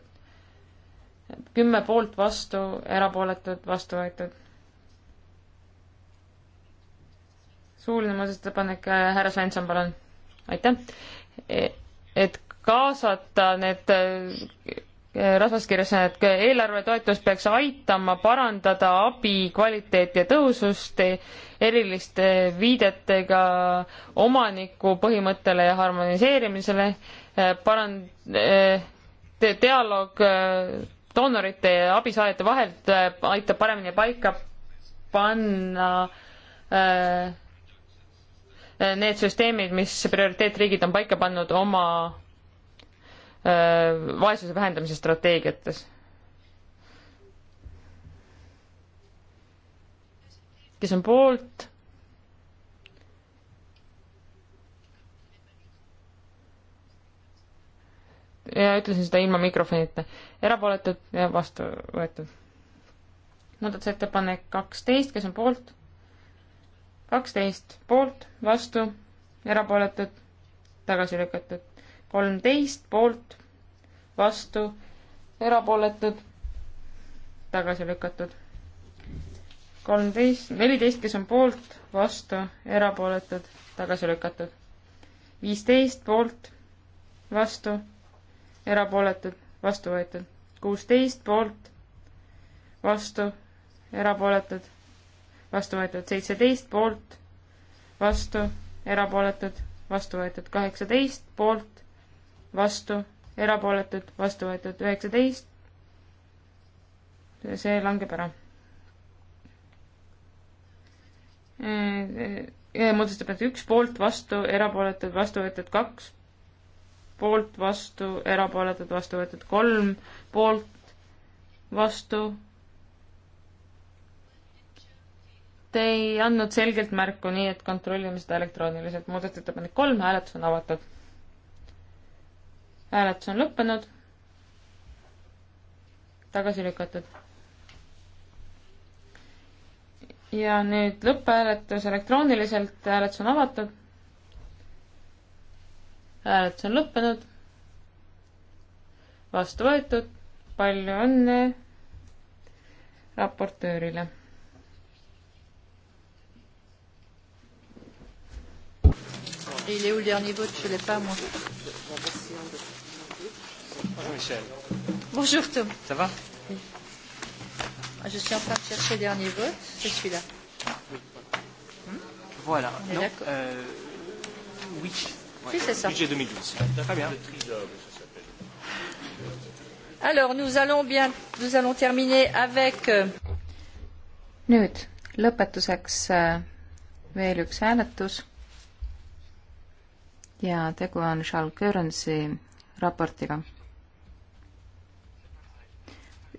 kümme poolt, vastu, erapooletud, vastu võetud. suuline muudatusettepanek, äh, härra Svensson, palun. aitäh. E, et kaasata need rahvaskirjas, et eelarvetoetus peaks aitama parandada abi kvaliteeti ja tõhusust eriliste viidetega omaniku põhimõttele ja harmoniseerimisele, eh, parand- eh, te, dialoog eh, doonorite ja abisaajate vahelt aitab paremini paika panna need süsteemid, mis prioriteetriigid on paika pannud oma vaesuse vähendamise strateegiates. kes on poolt? ja ütlesin seda ilma mikrofonita. erapooletud ja vastu võetud. muudatusettepanek kaksteist, kes on poolt? kaksteist poolt, vastu, erapooletud, tagasi lükatud kolmteist poolt, vastu, erapooletud, tagasi lükatud. kolmteist, neliteist, kes on poolt, vastu, erapooletud, tagasi lükatud. viisteist poolt, vastu, erapooletud, vastu võetud. kuusteist poolt, vastu, erapooletud, vastu võetud. seitseteist poolt, vastu, erapooletud, vastu võetud. kaheksateist poolt, vastu, erapooletud, vastu võetud üheksateist. see langeb ära. muudatusettepanek üks, poolt, vastu, erapooletud, vastu võetud kaks, poolt, vastu, erapooletud, vastu võetud kolm, poolt, vastu. Te ei andnud selgelt märku, nii et kontrollime seda elektrooniliselt. muudatusettepanek kolm, hääletus on avatud hääletus on lõppenud. tagasi lükatud. ja nüüd lõpphääletus elektrooniliselt, hääletus on avatud. hääletus on lõppenud. vastu võetud, palju õnne raportöörile Il est où le dernier vote Je ne l'ai pas, moi. Bonjour Michel. Bonjour Tom. Ça va Oui. Ah, je suis en train de chercher le dernier vote, c'est celui-là. Hmm voilà. On est Donc, d'accord. Euh, oui. Ouais. Si, c'est ça. Budget 2012. Très bien. Alors, nous allons bien, nous allons terminer avec... Euh, Nüüd lõpetuseks euh, veel üks hääletus ja tegu on Charles Currency raportiga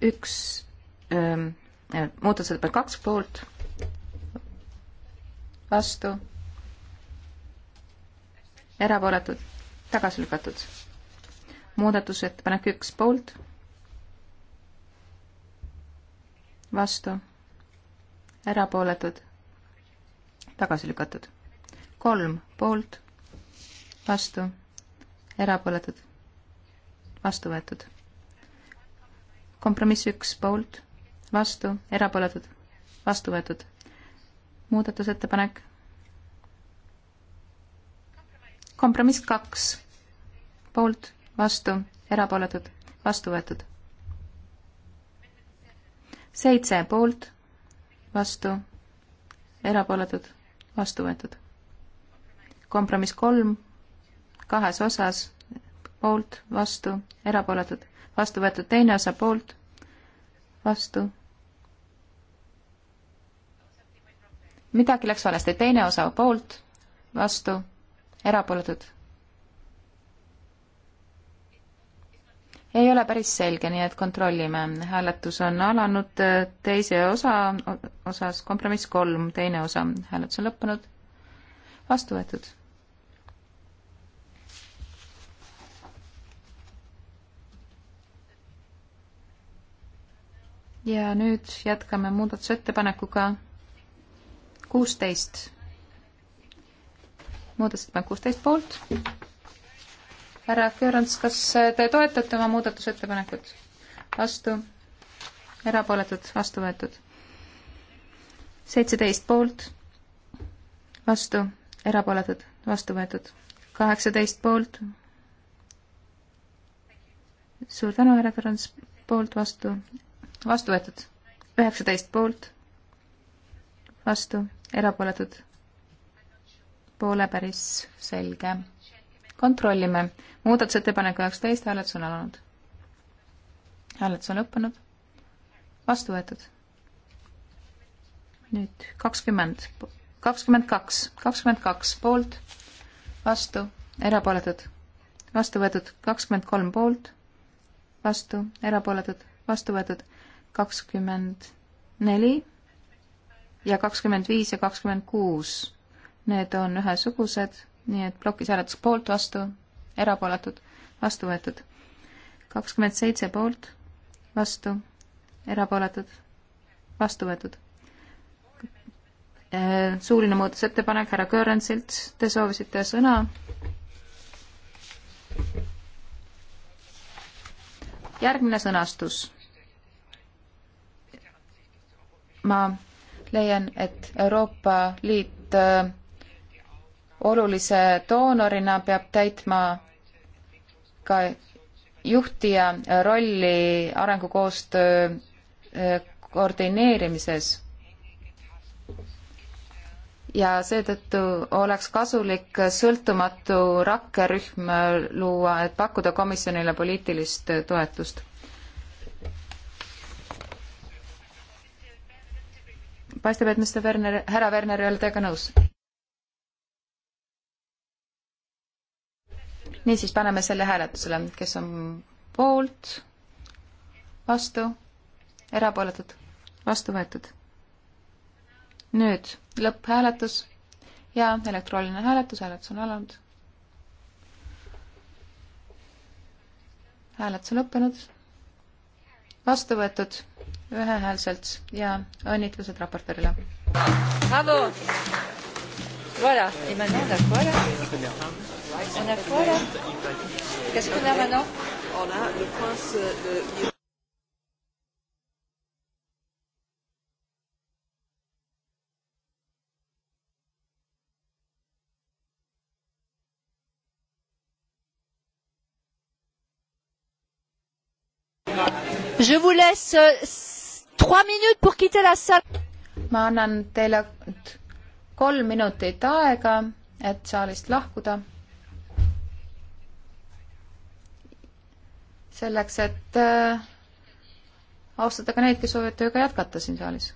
üks ähm, äh, muudatusettepanek kaks poolt, vastu, erapooletud, tagasi lükatud. muudatusettepanek üks poolt, vastu, erapooletud, tagasi lükatud. kolm poolt, vastu, erapooletud, vastu võetud kompromiss üks poolt, vastu, erapooletud, vastu võetud. muudatusettepanek. kompromiss kaks, poolt, vastu, erapooletud, vastu võetud. seitse poolt, vastu, erapooletud, vastu võetud. kompromiss kolm, kahes osas, poolt, vastu, erapooletud vastu võetud teine osa poolt, vastu. midagi läks valesti, teine osa poolt, vastu, erapooletud. ei ole päris selge, nii et kontrollime. hääletus on alanud teise osa osas, kompromiss kolm, teine osa, hääletus on lõppenud, vastu võetud ja nüüd jätkame muudatusettepanekuga kuusteist. muudatusettepanek kuusteist poolt. härra Fjörants, kas te toetate oma muudatusettepanekut? vastu, erapooletud, vastu võetud. seitseteist poolt, vastu, erapooletud, vastu võetud. kaheksateist poolt. suur tänu, härra Fjörants, poolt, vastu, vastu võetud. üheksateist poolt, vastu, erapooletud, poole päris selge. kontrollime. muudatusettepanek üheksateist, hääletus on alanud. hääletus on lõppenud. vastu võetud. nüüd kakskümmend, kakskümmend kaks, kakskümmend kaks poolt, vastu, erapooletud vastu võetud kakskümmend kolm poolt, vastu, erapooletud, vastu võetud kakskümmend neli ja kakskümmend viis ja kakskümmend kuus. Need on ühesugused, nii et plokis hääletus poolt, vastu, erapooletud, vastu võetud. kakskümmend seitse poolt, vastu, erapooletud, vastu võetud äh, suuline muudatusettepanek härra Kõõrensilt, te soovisite sõna. järgmine sõnastus. ma leian, et Euroopa Liit äh, olulise doonorina peab täitma ka juhtija rolli arengukoostöö äh, koordineerimises. ja seetõttu oleks kasulik sõltumatu rakkerühm äh, luua, et pakkuda komisjonile poliitilist toetust paistab, et Mr Werner, härra Werner ei ole teiega nõus. niisiis, paneme selle hääletusele, kes on poolt, vastu, erapooletud, vastu võetud. nüüd lõpphääletus ja elektrooniline hääletus, hääletus on alanud. hääletus on lõppenud, vastu võetud ühehäälselt ja õnnitlused raportöörile. Voilà, et maintenant on a quoi là On a quoi là Qu'est-ce qu'on a maintenant On a le prince de Je vous laisse euh, trois minutes pour quitter la salle. ma annan teile kolm minutit aega, et saalist lahkuda. selleks, et äh, austada ka neid, kes soovivad tööga jätkata siin saalis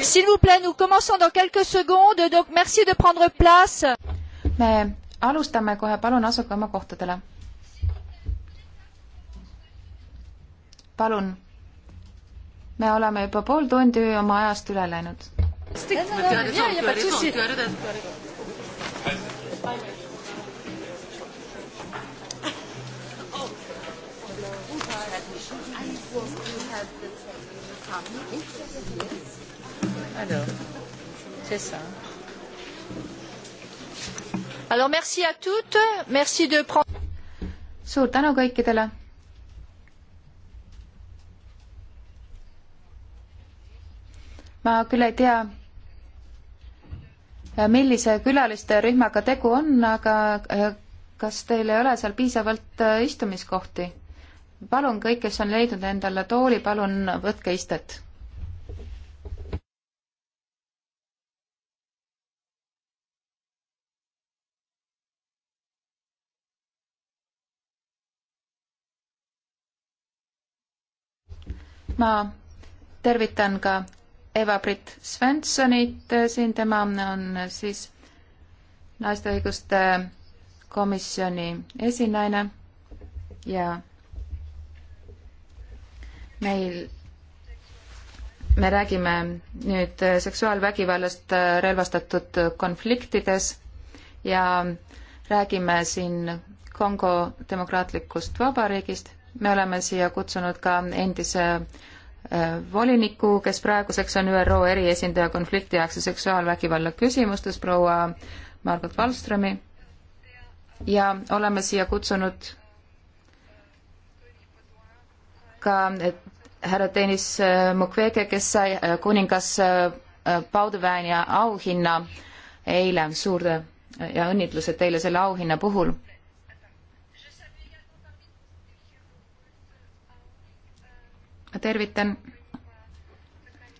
s'il vous plaît, nous commençons dans quelques secondes, donc merci de prendre place. me alustame kohe, palun asuge oma kohtadele. palun. me oleme juba pool tundi oma ajast üle läinud. I was to have the family. Alors, c'est ça. Alors merci à toutes, merci de prendre. suur tänu kõikidele. ma küll ei tea, millise külalisterühmaga tegu on, aga äh, kas teil ei ole seal piisavalt äh, istumiskohti? palun kõik, kes on leidnud endale tooli, palun võtke istet ma tervitan ka Eva-Britt Svenssonit siin, tema on siis naiste õiguste komisjoni esinaine ja meil me räägime nüüd seksuaalvägivallast relvastatud konfliktides ja räägime siin Kongo demokraatlikust vabariigist me oleme siia kutsunud ka endise äh, voliniku, kes praeguseks on ÜRO eriesindaja konfliktiaegse seksuaalvägivalla küsimustes, proua Margot Wallströmi. ja oleme siia kutsunud ka härra Tõnis äh, Mukwege, kes sai äh, kuningas Pauduväänia auhinna eile, suur ja õnnitlused teile selle auhinna puhul tervitan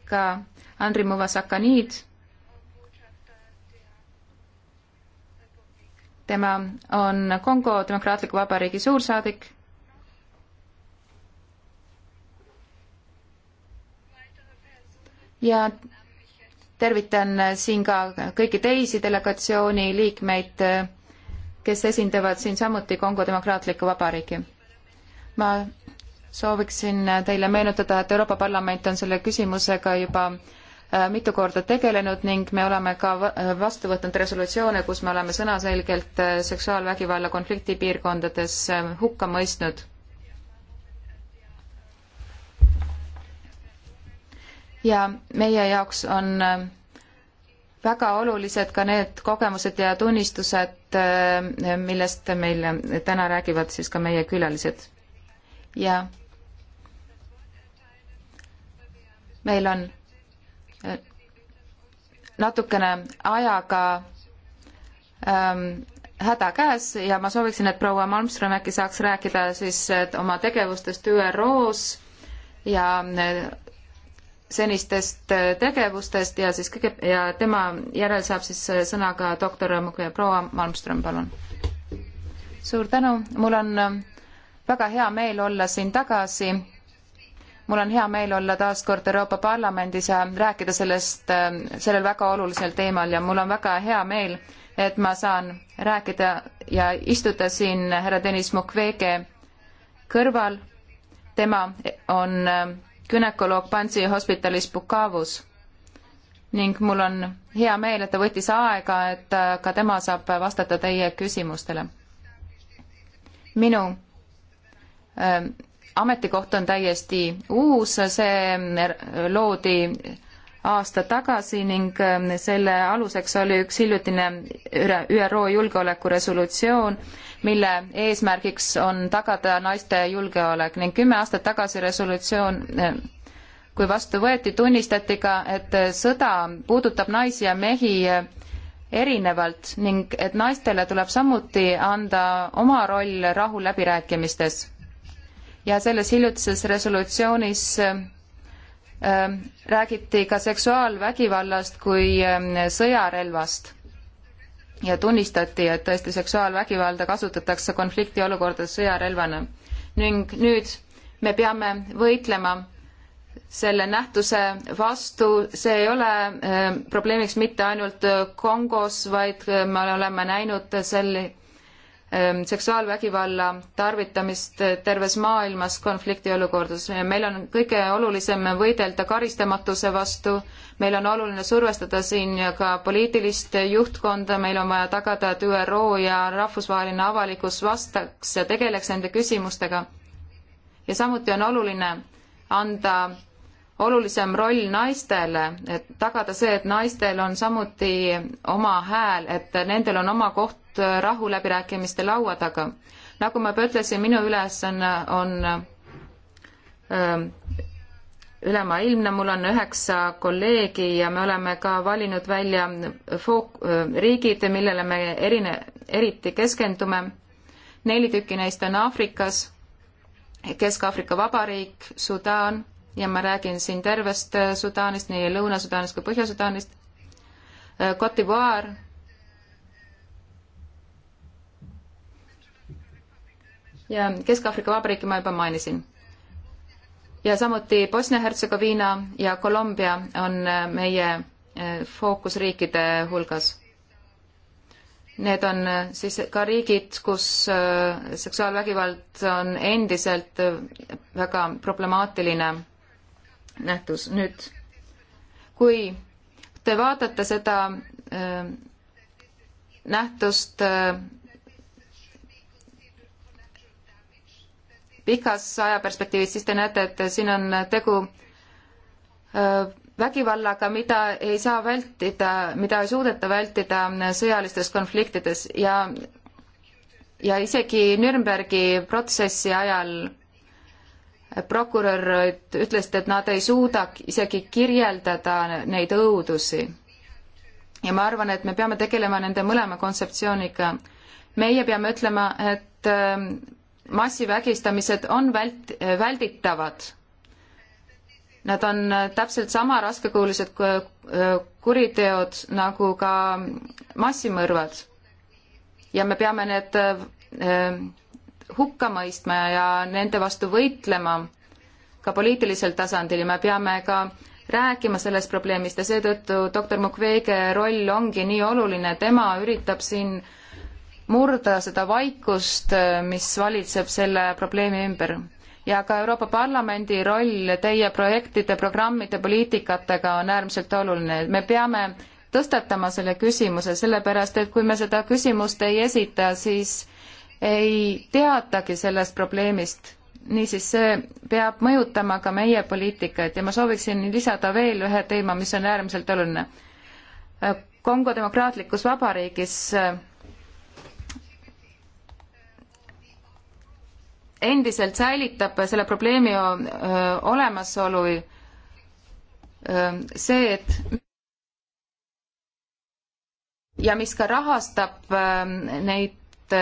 ka Andri Muvasakaniid. tema on Kongo Demokraatliku Vabariigi suursaadik. ja tervitan siin ka kõiki teisi delegatsiooni liikmeid, kes esindavad siin samuti Kongo Demokraatlikku Vabariiki. ma sooviksin teile meenutada, et Euroopa Parlament on selle küsimusega juba äh, mitu korda tegelenud ning me oleme ka vastu võtnud resolutsioone, kus me oleme sõnaselgelt äh, seksuaalvägivalla konflikti piirkondades äh, hukka mõistnud. ja meie jaoks on väga olulised ka need kogemused ja tunnistused, millest meil täna räägivad siis ka meie külalised. ja meil on äh, natukene ajaga ähm, häda käes ja ma sooviksin, et proua Malmström äkki saaks rääkida siis oma tegevustest ÜRO-s ja äh, senistest äh, tegevustest ja siis kõige, ja tema järel saab siis sõna ka doktor Mugve, proua Malmström, palun. suur tänu, mul on väga hea meel olla siin tagasi mul on hea meel olla taas kord Euroopa Parlamendis ja rääkida sellest, äh, sellel väga olulisel teemal ja mul on väga hea meel, et ma saan rääkida ja istuda siin härra Deniss Mukwege kõrval. tema on äh, günekoloog Pansi hospitalis Bukavus ning mul on hea meel, et ta võttis aega, et äh, ka tema saab vastata teie küsimustele. minu äh, ametikoht on täiesti uus, see loodi aasta tagasi ning ähm, selle aluseks oli üks hiljutine ÜRO julgeolekuresolutsioon, mille eesmärgiks on tagada naiste julgeolek ning kümme aastat tagasi resolutsioon ähm, kui vastu võeti, tunnistati ka, et sõda puudutab naisi ja mehi äh, erinevalt ning et naistele tuleb samuti anda oma roll rahu läbirääkimistes ja selles hiljutises resolutsioonis ähm, räägiti ka seksuaalvägivallast kui ähm, sõjarelvast ja tunnistati, et tõesti seksuaalvägivalda kasutatakse konfliktiolukordades sõjarelvana. ning nüüd me peame võitlema selle nähtuse vastu, see ei ole ähm, probleemiks mitte ainult Kongos, vaid äh, me oleme näinud selle Ähm, seksuaalvägivalla tarvitamist terves maailmas konfliktiolukordades. meil on kõige olulisem võidelda karistamatuse vastu, meil on oluline survestada siin ka poliitilist juhtkonda, meil on vaja tagada, et ÜRO ja rahvusvaheline avalikkus vastaks ja tegeleks nende küsimustega. ja samuti on oluline anda olulisem roll naistele, et tagada see, et naistel on samuti oma hääl, et nendel on oma koht ainult äh, rahuläbirääkimiste laua taga. nagu ma juba ütlesin, minu ülesanne on, on äh, ülemaailmne, mul on üheksa kolleegi ja me oleme ka valinud välja fook-, äh, riigid, millele me erine, eriti keskendume. neli tükki neist on Aafrikas, Kesk-Aafrika Vabariik, Sudaan ja ma räägin siin tervest Sudaanist, nii Lõuna-Sudaanist kui Põhja-Sudaanist, Cote d'Ivoire ja Kesk-Aafrika Vabariiki ma juba mainisin. ja samuti Bosnia-Hertsegoviina ja Kolumbia on äh, meie äh, fookusriikide hulgas. Need on äh, siis ka riigid, kus seksuaalvägivald on endiselt väga problemaatiline nähtus. nüüd, kui te vaatate seda nähtust pikas ajaperspektiivis, siis te näete, et siin on tegu vägivallaga, mida ei saa vältida, mida ei suudeta vältida sõjalistes konfliktides ja ja isegi Nürnbergi protsessi ajal prokurörid ütlesid, et nad ei suuda isegi kirjeldada neid õudusi. ja ma arvan, et me peame tegelema nende mõlema kontseptsiooniga. meie peame ütlema, et massivägistamised on vält-, välditavad. Nad on äh, täpselt sama raskekuulised äh, kuriteod nagu ka massimõrvad. ja me peame need äh, hukka mõistma ja nende vastu võitlema ka poliitilisel tasandil ja me peame ka rääkima sellest probleemist ja seetõttu doktor Mukwege roll ongi nii oluline, tema üritab siin äh, murda seda vaikust, mis valitseb selle probleemi ümber. ja ka Euroopa Parlamendi roll teie projektide, programmide, poliitikatega on äärmiselt oluline, me peame tõstatama selle küsimuse, sellepärast et kui me seda küsimust ei esita, siis ei teatagi sellest probleemist. niisiis, see peab mõjutama ka meie poliitikaid ja ma sooviksin lisada veel ühe teema, mis on äärmiselt oluline. Kongo Demokraatlikus Vabariigis endiselt säilitab selle probleemi olemasolu see, et ja mis ka rahastab neid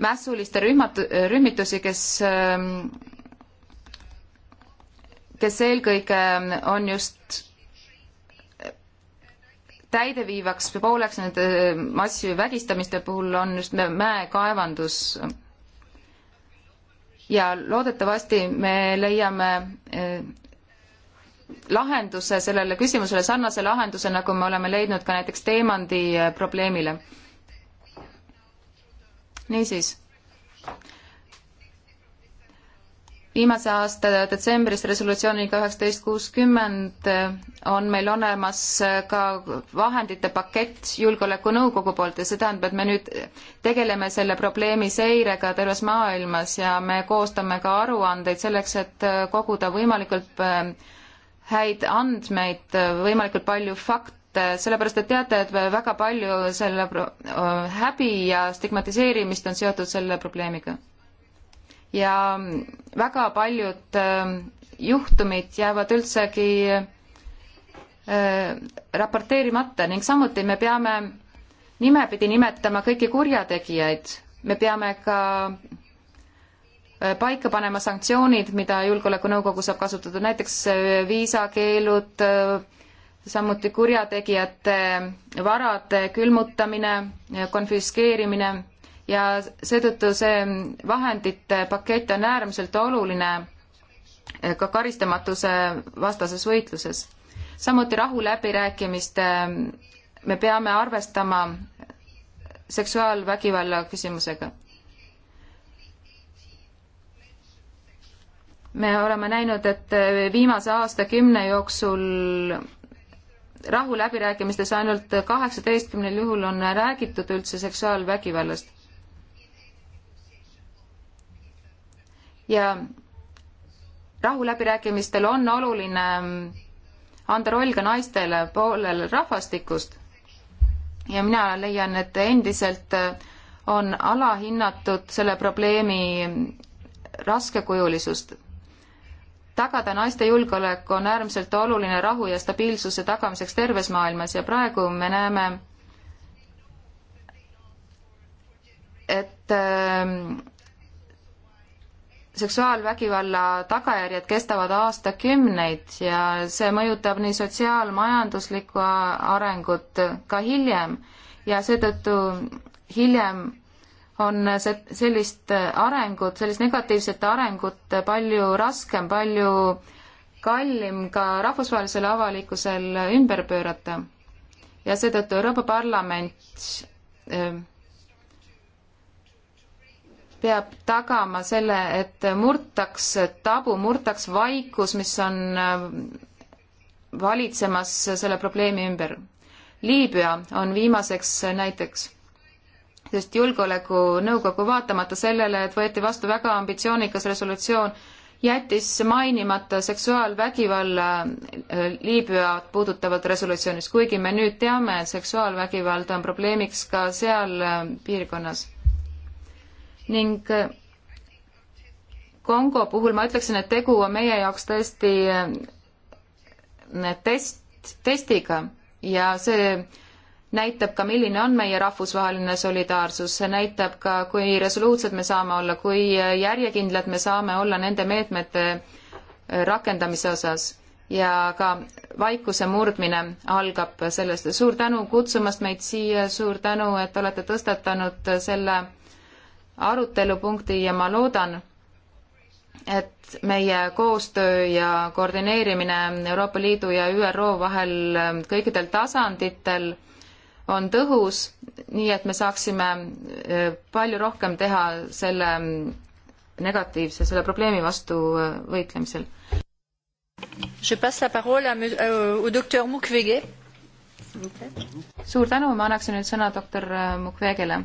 mässuliste rühmat-, rühmitusi, kes, kes eelkõige on just täideviivaks pooleks nende äh, massivägistamiste puhul on just mäekaevandus. ja loodetavasti me leiame äh, lahenduse sellele küsimusele, sarnase lahenduse, nagu me oleme leidnud ka näiteks teemandi äh, probleemile. niisiis viimase aasta detsembris resolutsiooniga üheksateist kuuskümmend on meil olemas ka vahendite pakett Julgeolekunõukogu poolt ja see tähendab, et me nüüd tegeleme selle probleemi seirega terves maailmas ja me koostame ka aruandeid selleks, et koguda võimalikult äh, häid andmeid, võimalikult palju fakte, sellepärast et teate, et väga palju selle äh, häbi ja stigmatiseerimist on seotud selle probleemiga ja väga paljud ähm, juhtumid jäävad üldsegi äh, raporteerimata ning samuti me peame nimepidi nimetama kõiki kurjategijaid, me peame ka äh, paika panema sanktsioonid, mida Julgeolekunõukogu saab kasutada, näiteks äh, viisakeelud, samuti kurjategijate varade külmutamine, konfiskeerimine ja seetõttu see vahendite pakett on äärmiselt oluline eh, ka karistamatuse vastases võitluses. samuti rahuläbirääkimiste eh, me peame arvestama seksuaalvägivalla küsimusega. me oleme näinud, et eh, viimase aastakümne jooksul rahuläbirääkimistes ainult kaheksateistkümnel juhul on räägitud üldse seksuaalvägivallast ja rahuläbirääkimistel on oluline anda roll ka naistele poolel rahvastikust. ja mina leian, et endiselt on alahinnatud selle probleemi raskekujulisust. tagada naiste julgeolek on äärmiselt oluline rahu ja stabiilsuse tagamiseks terves maailmas ja praegu me näeme, et ähm, seksuaalvägivalla tagajärjed kestavad aastakümneid ja see mõjutab nii sotsiaalmajanduslikku arengut ka hiljem ja seetõttu hiljem on see, sellist arengut, sellist negatiivset arengut palju raskem, palju kallim ka rahvusvahelisel avalikkusel ümber pöörata. ja seetõttu Euroopa Parlament eh, peab tagama selle, et murtaks tabu, murtaks vaikus, mis on äh, valitsemas selle probleemi ümber. Liibüa on viimaseks näiteks, sest Julgeolekunõukogu vaatamata sellele, et võeti vastu väga ambitsioonikas resolutsioon, jättis mainimata seksuaalvägivalla äh, Liibüat puudutavad resolutsioonis, kuigi me nüüd teame, et seksuaalvägivald on probleemiks ka seal äh, piirkonnas ning äh, Kongo puhul ma ütleksin, et tegu on meie jaoks tõesti äh, äh, test, testiga ja see näitab ka, milline on meie rahvusvaheline solidaarsus, see näitab ka, kui resoluutsed me saame olla, kui järjekindlad me saame olla nende meetmete rakendamise osas ja ka vaikuse murdmine algab sellest. suur tänu kutsumast meid siia, suur tänu, et olete tõstatanud selle arutelupunkti ja ma loodan, et meie koostöö ja koordineerimine Euroopa Liidu ja ÜRO vahel kõikidel tasanditel on tõhus, nii et me saaksime e, palju rohkem teha selle negatiivse, selle probleemi vastu e, võitlemisel. E, suur tänu, ma annaksin nüüd sõna doktor Mukwegele.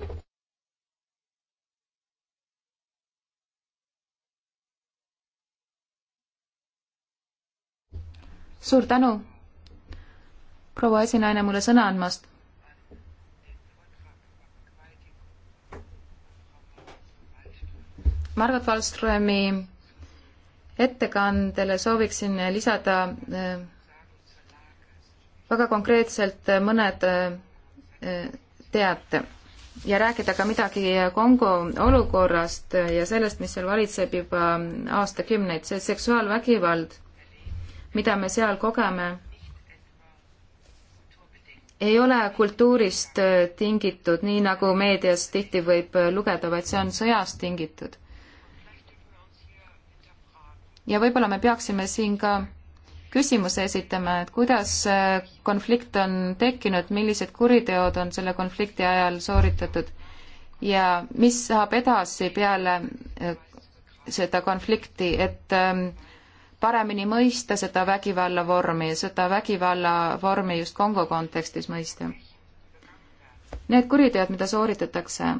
suur tänu, proua esinaine, mulle sõna andmast. Margot Wallströmi ettekandele sooviksin lisada eh, väga konkreetselt eh, mõned eh, teate ja rääkida ka midagi Kongo olukorrast ja sellest, mis seal valitseb juba aastakümneid, see seksuaalvägivald mida me seal kogeme, ei ole kultuurist äh, tingitud, nii nagu meedias tihti võib äh, lugeda, vaid see on sõjast tingitud. ja võib-olla me peaksime siin ka küsimuse esitama, et kuidas äh, konflikt on tekkinud, millised kuriteod on selle konflikti ajal sooritatud ja mis saab edasi peale seda konflikti, et ähm, paremini mõista seda vägivallavormi, seda vägivallavormi just Kongo kontekstis mõista. Need kuriteod, mida sooritatakse,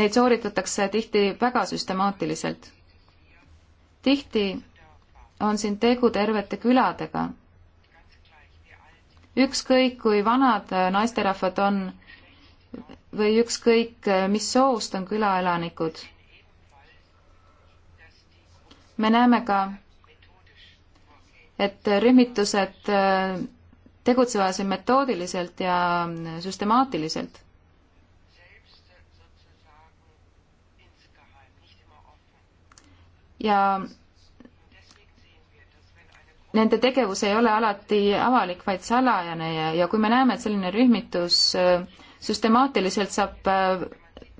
neid sooritatakse tihti väga süstemaatiliselt. tihti on siin tegu tervete küladega. ükskõik, kui vanad naisterahvad on või ükskõik, mis soost on külaelanikud me näeme ka, et rühmitused äh, tegutsevad siin metoodiliselt ja süstemaatiliselt. ja nende tegevus ei ole alati avalik, vaid salajane ja, ja kui me näeme, et selline rühmitus äh, süstemaatiliselt saab äh,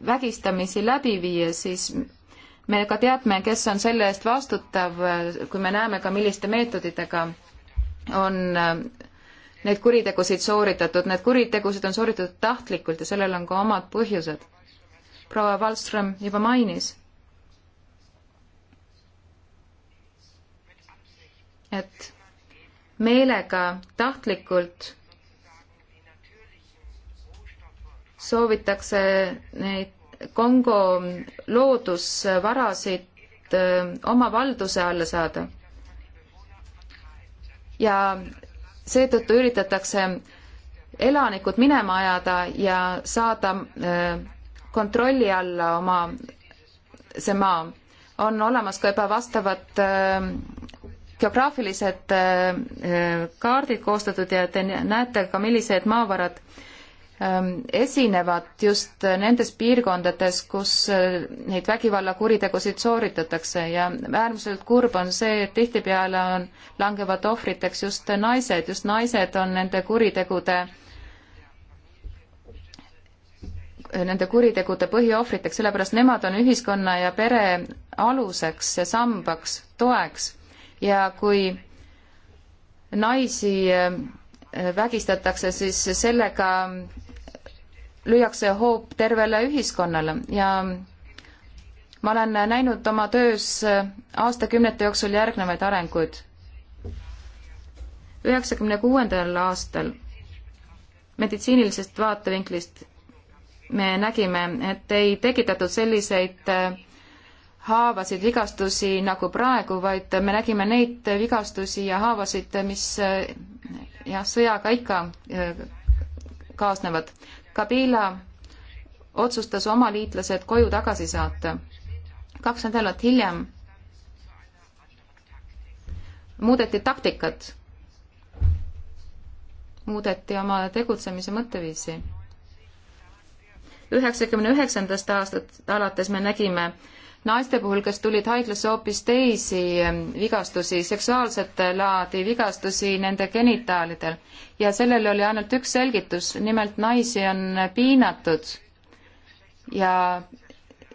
vägistamisi läbi viia, siis me ka teadme, kes on selle eest vastutav, kui me näeme ka, milliste meetoditega on äh, neid kuritegusid sooritatud, need kuritegusid on sooritatud tahtlikult ja sellel on ka omad põhjused. proua Wallström juba mainis, et meelega tahtlikult soovitakse neid Kongo loodusvarasid äh, oma valduse alla saada. ja seetõttu üritatakse elanikud minema ajada ja saada äh, kontrolli alla oma see maa. on olemas ka juba vastavad äh, geograafilised kaardid koostatud ja te näete ka, millised maavarad äh, Ähm, esinevad just nendes piirkondades, kus äh, neid vägivallakuritegusid sooritatakse ja äärmiselt kurb on see, et tihtipeale on, langevad ohvriteks just naised, just naised on nende kuritegude, nende kuritegude põhiohvriteks, sellepärast nemad on ühiskonna ja pere aluseks ja sambaks, toeks. ja kui naisi äh, vägistatakse, siis sellega lüüakse hoop tervele ühiskonnale ja ma olen näinud oma töös aastakümnete jooksul järgnevaid arenguid. üheksakümne kuuendal aastal meditsiinilisest vaatevinklist me nägime, et ei tekitatud selliseid äh, haavasid, vigastusi nagu praegu, vaid me nägime neid vigastusi ja haavasid, mis äh, jah, sõjaga ikka äh, kaasnevad. Kabila otsustas oma liitlased koju tagasi saata. kaks nädalat hiljem muudeti taktikat, muudeti oma tegutsemise mõtteviisi. üheksakümne üheksandast aastast alates me nägime naiste puhul, kes tulid haiglasse hoopis teisi vigastusi, seksuaalset laadi vigastusi nende genitaalidel. ja sellel oli ainult üks selgitus, nimelt naisi on piinatud ja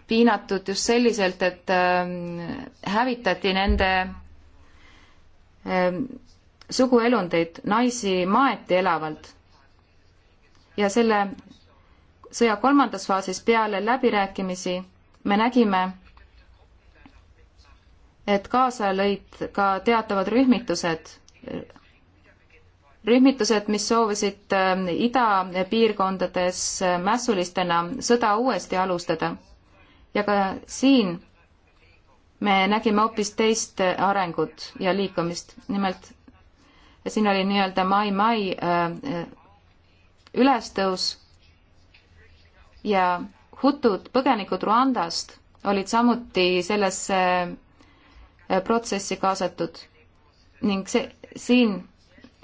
piinatud just selliselt, et hävitati nende suguelundeid, naisi maeti elavalt. ja selle sõja kolmandas faasis peale läbirääkimisi me nägime, et kaasa lõid ka teatavad rühmitused, rühmitused, mis soovisid äh, idapiirkondades äh, mässulistena sõda uuesti alustada. ja ka siin me nägime hoopis teist äh, arengut ja liikumist, nimelt siin oli nii-öelda mai-mai ülestõus ja hutud, põgenikud Rwandast olid samuti sellesse Äh, protsessi kaasatud ning see, siin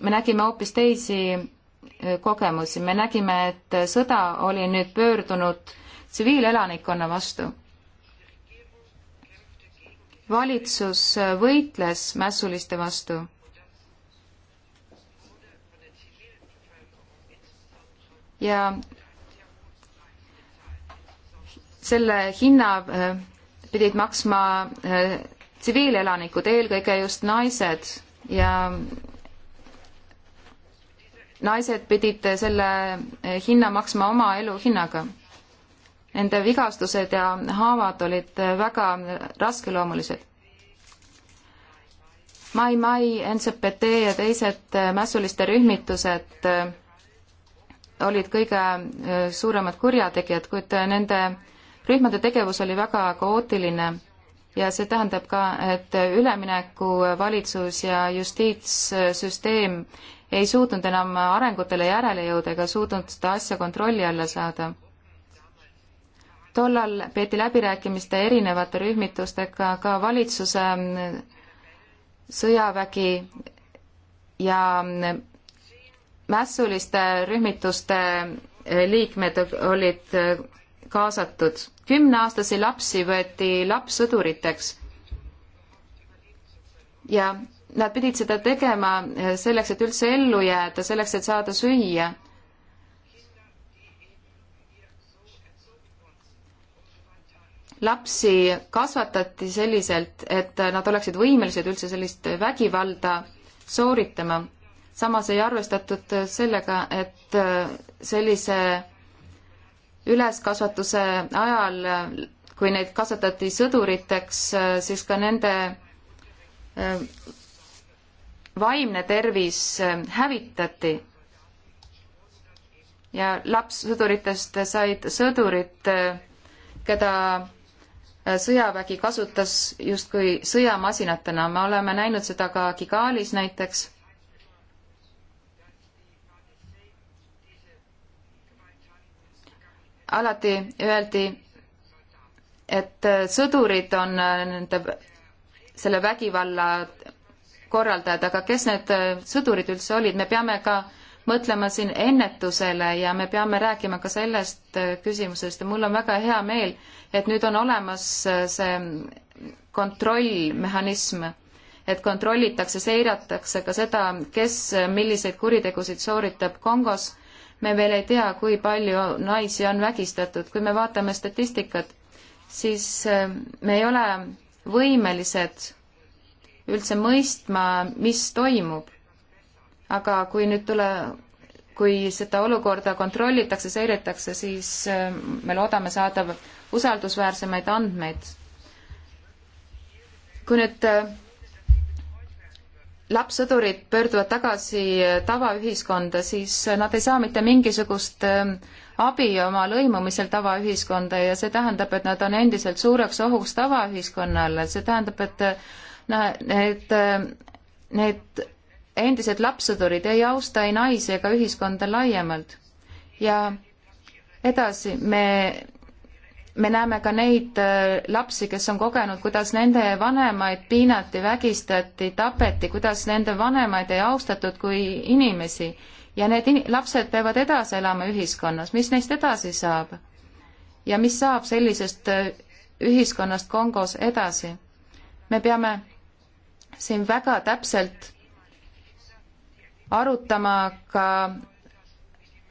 me nägime hoopis teisi äh, kogemusi, me nägime, et äh, sõda oli nüüd pöördunud tsiviilelanikkonna vastu. valitsus võitles mässuliste vastu ja selle hinna pidid maksma tsiviilelanikud, eelkõige just naised ja naised pidid selle hinna maksma oma elu hinnaga. Nende vigastused ja haavad olid väga raskeloomulised. Mai Mai, NCPT ja teised mässuliste rühmitused olid kõige äh, suuremad kurjategijad, kuid äh, nende rühmade tegevus oli väga kaootiline ja see tähendab ka, et üleminekuvalitsus ja justiitssüsteem ei suutnud enam arengutele järele jõuda ega suutnud seda asja kontrolli alla saada. tollal peeti läbirääkimiste erinevate rühmitustega ka valitsuse mm, sõjavägi ja mm, mässuliste rühmituste mm, liikmed olid kaasatud. kümneaastasi lapsi võeti lapssõduriteks ja nad pidid seda tegema selleks, et üldse ellu jääda, selleks, et saada süüa. lapsi kasvatati selliselt, et nad oleksid võimelised üldse sellist vägivalda sooritama. samas ei arvestatud sellega, et sellise üleskasvatuse ajal, kui neid kasvatati sõduriteks, siis ka nende äh, vaimne tervis äh, hävitati ja lapssõduritest said sõdurid, äh, keda sõjavägi kasutas justkui sõjamasinatena, me oleme näinud seda ka Kigalis näiteks alati öeldi, et sõdurid on nende, selle vägivalla korraldajad, aga kes need sõdurid üldse olid, me peame ka mõtlema siin ennetusele ja me peame rääkima ka sellest küsimusest ja mul on väga hea meel, et nüüd on olemas see kontrollmehhanism, et kontrollitakse, seiratakse ka seda, kes milliseid kuritegusid sooritab Kongos me veel ei tea, kui palju naisi on vägistatud. kui me vaatame statistikat, siis äh, me ei ole võimelised üldse mõistma, mis toimub. aga kui nüüd tule, kui seda olukorda kontrollitakse, seiretakse, siis äh, me loodame saada usaldusväärsemaid andmeid. kui nüüd äh, lapssõdurid pöörduvad tagasi tavaühiskonda, siis nad ei saa mitte mingisugust ähm, abi oma lõimumisel tavaühiskonda ja see tähendab, et nad on endiselt suureks ohuks tavaühiskonnale, see tähendab, et need, äh, äh, need endised lapssõdurid ei austa ei naisi ega ühiskonda laiemalt. ja edasi, me me näeme ka neid äh, lapsi, kes on kogenud, kuidas nende vanemaid piinati, vägistati, tapeti, kuidas nende vanemaid ei austatud kui inimesi ja need in lapsed peavad edasi elama ühiskonnas, mis neist edasi saab? ja mis saab sellisest äh, ühiskonnast Kongos edasi? me peame siin väga täpselt arutama ka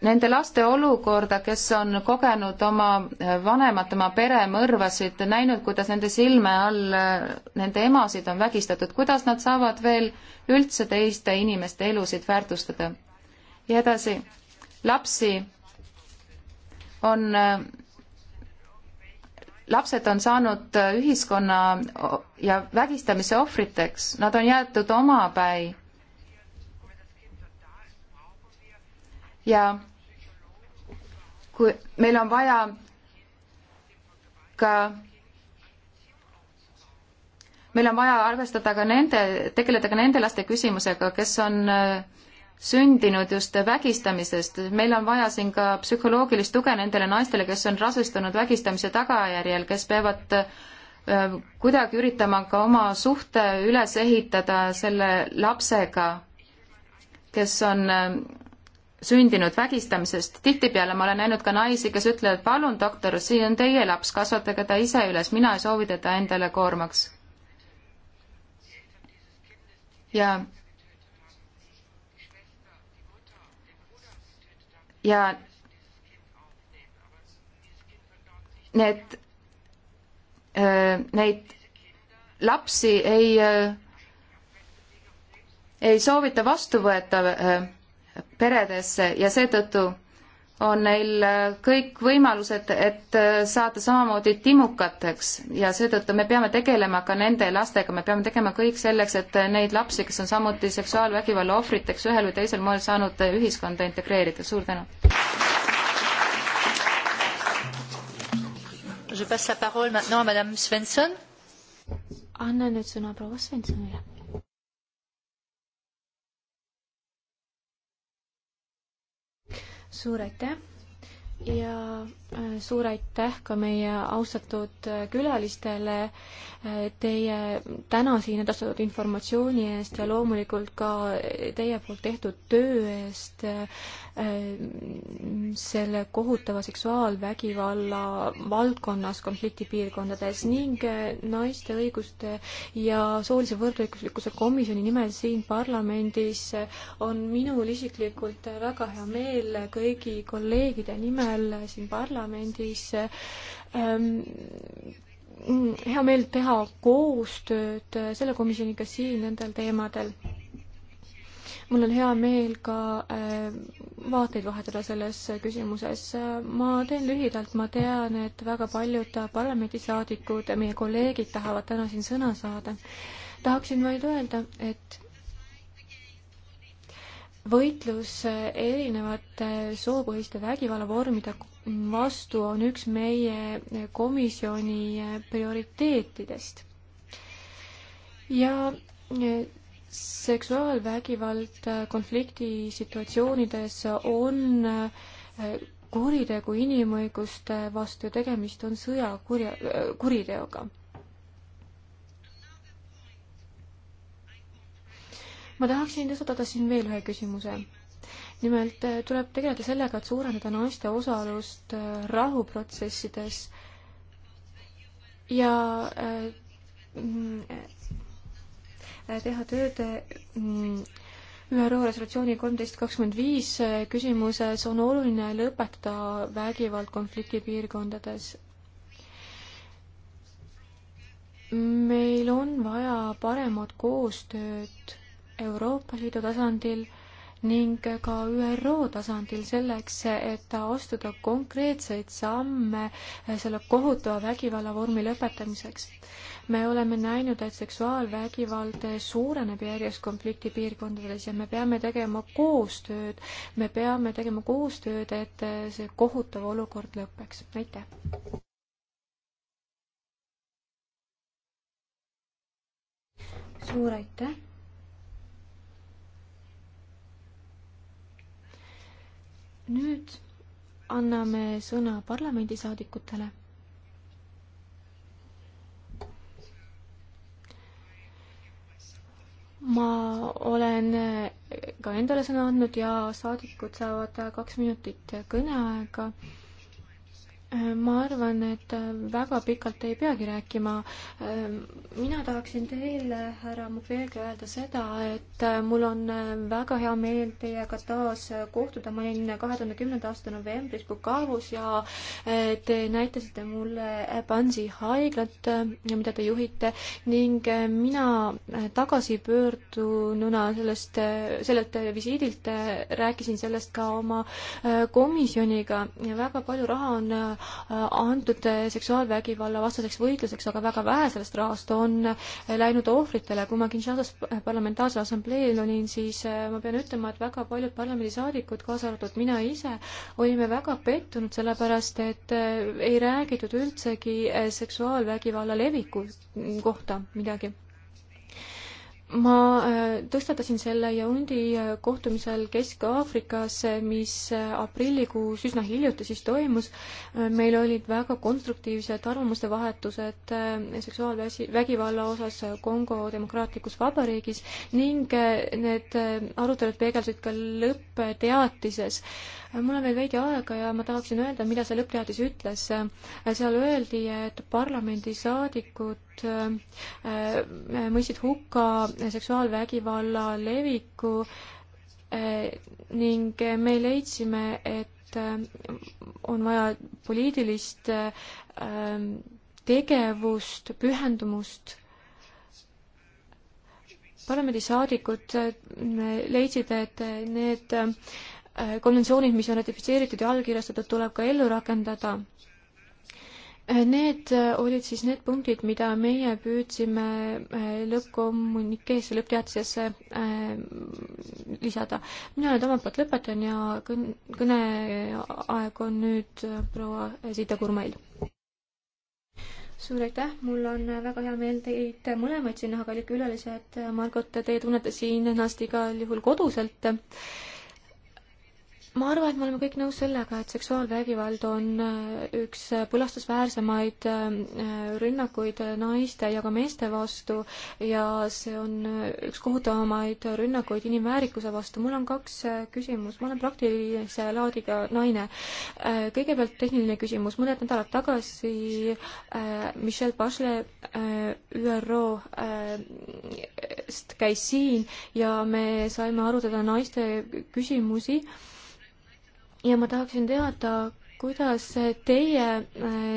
nende laste olukorda, kes on kogenud oma äh, vanemate, oma pere mõrvasid, näinud, kuidas nende silme all äh, nende emasid on vägistatud, kuidas nad saavad veel üldse teiste inimeste elusid väärtustada. ja edasi, lapsi on, äh, lapsed on saanud ühiskonna ja vägistamise ohvriteks, nad on jäetud omapäi ja kui meil on vaja ka meil on vaja arvestada ka nende, tegeleda ka nende laste küsimusega, kes on äh, sündinud just vägistamisest, meil on vaja siin ka psühholoogilist tuge nendele naistele, kes on rasestunud vägistamise tagajärjel, kes peavad äh, kuidagi üritama ka oma suhte üles ehitada selle lapsega, kes on äh, sündinud vägistamisest. tihtipeale ma olen näinud ka naisi, kes ütlevad, palun doktor, see on teie laps, kasvatage ta ise üles, mina ei soovi teda endale koormaks. ja ja need, äh, neid lapsi ei, äh, ei soovita vastu võeta äh, peredesse ja seetõttu on neil kõik võimalused, et saada samamoodi timukateks ja seetõttu me peame tegelema ka nende lastega, me peame tegema kõik selleks, et neid lapsi, kes on samuti seksuaalvägivalla ohvriteks ühel või teisel moel saanud ühiskonda integreerida, suur tänu. annan nüüd sõna proua Svenssonile suur aitäh ja suur aitäh ka meie austatud külalistele eh, teie täna siin edastatud informatsiooni eest ja loomulikult ka teie poolt tehtud töö eest eh, selle kohutava seksuaalvägivalla valdkonnas konfliktipiirkondades ning eh, naiste õiguste ja soolise võrdõiguslikkuse komisjoni nimel siin parlamendis on minul isiklikult väga hea meel kõigi kolleegide nimel siin parlamendis Parlamendis ähm, hea meel teha koostööd selle komisjoniga siin nendel teemadel. mul on hea meel ka äh, vaateid vahetada selles küsimuses. ma teen lühidalt, ma tean, et väga paljud parlamendisaadikud, meie kolleegid tahavad täna siin sõna saada. tahaksin vaid öelda, et võitlus erinevate soopõhiste vägivallavormide vastu on üks meie komisjoni prioriteetidest. ja seksuaalvägivald konfliktisituatsioonides on kuritegu inimõiguste vastu ja tegemist on sõjakurja, kuriteoga ma tahaksin tõstatada siin veel ühe küsimuse. nimelt äh, tuleb tegeleda sellega, et suurendada naiste osalust äh, rahuprotsessides ja äh, mm, teha tööd mm, ÜRO resolutsiooni kolmteist kakskümmend viis küsimuses on oluline lõpetada vägivald konfliktipiirkondades. meil on vaja paremat koostööd Euroopa Liidu tasandil ning ka ÜRO tasandil selleks, et astuda konkreetseid samme selle kohutava vägivallavormi lõpetamiseks. me oleme näinud, et seksuaalvägivald suureneb järjest konfliktipiirkondades ja me peame tegema koostööd, me peame tegema koostööd, et see kohutav olukord lõpeks. aitäh! suur aitäh! nüüd anname sõna parlamendisaadikutele. ma olen ka endale sõna andnud ja saadikud saavad kaks minutit kõneaega ma arvan, et äh, väga pikalt ei peagi rääkima. Ähm, mina tahaksin teile, härra Mukwege, öelda seda, et äh, mul on äh, väga hea meel teiega taas kohtuda. ma olin kahe tuhande kümnenda aasta novembris Bukavus ja te näitasite mulle Bansi haiglat, mida te juhite ning mina tagasipöördununa sellest, sellelt visiidilt rääkisin sellest ka oma komisjoniga ja väga palju raha on antud äh, seksuaalvägivalla vastaseks võitluseks, aga väga vähe sellest rahast on äh, läinud ohvritele. kui ma Kinshasas parlamentaarsel assambleel olin, siis äh, ma pean ütlema, et väga paljud parlamendisaadikud, kaasa arvatud mina ise, olime väga pettunud, sellepärast et ei räägitud üldsegi seksuaalvägivalla leviku kohta midagi ma äh, tõstatasin selle Yaoundé äh, kohtumisel Kesk-Aafrikas, äh, mis aprillikuus üsna hiljuti siis toimus. meil olid väga konstruktiivsed arvamuste vahetused seksuaalvägivalla osas Kongo Demokraatlikus Vabariigis ning need arutelud peegeldusid ka lõppteatises mul on veel veidi aega ja ma tahaksin öelda, mida see lõppteadis ütles. seal öeldi, et parlamendisaadikud äh, mõistsid hukka seksuaalvägivalla leviku äh, ning me leidsime, et äh, on vaja poliitilist tegevust, pühendumust parlamendisaadikud leidsid, et need Äh, konventsioonid, mis on ratifitseeritud ja allkirjastatud, tuleb ka ellu rakendada. Äh, need äh, olid siis need punktid, mida meie püüdsime lõppkommunikeesse, lõppteatisesse lisada. mina nüüd omalt poolt lõpetan ja kõn-, kõneaeg on nüüd proua Sita Kurmail. suur aitäh, mul on väga hea meel teid mõlemaid siin näha, kallid külalised, Margot, teie tunnete siin ennast igal juhul koduselt ma arvan, et me oleme kõik nõus sellega, et seksuaalvägivald on äh, üks äh, põlastusväärsemaid äh, rünnakuid naiste ja ka meeste vastu ja see on üks kohutavamaid rünnakuid inimväärikuse vastu. mul on kaks küsimust, ma olen praktilise laadiga naine. kõigepealt tehniline küsimus, mõned nädalad tagasi Michelle Bachelet ÜRO-st käis siin ja me saime arutada naiste küsimusi ja ma tahaksin teada, kuidas teie äh,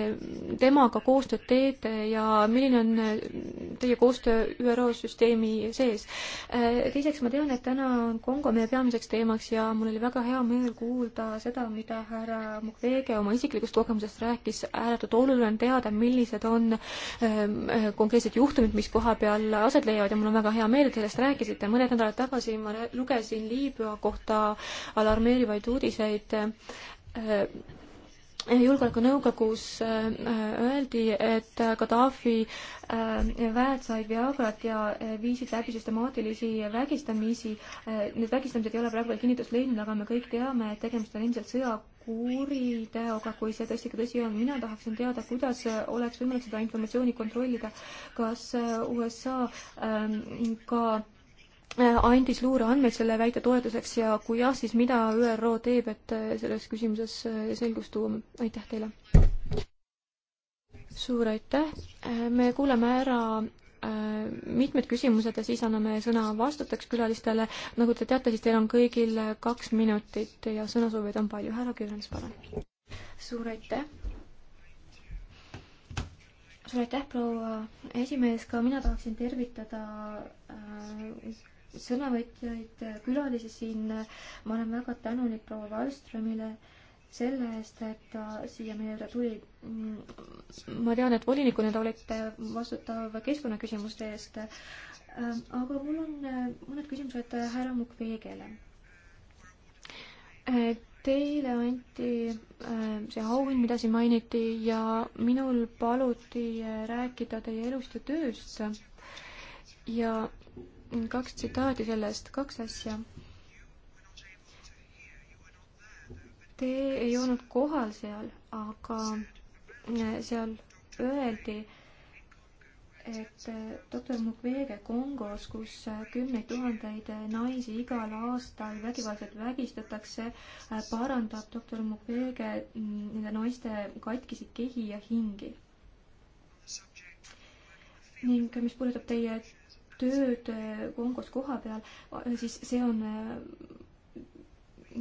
temaga koostööd teete ja milline on äh, teie koostöö ÜRO süsteemi sees? Äh, teiseks, ma tean, et täna on Kongo meie peamiseks teemaks ja mul oli väga hea meel kuulda seda, mida härra Mukwege oma isiklikust kogemusest rääkis. ääretult oluline on teada, millised on ähm, konkreetsed juhtumid, mis koha peal aset leiavad ja mul on väga hea meel, et sellest rääkisite. mõned nädalad tagasi ma lugesin Liibüa kohta alarmeerivaid uudiseid julgeolekunõukogus äh, öeldi, et Gaddafi äh, väed said Viagrat ja äh, viisid läbi süstemaatilisi vägistamisi. Need vägistamised ei ole praegu veel kinnitust leidnud, aga me kõik teame, et tegemist on ilmselt sõjakuriteoga, kui see tõesti ka tõsi on. mina tahaksin teada, kuidas oleks võimalik seda informatsiooni kontrollida. kas USA ähm, ka Äh, andis luureandmeid selle väite toetuseks ja kui jah, siis mida ÜRO teeb, et äh, selles küsimuses äh, selgust tuua? aitäh teile! suur aitäh! me kuulame ära mitmed küsimused ja siis anname sõna vastuteks külalistele. nagu te teate, siis teil on kõigil kaks minutit ja sõnasoovijaid on palju. härra Kürens, palun! suur aitäh! suur aitäh, proua esimees, ka mina tahaksin tervitada äh, sõnavõtjaid, külalisi siin. ma olen väga tänulik proua Wallströmile selle eest, et ta siia meie juurde tuli. ma tean, et volinikuna te olete vastutav keskkonnaküsimuste eest. aga mul on mõned küsimused härra Mukveegele. Teile anti äh, see auhind, mida siin mainiti ja minul paluti äh, rääkida teie elust ja tööst. ja kaks tsitaadi sellest, kaks asja. Te ei olnud kohal seal, aga eh, seal öeldi, et eh, doktor Mukwege Kongos, kus eh, kümneid tuhandeid naisi igal aastal vägivaldselt vägistatakse, parandab doktor Mukwege mm, nende naiste katkiseid kehi ja hingi. ning mis puudutab teie tööd äh, Kongos koha peal, äh, siis see on äh,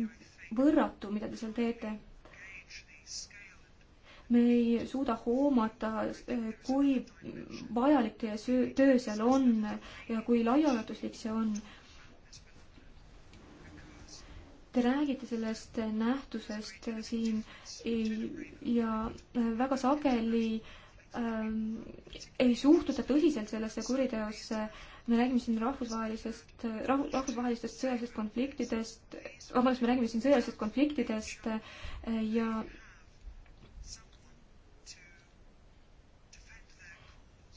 võrratu, mida te seal teete. me ei suuda hoomata, kui vajalik teie töö seal on ja kui laiaulatuslik see on. Te räägite sellest nähtusest siin ja väga sageli äh, Ähm, ei suhtuta tõsiselt sellesse kuriteosse. me räägime siin rahvusvahelisest, äh, rahu, rahvusvahelistest sõjalisest konfliktidest, vabandust, me räägime siin sõjalisest konfliktidest äh, ja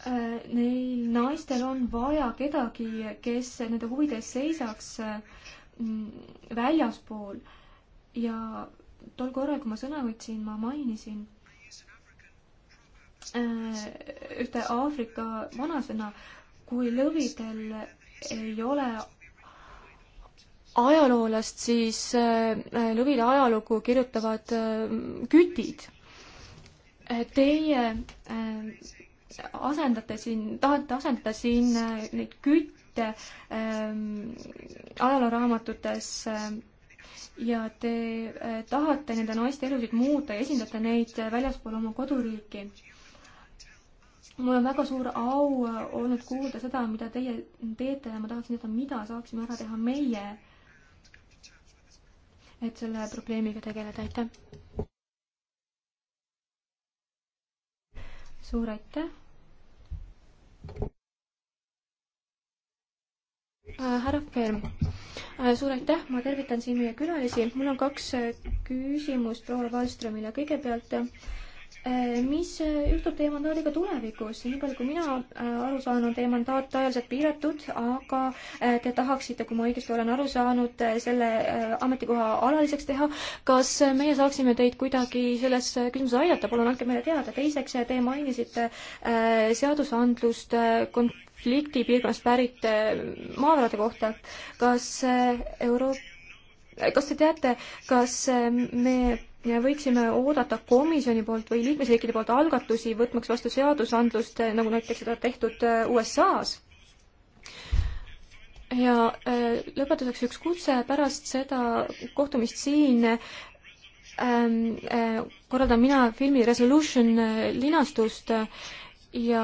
äh, neil naistel on vaja kedagi, kes nende huvide eest seisaks väljaspool ja tol korral, kui ma sõna võtsin, ma mainisin Äh, ühte Aafrika vanasõna, kui lõvidel ei ole ajaloolast, siis äh, lõvide ajalugu kirjutavad äh, kütid. Teie asendate siin, tahate asendada siin neid kütte ähm, ajalooraamatutes ja te tahate nende naiste elusid muuta ja esindate neid väljaspool oma koduriiki mul on väga suur au äh, olnud kuulda seda, mida teie teete ja ma tahaksin teada, mida saaksime ära teha meie, et selle probleemiga tegeleda, aitäh. suur aitäh. Äh, härra Ferm, äh, suur aitäh, ma tervitan siin meie külalisi, mul on kaks küsimust proua Valströmile, kõigepealt äh, Eh, mis eh, juhtub teie mandaadiga tulevikus? nii palju, kui mina eh, aru saan, on teie mandaat ajaliselt piiratud, aga te tahaksite, kui ma õigesti olen aru saanud, selle ametikoha alaliseks teha. kas meie saaksime teid kuidagi selles küsimuses aidata, palun andke meile teada. teiseks, te mainisite seadusandlust konfliktipiirkonnast pärit maavarade kohta. kas Euroopa, kas te teate, kas me ja võiksime oodata komisjoni poolt või liikmesriikide poolt algatusi, võtmaks vastu seadusandlust, eh, nagu näiteks seda tehtud eh, USA-s. ja eh, lõpetuseks üks kutse pärast seda kohtumist siin ehm, korraldan mina filmi Resolution linastust ja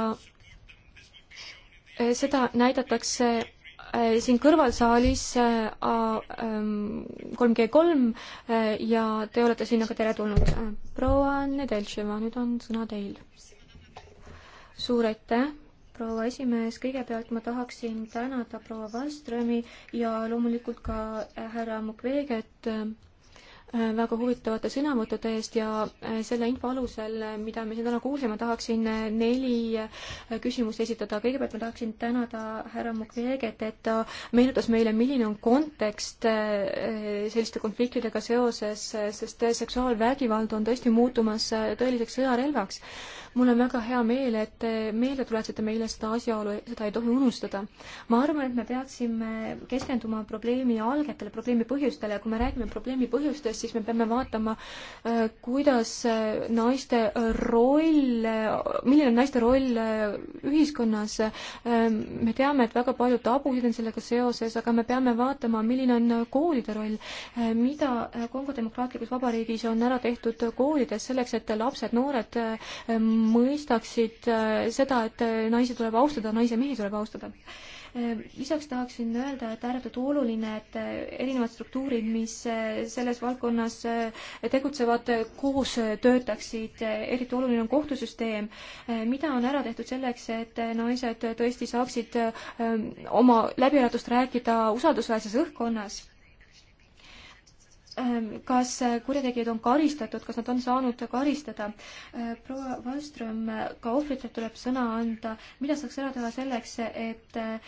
seda näidatakse Äh, siin kõrvalsaalis äh, äh, ähm, kolm G kolm ja te olete sinna ka teretulnud. proua Nedeltševa, nüüd on sõna teil. suur aitäh proua esimees, kõigepealt ma tahaksin tänada proua Valströmi ja loomulikult ka härra Mukweget äh, Äh, väga huvitavate sõnavõttude eest ja äh, selle info alusel, äh, mida me siin täna kuulsime, tahaksin neli küsimust esitada. kõigepealt ma tahaksin tänada härra Mukweget, et ta meenutas meile, milline on kontekst selliste konfliktidega seoses, sest seksuaalvägivald on tõesti muutumas tõeliseks sõjarelvaks mul on väga hea meel, et te meelde tuletasite meile seda asjaolu, seda ei tohi unustada. ma arvan, et me peaksime keskenduma probleemi algetele, probleemi põhjustele ja kui me räägime probleemi põhjustest, siis me peame vaatama, äh, kuidas äh, naiste roll, äh, milline on naiste roll ühiskonnas. Ähm, me teame, et väga palju tabusid on sellega seoses, aga me peame vaatama, milline on koolide roll, mida Kongo Demokraatlikus Vabariigis on ära tehtud koolides selleks, et lapsed, noored mõistaksid äh, seda, et äh, naisi tuleb austada, naisi ja mehi tuleb austada. Äh, lisaks tahaksin öelda, et ääretult oluline, et erinevad struktuurid, mis selles valdkonnas tegutsevad, koos töötaksid, eriti oluline on kohtusüsteem. mida on ära tehtud selleks, et naised tõesti saaksid oma läbielatust rääkida usaldusväärses õhkkonnas? Ähm, kas äh, kurjategijad on karistatud, kas nad on saanud karistada? Äh, proua Wallström, ka ohvritel tuleb sõna anda, mida saaks ära teha selleks, et äh,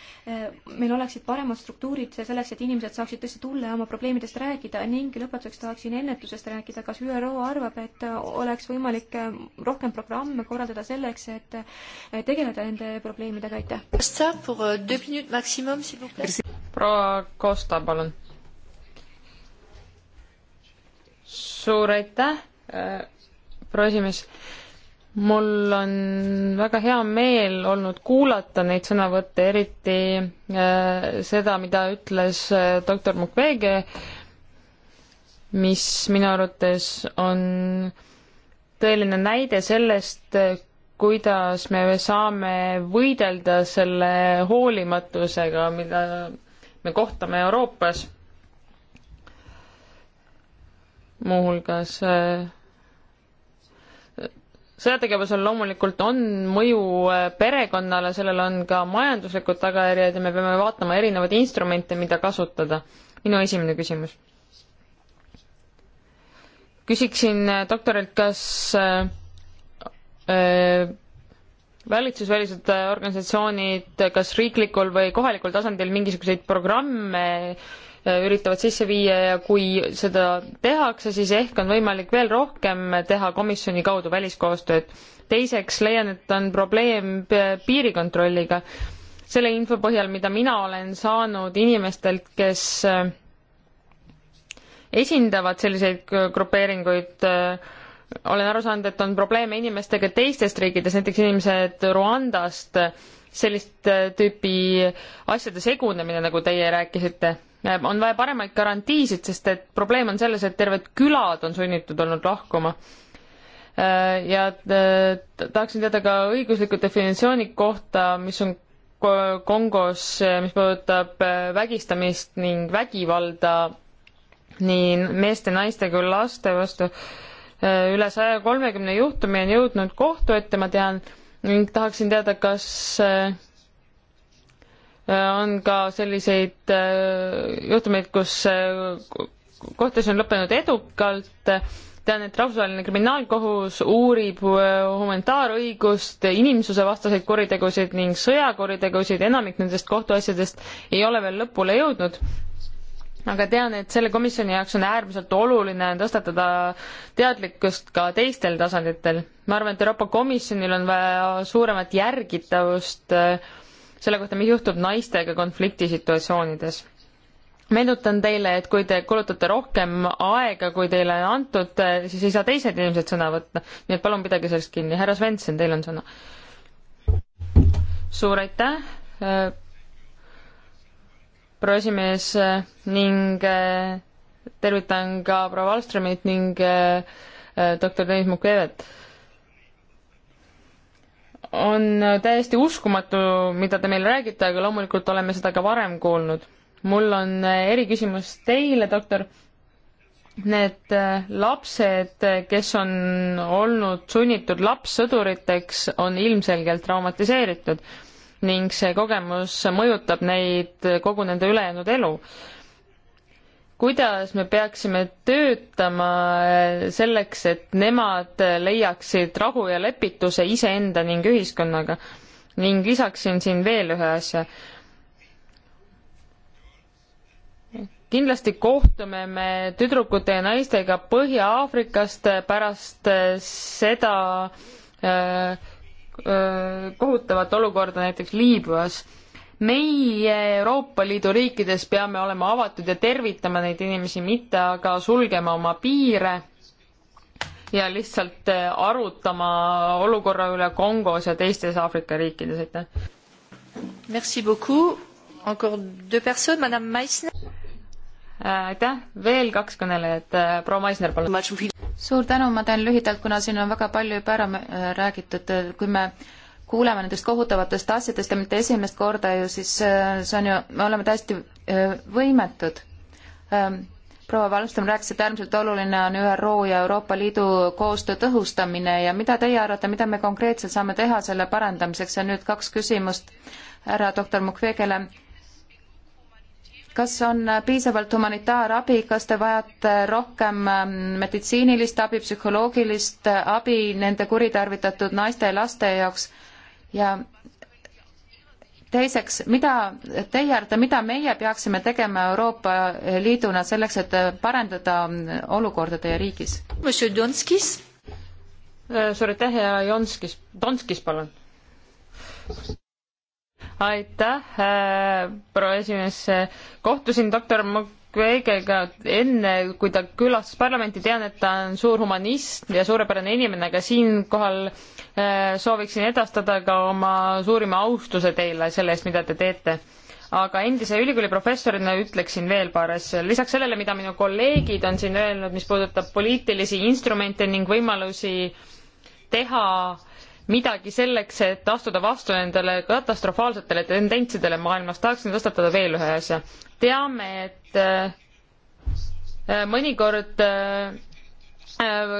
meil oleksid paremad struktuurid selleks, et inimesed saaksid tõesti tulla ja oma probleemidest rääkida ning lõpetuseks tahaksin ennetusest rääkida, kas ÜRO arvab, et oleks võimalik rohkem programme korraldada selleks, et tegeleda nende probleemidega, aitäh! proua Kosta, palun suur aitäh, äh, proua esimees. mul on väga hea meel olnud kuulata neid sõnavõtte, eriti äh, seda, mida ütles äh, doktor Mukwege, mis minu arvates on tõeline näide sellest, kuidas me saame võidelda selle hoolimatusega, mida me kohtame Euroopas muuhulgas äh, sõjategevusel loomulikult on mõju äh, perekonnale, sellel on ka majanduslikud tagajärjed ja me peame vaatama erinevaid instrumente, mida kasutada. minu esimene küsimus. küsiksin äh, doktorilt, kas äh, valitsusvälised organisatsioonid, kas riiklikul või kohalikul tasandil mingisuguseid programme äh, Äh, üritavad sisse viia ja kui seda tehakse, siis ehk on võimalik veel rohkem teha komisjoni kaudu väliskoostööd. teiseks leian, et on probleem piirikontrolliga. selle info põhjal, mida mina olen saanud inimestelt, kes äh, esindavad selliseid grupeeringuid, äh, olen aru saanud, et on probleeme inimestega teistest riikidest, näiteks inimesed Rwandast, sellist tüüpi asjade segunemine, nagu teie rääkisite on vaja paremaid garantiisid, sest et probleem on selles, et terved külad on sunnitud olnud lahkuma. Äh, ja äh, tahaksin teada ka õigusliku definitsiooni kohta, mis on Kongos, äh, mis puudutab vägistamist ning vägivalda nii meeste, naiste kui laste vastu. üle saja kolmekümne juhtumi on jõudnud kohtu ette, ma tean, ning tahaksin teada, kas Äh, on ka selliseid äh, juhtumeid, kus äh, kohtus on lõppenud edukalt, tean, et Rahvusvaheline Kriminaalkohus uurib humanitaarõigust, inimsusevastaseid kuritegusid ning sõjakuritegusid, enamik nendest kohtuasjadest ei ole veel lõpule jõudnud. aga tean, et selle komisjoni jaoks on äärmiselt oluline tõstatada teadlikkust ka teistel tasanditel. ma arvan, et Euroopa Komisjonil on vaja suuremat järgitavust äh, selle kohta, mis juhtub naistega konfliktisituatsioonides. meenutan teile, et kui te kulutate rohkem aega, kui teile on antud, siis ei saa teised inimesed sõna võtta. nii et palun pidage sellest kinni. härra Svensson, teil on sõna. suur aitäh, proua esimees ning tervitan ka proua Valströmit ning eh, doktor Tõnis Mukvevet on täiesti uskumatu, mida te meile räägite, aga loomulikult oleme seda ka varem kuulnud. mul on eriküsimus teile, doktor. Need äh, lapsed, kes on olnud sunnitud lapssõduriteks, on ilmselgelt traumatiseeritud ning see kogemus mõjutab neid kogu nende ülejäänud elu kuidas me peaksime töötama eh, selleks, et nemad leiaksid rahu ja lepituse iseenda ning ühiskonnaga. ning lisaksin siin veel ühe asja. kindlasti kohtume me tüdrukute ja naistega Põhja-Aafrikast pärast eh, seda äh, kohutavat olukorda näiteks Liibüas meie Euroopa Liidu riikides peame olema avatud ja tervitama neid inimesi, mitte aga sulgema oma piire ja lihtsalt eh, arutama olukorra üle Kongos ja teistes Aafrika riikides, aitäh. Merci beaucoup, encore deux personnes, madame Meissner. Äh, aitäh, veel kaks kõnelejat, äh, proua Meissner, palun. suur tänu, ma teen lühidalt, kuna siin on väga palju juba ära äh, räägitud, kui me äh, kuuleme nendest kohutavatest asjadest ja mitte esimest korda ju, siis äh, see on ju, me oleme täiesti äh, võimetud. Ähm, proua Valmström rääkis, et äärmiselt oluline on ÜRO ja Euroopa Liidu koostöö tõhustamine ja mida teie arvate, mida me konkreetselt saame teha selle parandamiseks ja nüüd kaks küsimust härra doktor Mukwegele. kas on piisavalt humanitaarabi, kas te vajate rohkem ähm, meditsiinilist abi, psühholoogilist abi nende kuritarvitatud naiste ja laste jaoks? ja teiseks, mida teie arvate, mida meie peaksime tegema Euroopa Liiduna selleks, et parendada olukorda teie riigis? Äh, suur aitäh, hea Jonskis, Donskis, palun. aitäh äh,, proua esimees, kohtusin doktor Mug-, Kreegega enne, kui ta külastas parlamenti, tean, et ta on suur humanist ja suurepärane inimene, aga siinkohal äh, sooviksin edastada ka oma suurima austuse teile selle eest, mida te teete. aga endise ülikooli professorina ütleksin veel paar asja. lisaks sellele, mida minu kolleegid on siin öelnud, mis puudutab poliitilisi instrumente ning võimalusi teha äh, midagi selleks, et astuda vastu nendele katastrofaalsetele tendentsidele maailmas. tahaksin tõstatada veel ühe asja. teame, et äh, äh, mõnikord äh,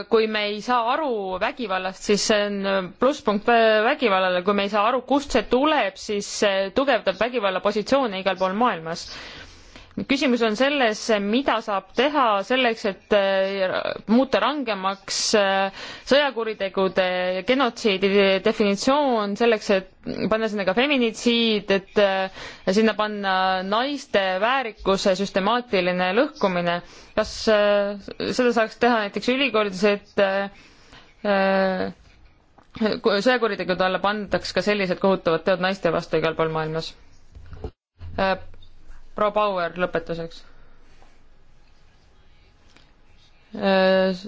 kui me ei saa aru vägivallast, siis see on plusspunkt vägivallale, kui me ei saa aru, kust see tuleb, siis see tugevdab vägivalla positsioone igal pool maailmas küsimus on selles, mida saab teha selleks, et äh, muuta rangemaks äh, sõjakuritegude ja genotsiidi definitsioon, selleks, et panna sinna ka feminitsiid, et äh, sinna panna naiste väärikuse süstemaatiline lõhkumine. kas seda saaks teha näiteks ülikoolides, et sõjakuritegude alla pandaks ka sellised kohutavad teod naiste vastu igal pool maailmas? proua Bauer lõpetuseks. Äh,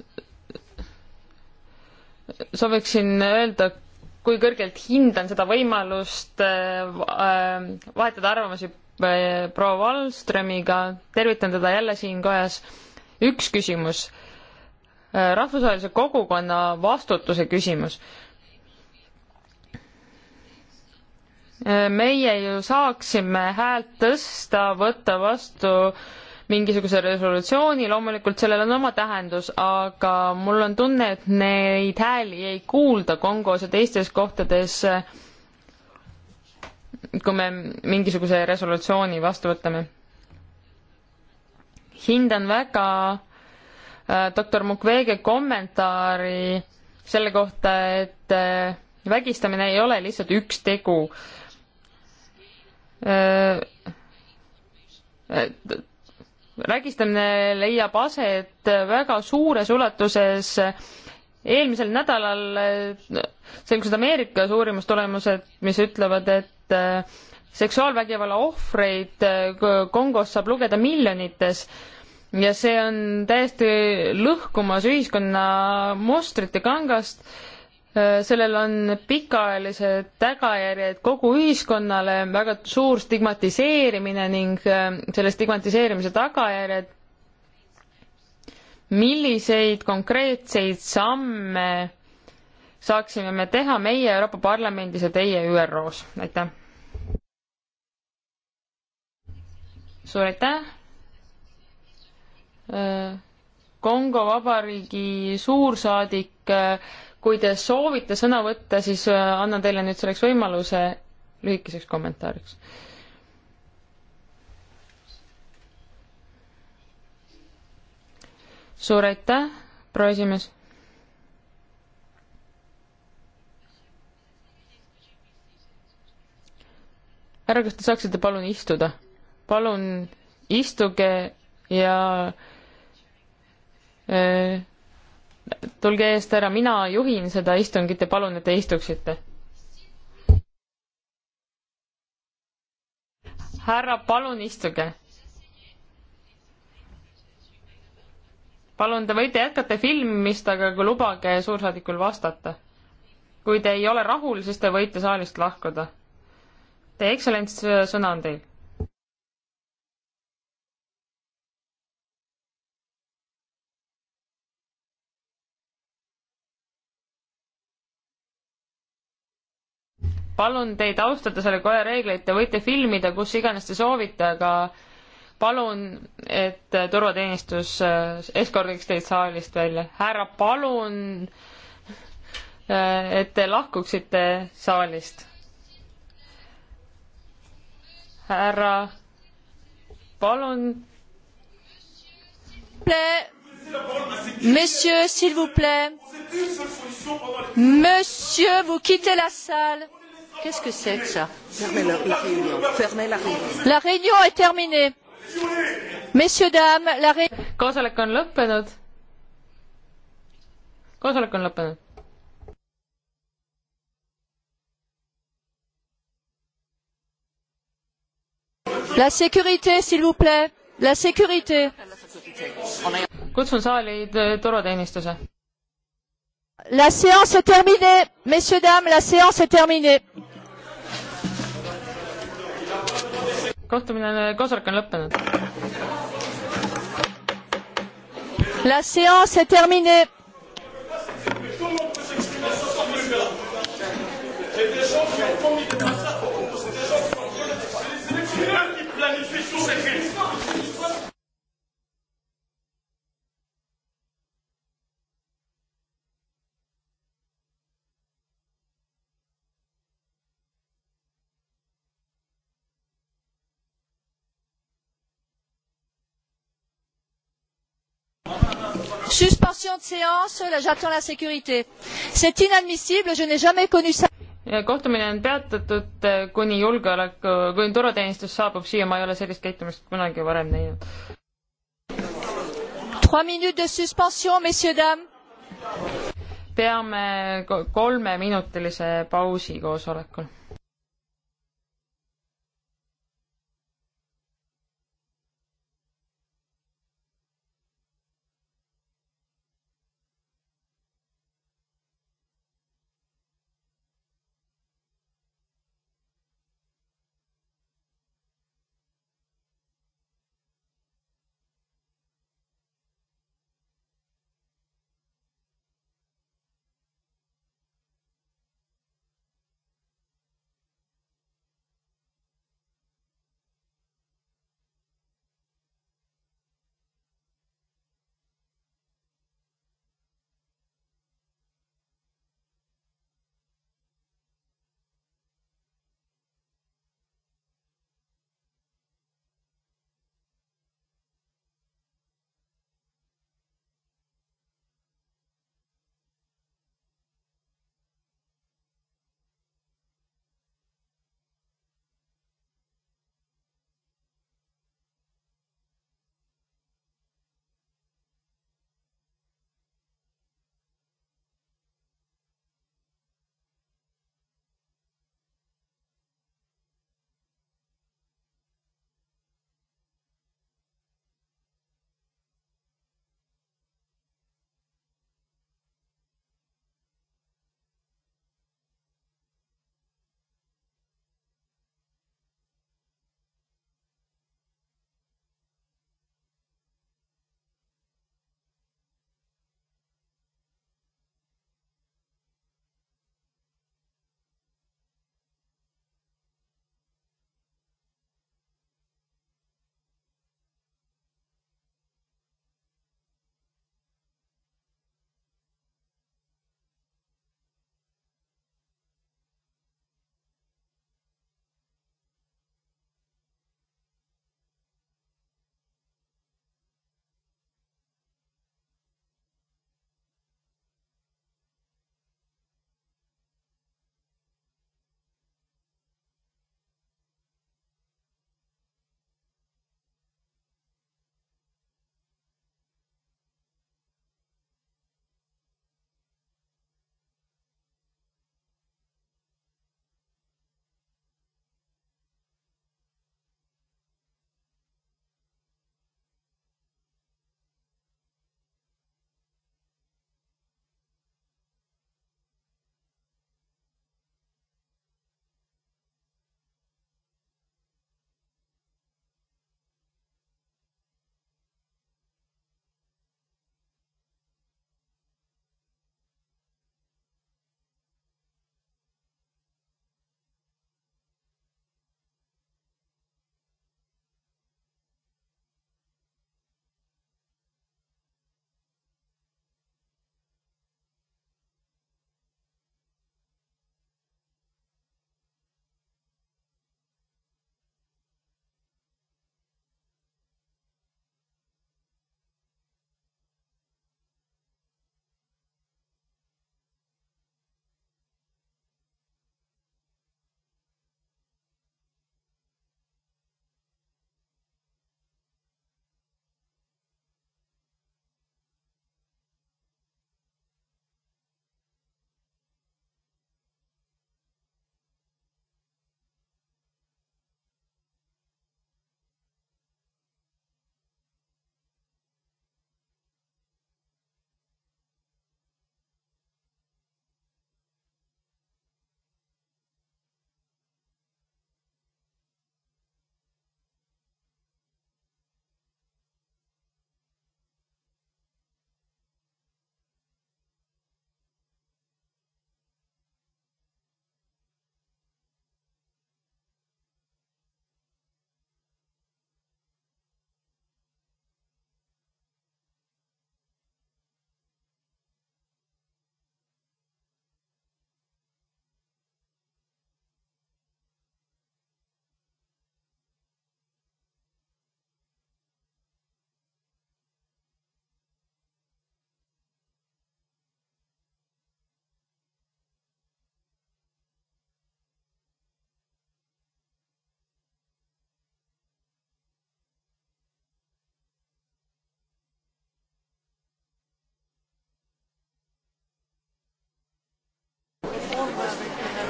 sooviksin öelda, kui kõrgelt hindan seda võimalust äh, vahetada arvamusi äh, proua Wallströmiga, tervitan teda jälle siin kojas. üks küsimus, rahvusvahelise kogukonna vastutuse küsimus meie ju saaksime häält tõsta, võtta vastu mingisuguse resolutsiooni, loomulikult sellel on oma tähendus, aga mul on tunne, et neid hääli ei kuulda Kongos ja teistes kohtades, kui me mingisuguse resolutsiooni vastu võtame. hindan väga äh, doktor Mukwege kommentaari selle kohta, et äh, vägistamine ei ole lihtsalt üks tegu äh, Äh, äh, rägistamine äh, leiab aset väga suures ulatuses. eelmisel nädalal selgusid Ameerika uurimustulemused, mis ütlevad, et seksuaalvägivalla ohvreid Kongos saab lugeda miljonites ja see on täiesti lõhkumas ühiskonna mustrit ja kangast Äh, sellel on pikaajalised tagajärjed kogu ühiskonnale, väga suur stigmatiseerimine ning äh, selle stigmatiseerimise tagajärjed. milliseid konkreetseid samme saaksime me teha meie Euroopa Parlamendis ja teie ÜRO-s, aitäh. suur aitäh. Äh, Kongo Vabariigi suursaadik kui te soovite sõna võtta, siis äh, annan teile nüüd selleks võimaluse lühikeseks kommentaariks. suur aitäh, proua esimees. härra, kas te saaksite palun istuda? palun istuge ja äh, tulge eest ära, mina juhin seda istungit ja palun, et te istuksite. härra, palun istuge. palun, te võite jätkata filmimist, aga lubage suursaadikul vastata. kui te ei ole rahul, siis te võite saalist lahkuda. Teie ekstsellents, sõna on teil palun teid austada selle koja reegleid, te võite filmida, kus iganes te soovite, aga palun, et turvateenistus äh, eskordiks teid saalist välja. härra, palun, äh, et te lahkuksite saalist. härra, palun. Monsieur, s'il vous plaît. Monsieur, vous quittez la salle. Qu'est-ce que c'est que ça Fermez la, la réunion. Fermez la réunion. La réunion est terminée. Messieurs, dames, la réunion... Koosolek on lõppenud. Koosolek on lõppenud. La sécurité, s'il vous plaît. La sécurité. Kutsun saali äh, turvateenistuse. La séance est terminée. Messieurs, dames, la séance est terminée. kohtumine on, äh, koosolek on lõppenud. La séance est terminée. C'est des gens qui ont commis des massacres. C'est des gens qui ont violé. C'est des criminels qui planifient tous ces crimes. Suspension de séance, j'attends la sécurité. C'est inadmissible, je n'ai jamais connu ça. kohtumine on peatatud äh, kuni julgeoleku, äh, kuni turvateenistus saabub siia, ma ei ole sellist käitumist kunagi varem näinud. Trois minutes de suspension, messieurs, dames. peame kolmeminutilise pausi koosolekul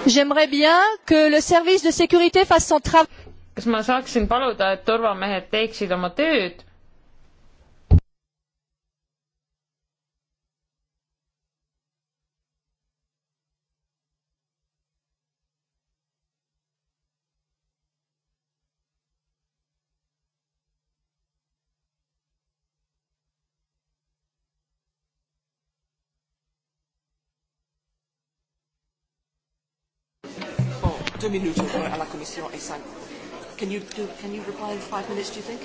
J'aimerais bien que le service de sécurité fasse son travail. kas ma saaksin paluda, et turvamehed teeksid oma tööd? deux minutes à la Commission et cinq. Can you, do, can you reply in five minutes, do you think?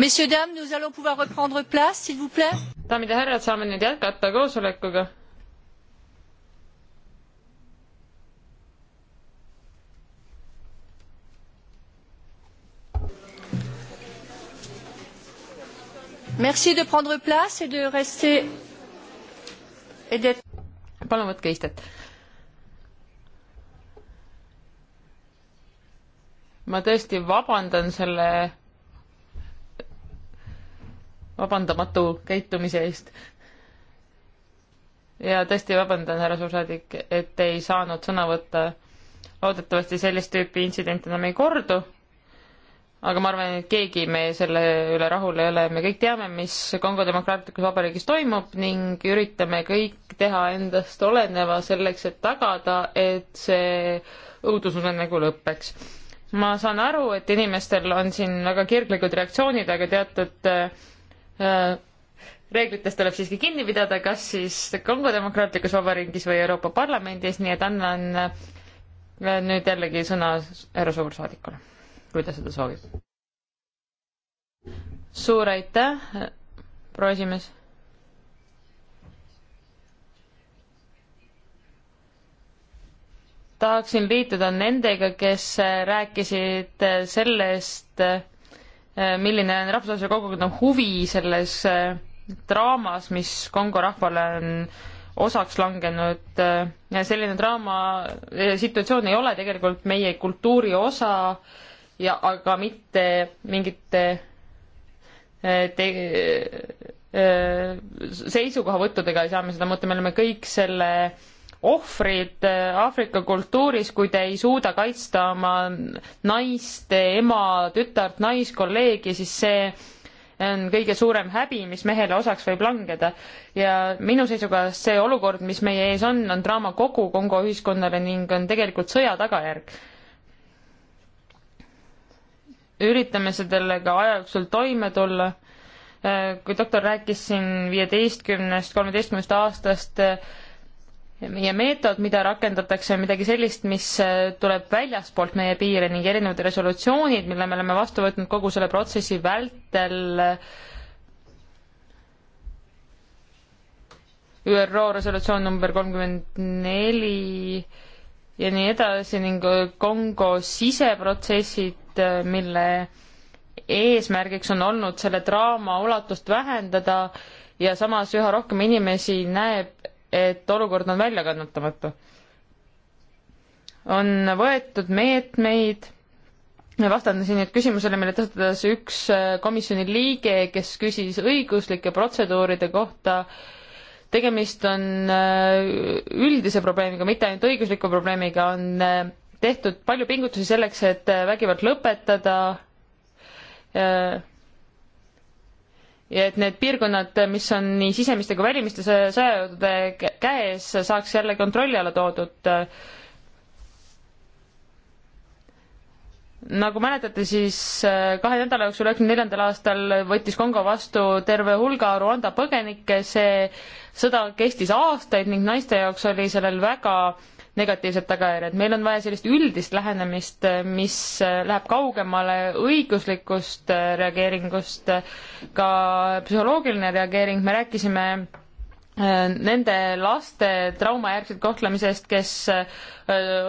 Messieurs, dames, nous allons pouvoir reprendre place, s'il vous plaît. daamid ja härrad, saame nüüd jätkata koosolekuga. Merci de prendre place et de rester et d'être. palun võtke istet ma tõesti vabandan selle vabandamatu käitumise eest. ja tõesti vabandan, härra suursaadik, et ei saanud sõna võtta. loodetavasti sellist tüüpi intsident enam ei kordu. aga ma arvan, et keegi me selle üle rahul ei ole, me kõik teame, mis Kongo Demokraatlikus Vabariigis toimub ning üritame kõik teha endast oleneva selleks, et tagada, et see õudusunenägu lõpeks ma saan aru, et inimestel on siin väga kirglikud reaktsioonid, aga teatud äh, äh, reeglitest tuleb siiski kinni pidada, kas siis Kongo Demokraatlikus Vabariigis või Euroopa Parlamendis, nii et annan äh, nüüd jällegi sõna härra suursaadikule, kui ta seda soovib. suur aitäh, proua esimees tahaksin liituda nendega, kes rääkisid sellest, milline on rahvusvahelise kogukonna huvi selles draamas, mis Kongo rahvale on osaks langenud. selline draama, situatsioon ei ole tegelikult meie kultuuri osa ja, aga mitte mingite eh, te, eh, seisukohavõttudega ei saa me seda mõõta, me oleme kõik selle äh, ohvrid eh, Aafrika kultuuris, kui te ei suuda kaitsta oma naist, ema, tütart, naiskolleegi, siis see on kõige suurem häbi, mis mehele osaks võib langeda. ja minu seisuga see olukord, mis meie ees on, on draama kogu Kongo ühiskonnale ning on tegelikult sõja tagajärg. üritame sellega aja jooksul toime tulla. Eh, kui doktor rääkis siin viieteistkümnest, kolmeteistkümnest aastast, eh, ja meetod, mida rakendatakse, on midagi sellist, mis äh, tuleb väljaspoolt meie piire ning erinevad resolutsioonid, mille me oleme vastu võtnud kogu selle protsessi vältel. Äh, ÜRO resolutsioon number kolmkümmend neli ja nii edasi ning äh, Kongo siseprotsessid, mille eesmärgiks on olnud selle draama ulatust vähendada ja samas üha rohkem inimesi näeb, et olukord on väljakannatamatu. on võetud meetmeid, vastandasin nüüd küsimusele, mille tõstatas üks äh, komisjoni liige, kes küsis õiguslike protseduuride kohta tegemist on äh, üldise probleemiga, mitte ainult õigusliku probleemiga, on äh, tehtud palju pingutusi selleks, et vägivald lõpetada ja et need piirkonnad, mis on nii sisemiste kui välimiste sõjajõudude käes, saaks jälle kontrolli alla toodud. nagu mäletate, siis äh, kahe nädala jooksul üheksakümne neljandal aastal võttis Kongo vastu terve hulga Rwanda põgenikke, see sõda kestis aastaid ning naiste jaoks oli sellel väga negatiivsed tagajärjed. meil on vaja sellist üldist lähenemist, mis läheb kaugemale õiguslikust reageeringust, ka psühholoogiline reageering, me rääkisime äh, nende laste traumajärgset kohtlemisest, kes äh,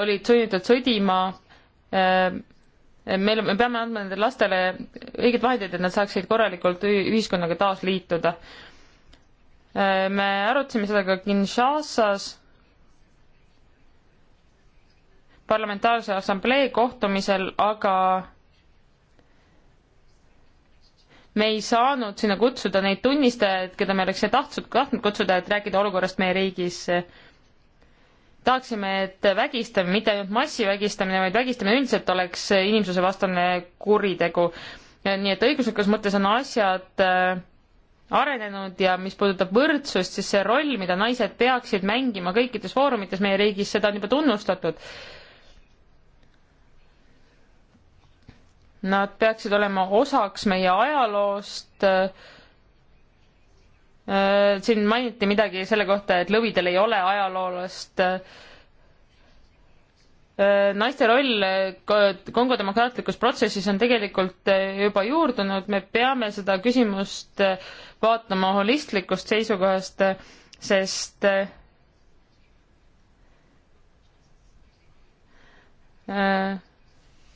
olid sunnitud sõdima, äh, meil, me peame andma nendele lastele õiged vahendid, et nad saaksid korralikult ühiskonnaga taasliituda. me arutasime seda ka Kinshasas parlamentaarse assamblee kohtumisel, aga me ei saanud sinna kutsuda neid tunnistajaid, keda me oleks tahtnud, tahtnud kutsuda, et rääkida olukorrast meie riigis. tahaksime, et vägistamine, mitte ainult massivägistamine, vaid vägistamine üldiselt oleks inimsusevastane kuritegu. nii et õiguslikus mõttes on asjad äh, arenenud ja mis puudutab võrdsust, siis see roll, mida naised peaksid mängima kõikides foorumites meie riigis, seda on juba tunnustatud Nad peaksid olema osaks meie ajaloost. Äh, siin mainiti midagi selle kohta, et lõvidel ei ole ajaloolast. Äh, naiste roll äh, Kongo demokraatlikus protsessis on tegelikult juba juurdunud, me peame seda küsimust vaatama holistlikust seisukohast, sest äh,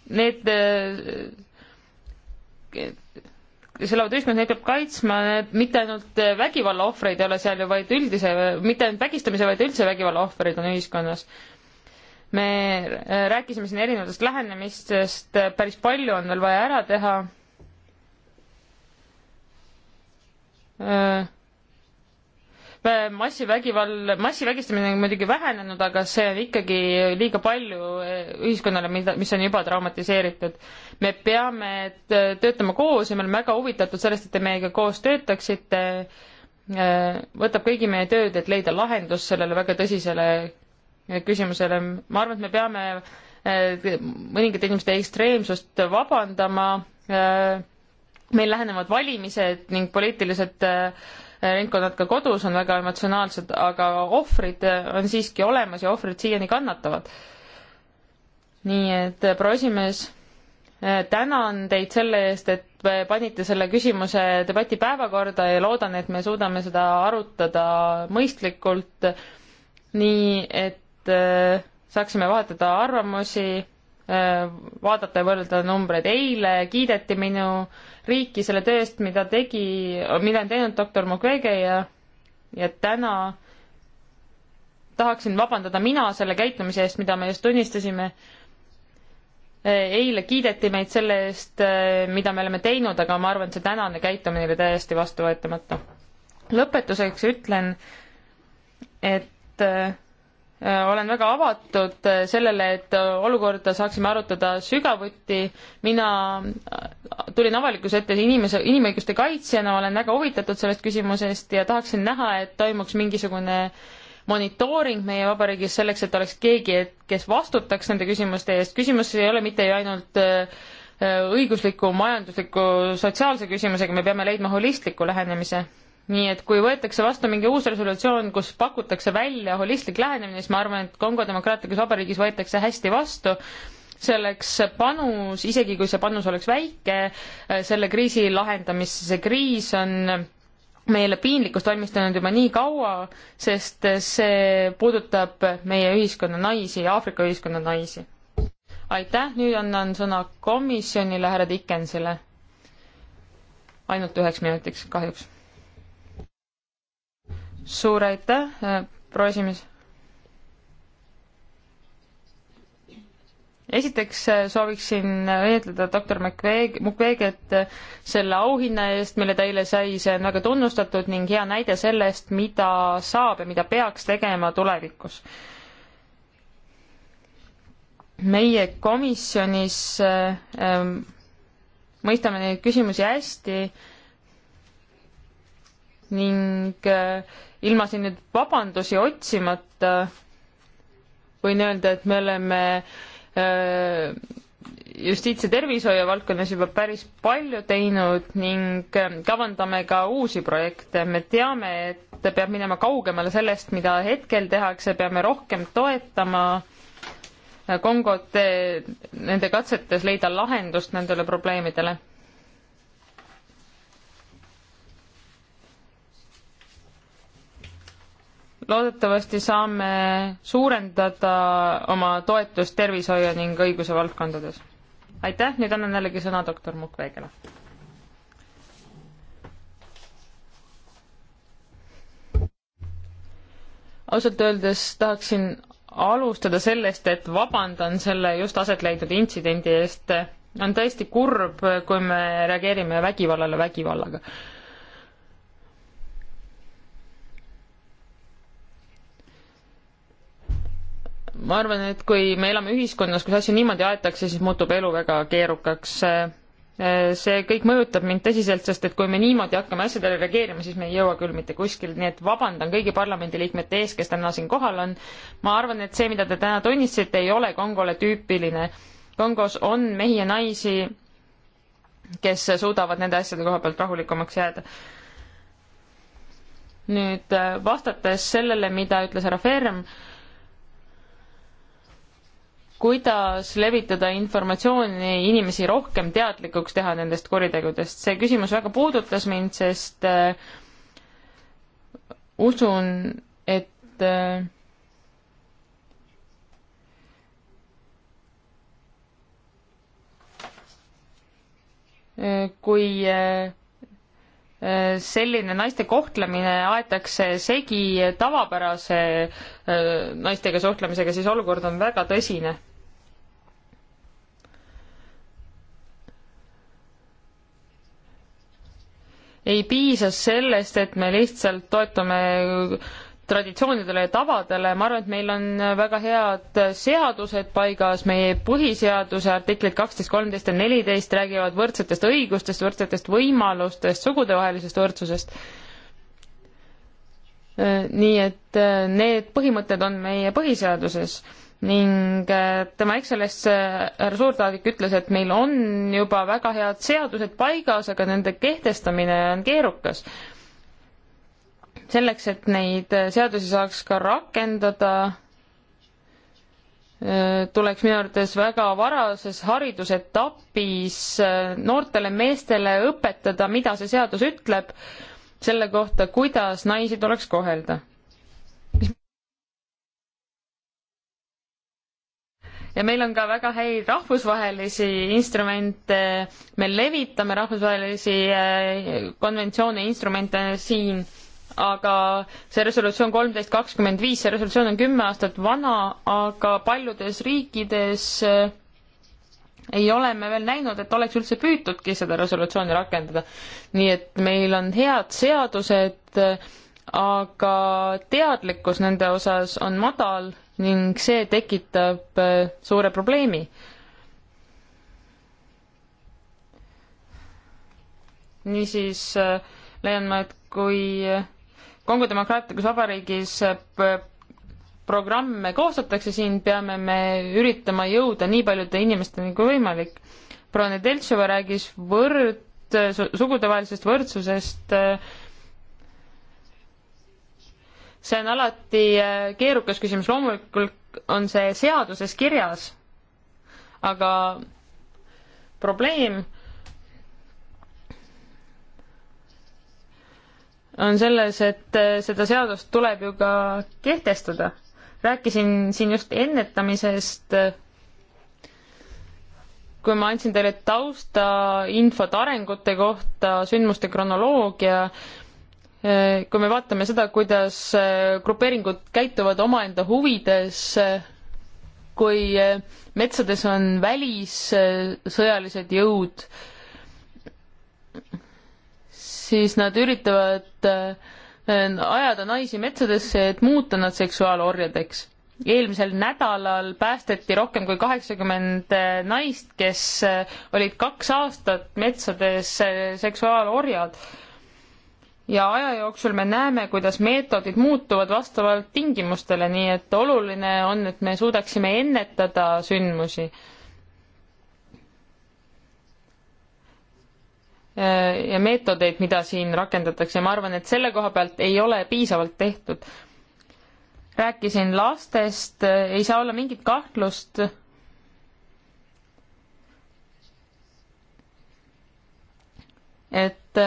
need, kes elavad ühiskonnas, neid peab kaitsma, mitte ainult vägivalla ohvreid ei ole seal ju, vaid üldise, mitte ainult vägistamise, vaid üldse vägivalla ohvreid on ühiskonnas me rääkisime siin erinevatest lähenemistest, päris palju on veel vaja ära teha massivägivall, massivägistamine on muidugi vähenenud, aga see on ikkagi liiga palju eh, ühiskonnale, mida, mis on juba traumatiseeritud. me peame eh, töötama koos ja me oleme väga huvitatud sellest, et te meiega koos töötaksite. Eh, võtab kõigi meie tööd, et leida lahendus sellele väga tõsisele küsimusele. ma arvan, et me peame mõningate inimeste ekstreemsust vabandama. meil lähenevad valimised ning poliitilised äh, ringkonnad ka kodus on väga emotsionaalsed, aga ohvrid äh, on siiski olemas ja ohvrid siiani kannatavad. nii et äh, proua esimees, äh, tänan teid selle eest, et panite selle küsimuse debati päevakorda ja loodan, et me suudame seda arutada mõistlikult, nii et saaksime vahetada arvamusi Äh, vaadata ja võrrelda numbreid. eile kiideti minu riiki selle töö eest, mida tegi, mida on teinud doktor Mukwege ja, ja täna tahaksin vabandada mina selle käitumise eest, mida me just tunnistasime. Äh, eile kiideti meid selle eest, äh, mida me oleme teinud, aga ma arvan, et see tänane käitumine oli täiesti vastuvõetamatu. lõpetuseks ütlen, et Äh, olen väga avatud äh, sellele, et äh, olukorda saaksime arutada sügavuti. mina tulin avalikkuse ette inimese, inimõiguste kaitsjana, olen väga huvitatud sellest küsimusest ja tahaksin näha, et toimuks mingisugune monitooring meie vabariigis selleks, et oleks keegi, kes vastutaks nende küsimuste eest. küsimus ei ole mitte ju ainult õigusliku, majandusliku, sotsiaalse küsimusega, me peame leidma holistliku lähenemise nii et kui võetakse vastu mingi uus resolutsioon, kus pakutakse välja holistlik lähenemine, siis ma arvan, et Kongo demokraatlikus vabariigis võetakse hästi vastu. selleks panus, isegi kui see panus oleks väike, äh, selle kriisi lahendamisse, see kriis on meile piinlikkust valmistanud juba nii kaua, sest see puudutab meie ühiskonna naisi, Aafrika ühiskonna naisi. aitäh, nüüd annan sõna komisjonile, härra Dickensile. ainult üheks minutiks kahjuks suur aitäh, äh, proua esimees. esiteks äh, sooviksin äh, õnnitleda doktor McVeeg-, McVeeget selle auhinna eest, mille ta eile sai, see on väga tunnustatud ning hea näide sellest, mida saab ja mida peaks tegema tulevikus. meie komisjonis ähm, mõistame neid küsimusi hästi äh, ning äh, ilma siin nüüd vabandusi otsimata võin öelda, et me oleme äh, justiits- ja tervishoiu valdkonnas juba päris palju teinud ning äh, kavandame ka uusi projekte. me teame, et peab minema kaugemale sellest, mida hetkel tehakse, peame rohkem toetama Kongot nende katsetes leida lahendust nendele probleemidele loodetavasti saame suurendada oma toetust tervishoiu ning õiguse valdkondades. aitäh, nüüd annan jällegi sõna doktor Mukwegele. ausalt öeldes tahaksin alustada sellest, et vabandan selle just aset leidnud intsidendi eest. on tõesti kurb, kui me reageerime vägivallale vägivallaga ma arvan, et kui me elame ühiskonnas, kus asju niimoodi aetakse, siis muutub elu väga keerukaks. see kõik mõjutab mind tõsiselt, sest et kui me niimoodi hakkame asjadele reageerima, siis me ei jõua küll mitte kuskile, nii et vabandan kõigi parlamendiliikmete ees, kes täna siin kohal on. ma arvan, et see, mida te täna tunnistasite, ei ole Kongole tüüpiline. Kongos on mehi ja naisi, kes suudavad nende asjade koha pealt rahulikumaks jääda nüüd vastates sellele, mida ütles härra Ferm, kuidas levitada informatsiooni, inimesi rohkem teadlikuks teha nendest kuritegudest. see küsimus väga puudutas mind, sest äh, usun, et äh, kui äh, selline naiste kohtlemine aetakse segi tavapärase äh, naistega suhtlemisega, siis olukord on väga tõsine ei piisa sellest, et me lihtsalt toetume traditsioonidele ja tavadele, ma arvan, et meil on väga head seadused paigas, meie põhiseaduse artiklid kaksteist, kolmteist ja neliteist räägivad võrdsetest õigustest, võrdsetest võimalustest, sugudevahelisest võrdsusest. nii et need põhimõtted on meie põhiseaduses ning äh, tema ekstsellents äh, härra suursaadik ütles, et meil on juba väga head seadused paigas, aga nende kehtestamine on keerukas. selleks, et neid äh, seadusi saaks ka rakendada, tuleks minu arvates väga varases haridusetapis noortele meestele õpetada, mida see seadus ütleb selle kohta, kuidas naisi tuleks kohelda. mis ja meil on ka väga häid rahvusvahelisi instrumente, me levitame rahvusvahelisi äh, konventsioone, instrumente siin, aga see resolutsioon kolmteist kakskümmend viis, see resolutsioon on kümme aastat vana, aga paljudes riikides äh, ei ole me veel näinud, et oleks üldse püütudki seda resolutsiooni rakendada. nii et meil on head seadused, äh, aga teadlikkus nende osas on madal ning see tekitab äh, suure probleemi. niisiis äh, leian ma, et kui äh, Kongo Demokraatlikus Vabariigis programme koostatakse, siin peame me üritama jõuda nii paljude inimesteni kui võimalik. proua Nedeltšova räägis võrd, sugudevahelisest võrdsusest äh, see on alati äh, keerukas küsimus, loomulikult on see seaduses kirjas, aga probleem on selles, et äh, seda seadust tuleb ju ka kehtestada. rääkisin siin just ennetamisest, kui ma andsin teile taustainfot arengute kohta, sündmuste kronoloogia, Eh, kui me vaatame seda, kuidas eh, grupeeringud käituvad omaenda huvides, eh, kui metsades on välissõjalised jõud, siis nad üritavad ajada naisi metsadesse, et muuta nad seksuaalorjadeks. eelmisel nädalal päästeti rohkem kui kaheksakümmend naist, kes olid kaks aastat metsades seksuaalorjad ja aja jooksul me näeme, kuidas meetodid muutuvad vastavalt tingimustele, nii et oluline on, et me suudaksime ennetada sündmusi. ja meetodeid, mida siin rakendatakse, ma arvan, et selle koha pealt ei ole piisavalt tehtud. rääkisin lastest, ei saa olla mingit kahtlust, et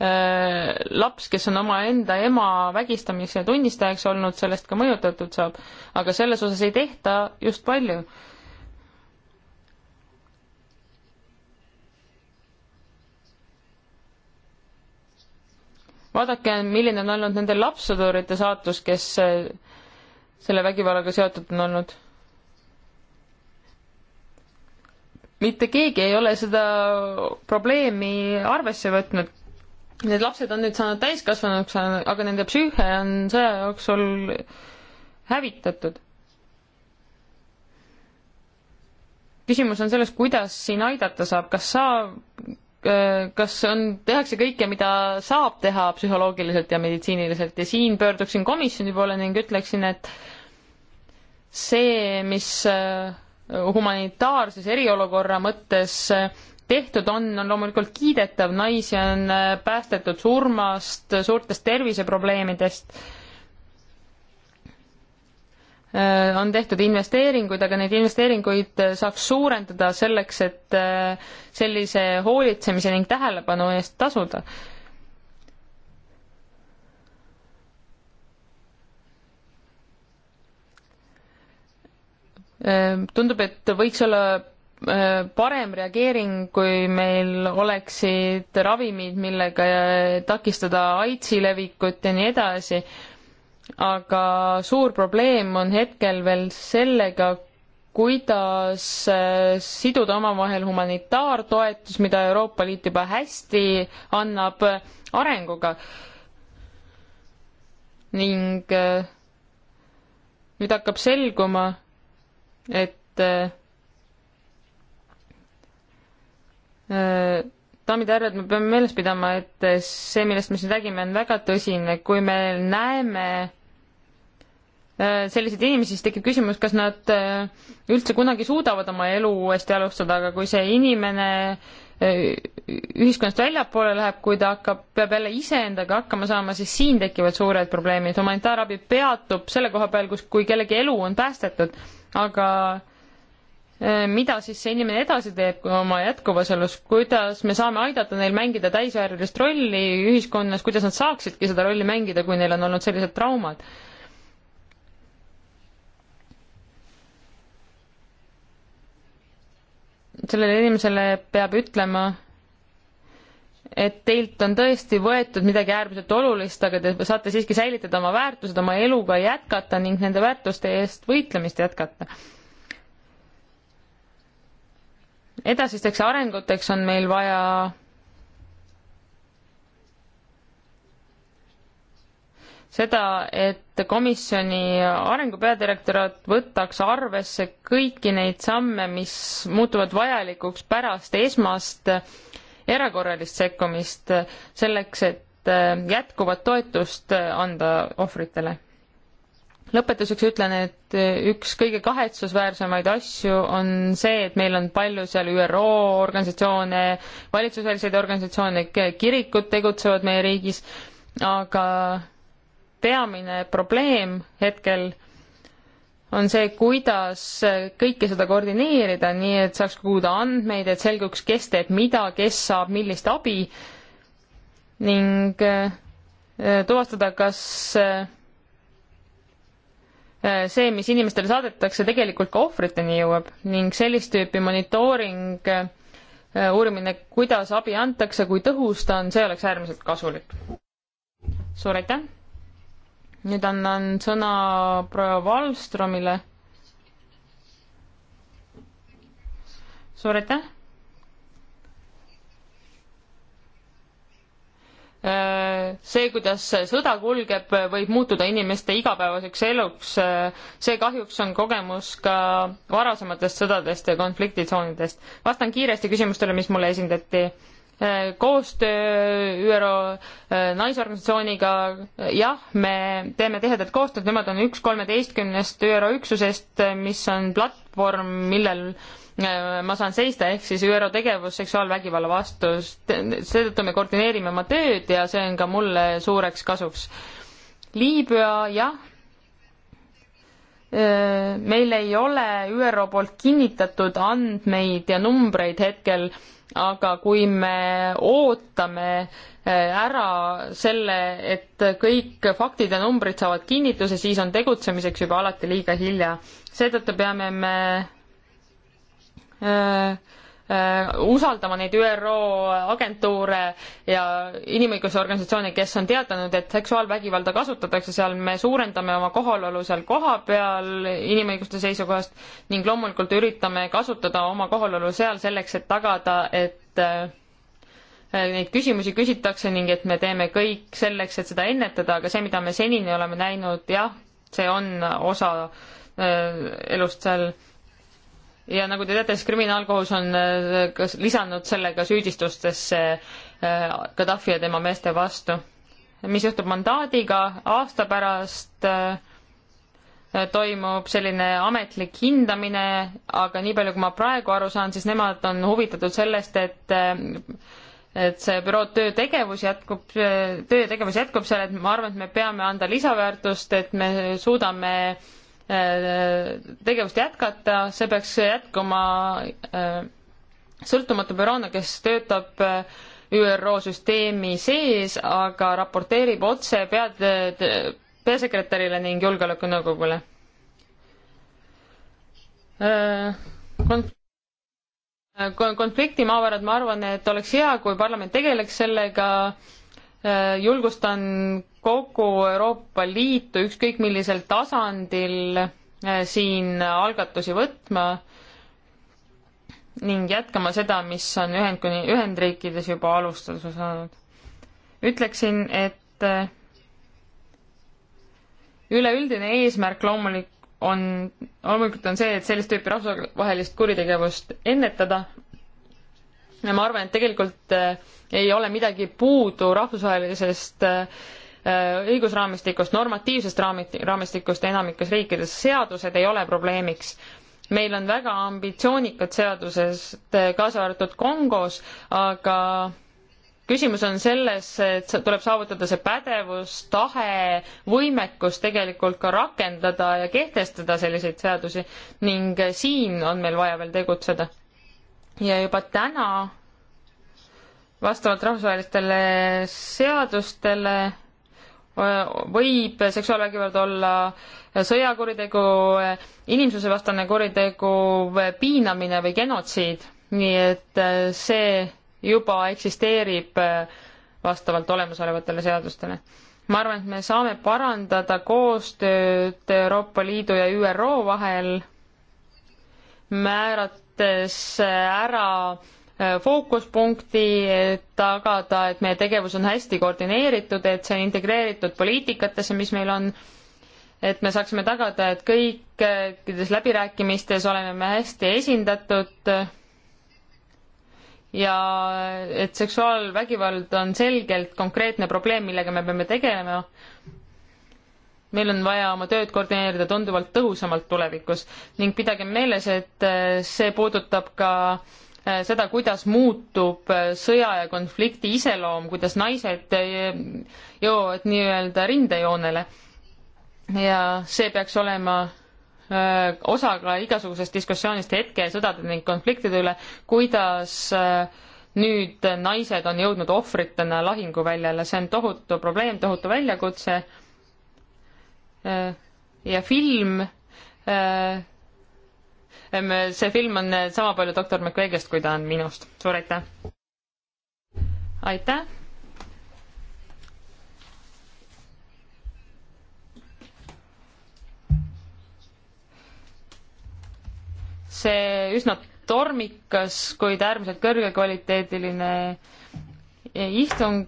Äh, laps, kes on omaenda ema vägistamise tunnistajaks olnud, sellest ka mõjutatud saab. aga selles osas ei tehta just palju. vaadake, milline on olnud nende lapssõdurite saatus, kes äh, selle vägivallaga seotud on olnud mitte keegi ei ole seda probleemi arvesse võtnud. Need lapsed on nüüd saanud täiskasvanuks, aga nende psüühe on sõja jooksul hävitatud. küsimus on selles, kuidas siin aidata saab, kas saab, äh, kas on, tehakse kõike, mida saab teha psühholoogiliselt ja meditsiiniliselt ja siin pöörduksin komisjoni poole ning ütleksin, et see, mis äh, humanitaarses eriolukorra mõttes äh, tehtud on, on loomulikult kiidetav, naisi on äh, päästetud surmast, suurtest terviseprobleemidest, äh, on tehtud investeeringuid, aga neid investeeringuid äh, saaks suurendada selleks, et sellise hoolitsemise ning tähelepanu eest tasuda tundub, et võiks olla Äh, parem reageering, kui meil oleksid ravimid, millega takistada AIDSi levikut ja nii edasi. aga suur probleem on hetkel veel sellega, kuidas äh, siduda omavahel humanitaartoetus, mida Euroopa Liit juba hästi annab, äh, arenguga. ning nüüd hakkab selguma, et daamid ja härrad, me peame meeles pidama, et see, millest me siin räägime, on väga tõsine, kui me näeme äh, selliseid inimesi, siis tekib küsimus, kas nad äh, üldse kunagi suudavad oma elu uuesti alustada, aga kui see inimene äh, ühiskonnast väljapoole läheb, kui ta hakkab, peab jälle iseendaga hakkama saama, siis siin tekivad suured probleemid. humanitaarabi peatub selle koha peal, kus, kui kellegi elu on päästetud, aga äh, Eh, mida siis see inimene edasi teeb oma jätkuvas elus, kuidas me saame aidata neil mängida täisväärtust rolli ühiskonnas, kuidas nad saaksidki seda rolli mängida, kui neil on olnud sellised traumad? sellele inimesele peab ütlema, et teilt on tõesti võetud midagi äärmiselt olulist, aga te saate siiski säilitada oma väärtused, oma eluga jätkata ning nende väärtuste eest võitlemist jätkata edasisteks arenguteks on meil vaja seda, et komisjoni arengu peadirektorat võtaks arvesse kõiki neid samme, mis muutuvad vajalikuks pärast esmast erakorralist sekkumist, selleks et jätkuvat toetust anda ohvritele lõpetuseks ütlen, et eh, üks kõige kahetsusväärsemaid asju on see, et meil on palju seal ÜRO organisatsioone, valitsusväliseid organisatsioone, kirikud tegutsevad meie riigis, aga peamine probleem hetkel on see, kuidas kõike seda koordineerida, nii et saaks kuulda andmeid, et selguks, kes teeb mida, kes saab millist abi ning eh, eh, tuvastada, kas Äh, see, mis inimestele saadetakse, tegelikult ka ohvriteni jõuab ning sellist tüüpi monitooring, äh, äh, uurimine, kuidas abi antakse, kui tõhus ta on, see oleks äärmiselt kasulik. suur aitäh! nüüd annan sõna proua Valstromile. suur aitäh! Äh, see, kuidas sõda kulgeb, võib muutuda inimeste igapäevaseks eluks. Äh, see kahjuks on kogemus ka varasematest sõdadest ja konfliktitsoonidest. vastan kiiresti küsimustele, mis mulle esindati. Äh, koostöö ÜRO naisorganisatsiooniga, jah, me teeme tihedat koostööd, nemad on üks kolmeteistkümnest ÜRO üksusest, mis on platvorm, millel Äh, ma saan seista, ehk siis ÜRO tegevus seksuaalvägivalla vastu, seetõttu me koordineerime oma tööd ja see on ka mulle suureks kasuks. Liibüa, jah, äh, meil ei ole ÜRO poolt kinnitatud andmeid ja numbreid hetkel, aga kui me ootame äh, ära selle, et kõik faktid ja numbrid saavad kinnituse, siis on tegutsemiseks juba alati liiga hilja. seetõttu peame me Äh, äh, usaldama neid ÜRO agentuure ja inimõiguste organisatsioone, kes on teatanud, et seksuaalvägivalda kasutatakse seal, me suurendame oma kohalolu seal kohapeal inimõiguste seisukohast ning loomulikult üritame kasutada oma kohalolu seal selleks, et tagada, et äh, neid küsimusi küsitakse ning et me teeme kõik selleks, et seda ennetada, aga see, mida me senini oleme näinud, jah, see on osa elust seal ja nagu te teate, siis kriminaalkohus on äh, kas lisanud selle ka süüdistustesse äh, Gaddafi ja tema meeste vastu. mis juhtub mandaadiga, aasta pärast äh, toimub selline ametlik hindamine, aga nii palju, kui ma praegu aru saan, siis nemad on huvitatud sellest, et et see büroo töötegevus jätkub, töö ja tegevus jätkub seal, et ma arvan, et me peame anda lisaväärtust, et me suudame äh, Äh, tegevust jätkata, see peaks jätkuma äh, sõltumatu büroona, kes töötab äh, ÜRO süsteemi sees, aga raporteerib otse pead, peasekretärile ning Julgeolekunõukogule. konflikti maavarad, ma arvan, et oleks hea, kui parlament tegeleks sellega Äh, julgustan kogu Euroopa Liitu ükskõik millisel tasandil äh, siin algatusi võtma ning jätkama seda, mis on Ühendkuni-, Ühendriikides juba alustatud saanud. ütleksin, et äh, üleüldine eesmärk loomulik-, on, loomulikult on see, et sellist tüüpi rahvusvahelist kuritegevust ennetada ja ma arvan, et tegelikult eh, ei ole midagi puudu rahvusvahelisest eh, õigusraamistikust, normatiivsest raamit-, raamistikust enamikes riikides, seadused ei ole probleemiks. meil on väga ambitsioonikad seadused, eh, kaasa arvatud Kongos, aga küsimus on selles, et tuleb saavutada see pädevus, tahe, võimekus tegelikult ka rakendada ja kehtestada selliseid seadusi ning siin on meil vaja veel tegutseda ja juba täna vastavalt rahvusvahelistele seadustele võib seksuaalvägivald olla sõjakuritegu, inimsusevastane kuritegu, piinamine või genotsiid, nii et see juba eksisteerib vastavalt olemasolevatele seadustele. ma arvan, et me saame parandada koostööd Euroopa Liidu ja ÜRO vahel, määrat-, mõttes ära äh, fookuspunkti, tagada, et meie tegevus on hästi koordineeritud, et see on integreeritud poliitikatesse, mis meil on, et me saaksime tagada, et kõikides äh, läbirääkimistes oleme me hästi esindatud ja äh, et seksuaalvägivald on selgelt konkreetne probleem, millega me peame tegelema meil on vaja oma tööd koordineerida tunduvalt tõhusamalt tulevikus ning pidagem meeles, et äh, see puudutab ka äh, seda, kuidas muutub äh, sõja ja konflikti iseloom, kuidas naised jõuavad nii-öelda rindejoonele. ja see peaks olema osa ka igasugusest diskussioonist hetke sõdade ning konfliktide üle, kuidas nüüd naised on jõudnud ohvritena lahinguväljale, see on tohutu probleem, tohutu väljakutse Äh, ja film, äh, see film on äh, sama palju doktor McVeigast, kui ta on minust. suur aitäh! aitäh! see üsna tormikas, kuid äärmiselt kõrgekvaliteediline istung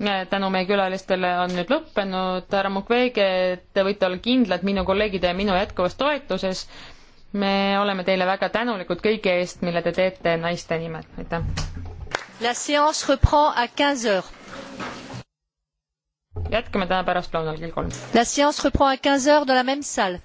tänu meie külalistele on nüüd lõppenud. härra Mukwege, te võite olla kindlad minu kolleegide ja minu jätkuvas toetuses. me oleme teile väga tänulikud kõige eest, mille te teete naiste nimel. aitäh. La séance reprend à 15 heures. jätkame täna pärastlõunal kell kolm. La séance reprend à 15 heures dans la même salle.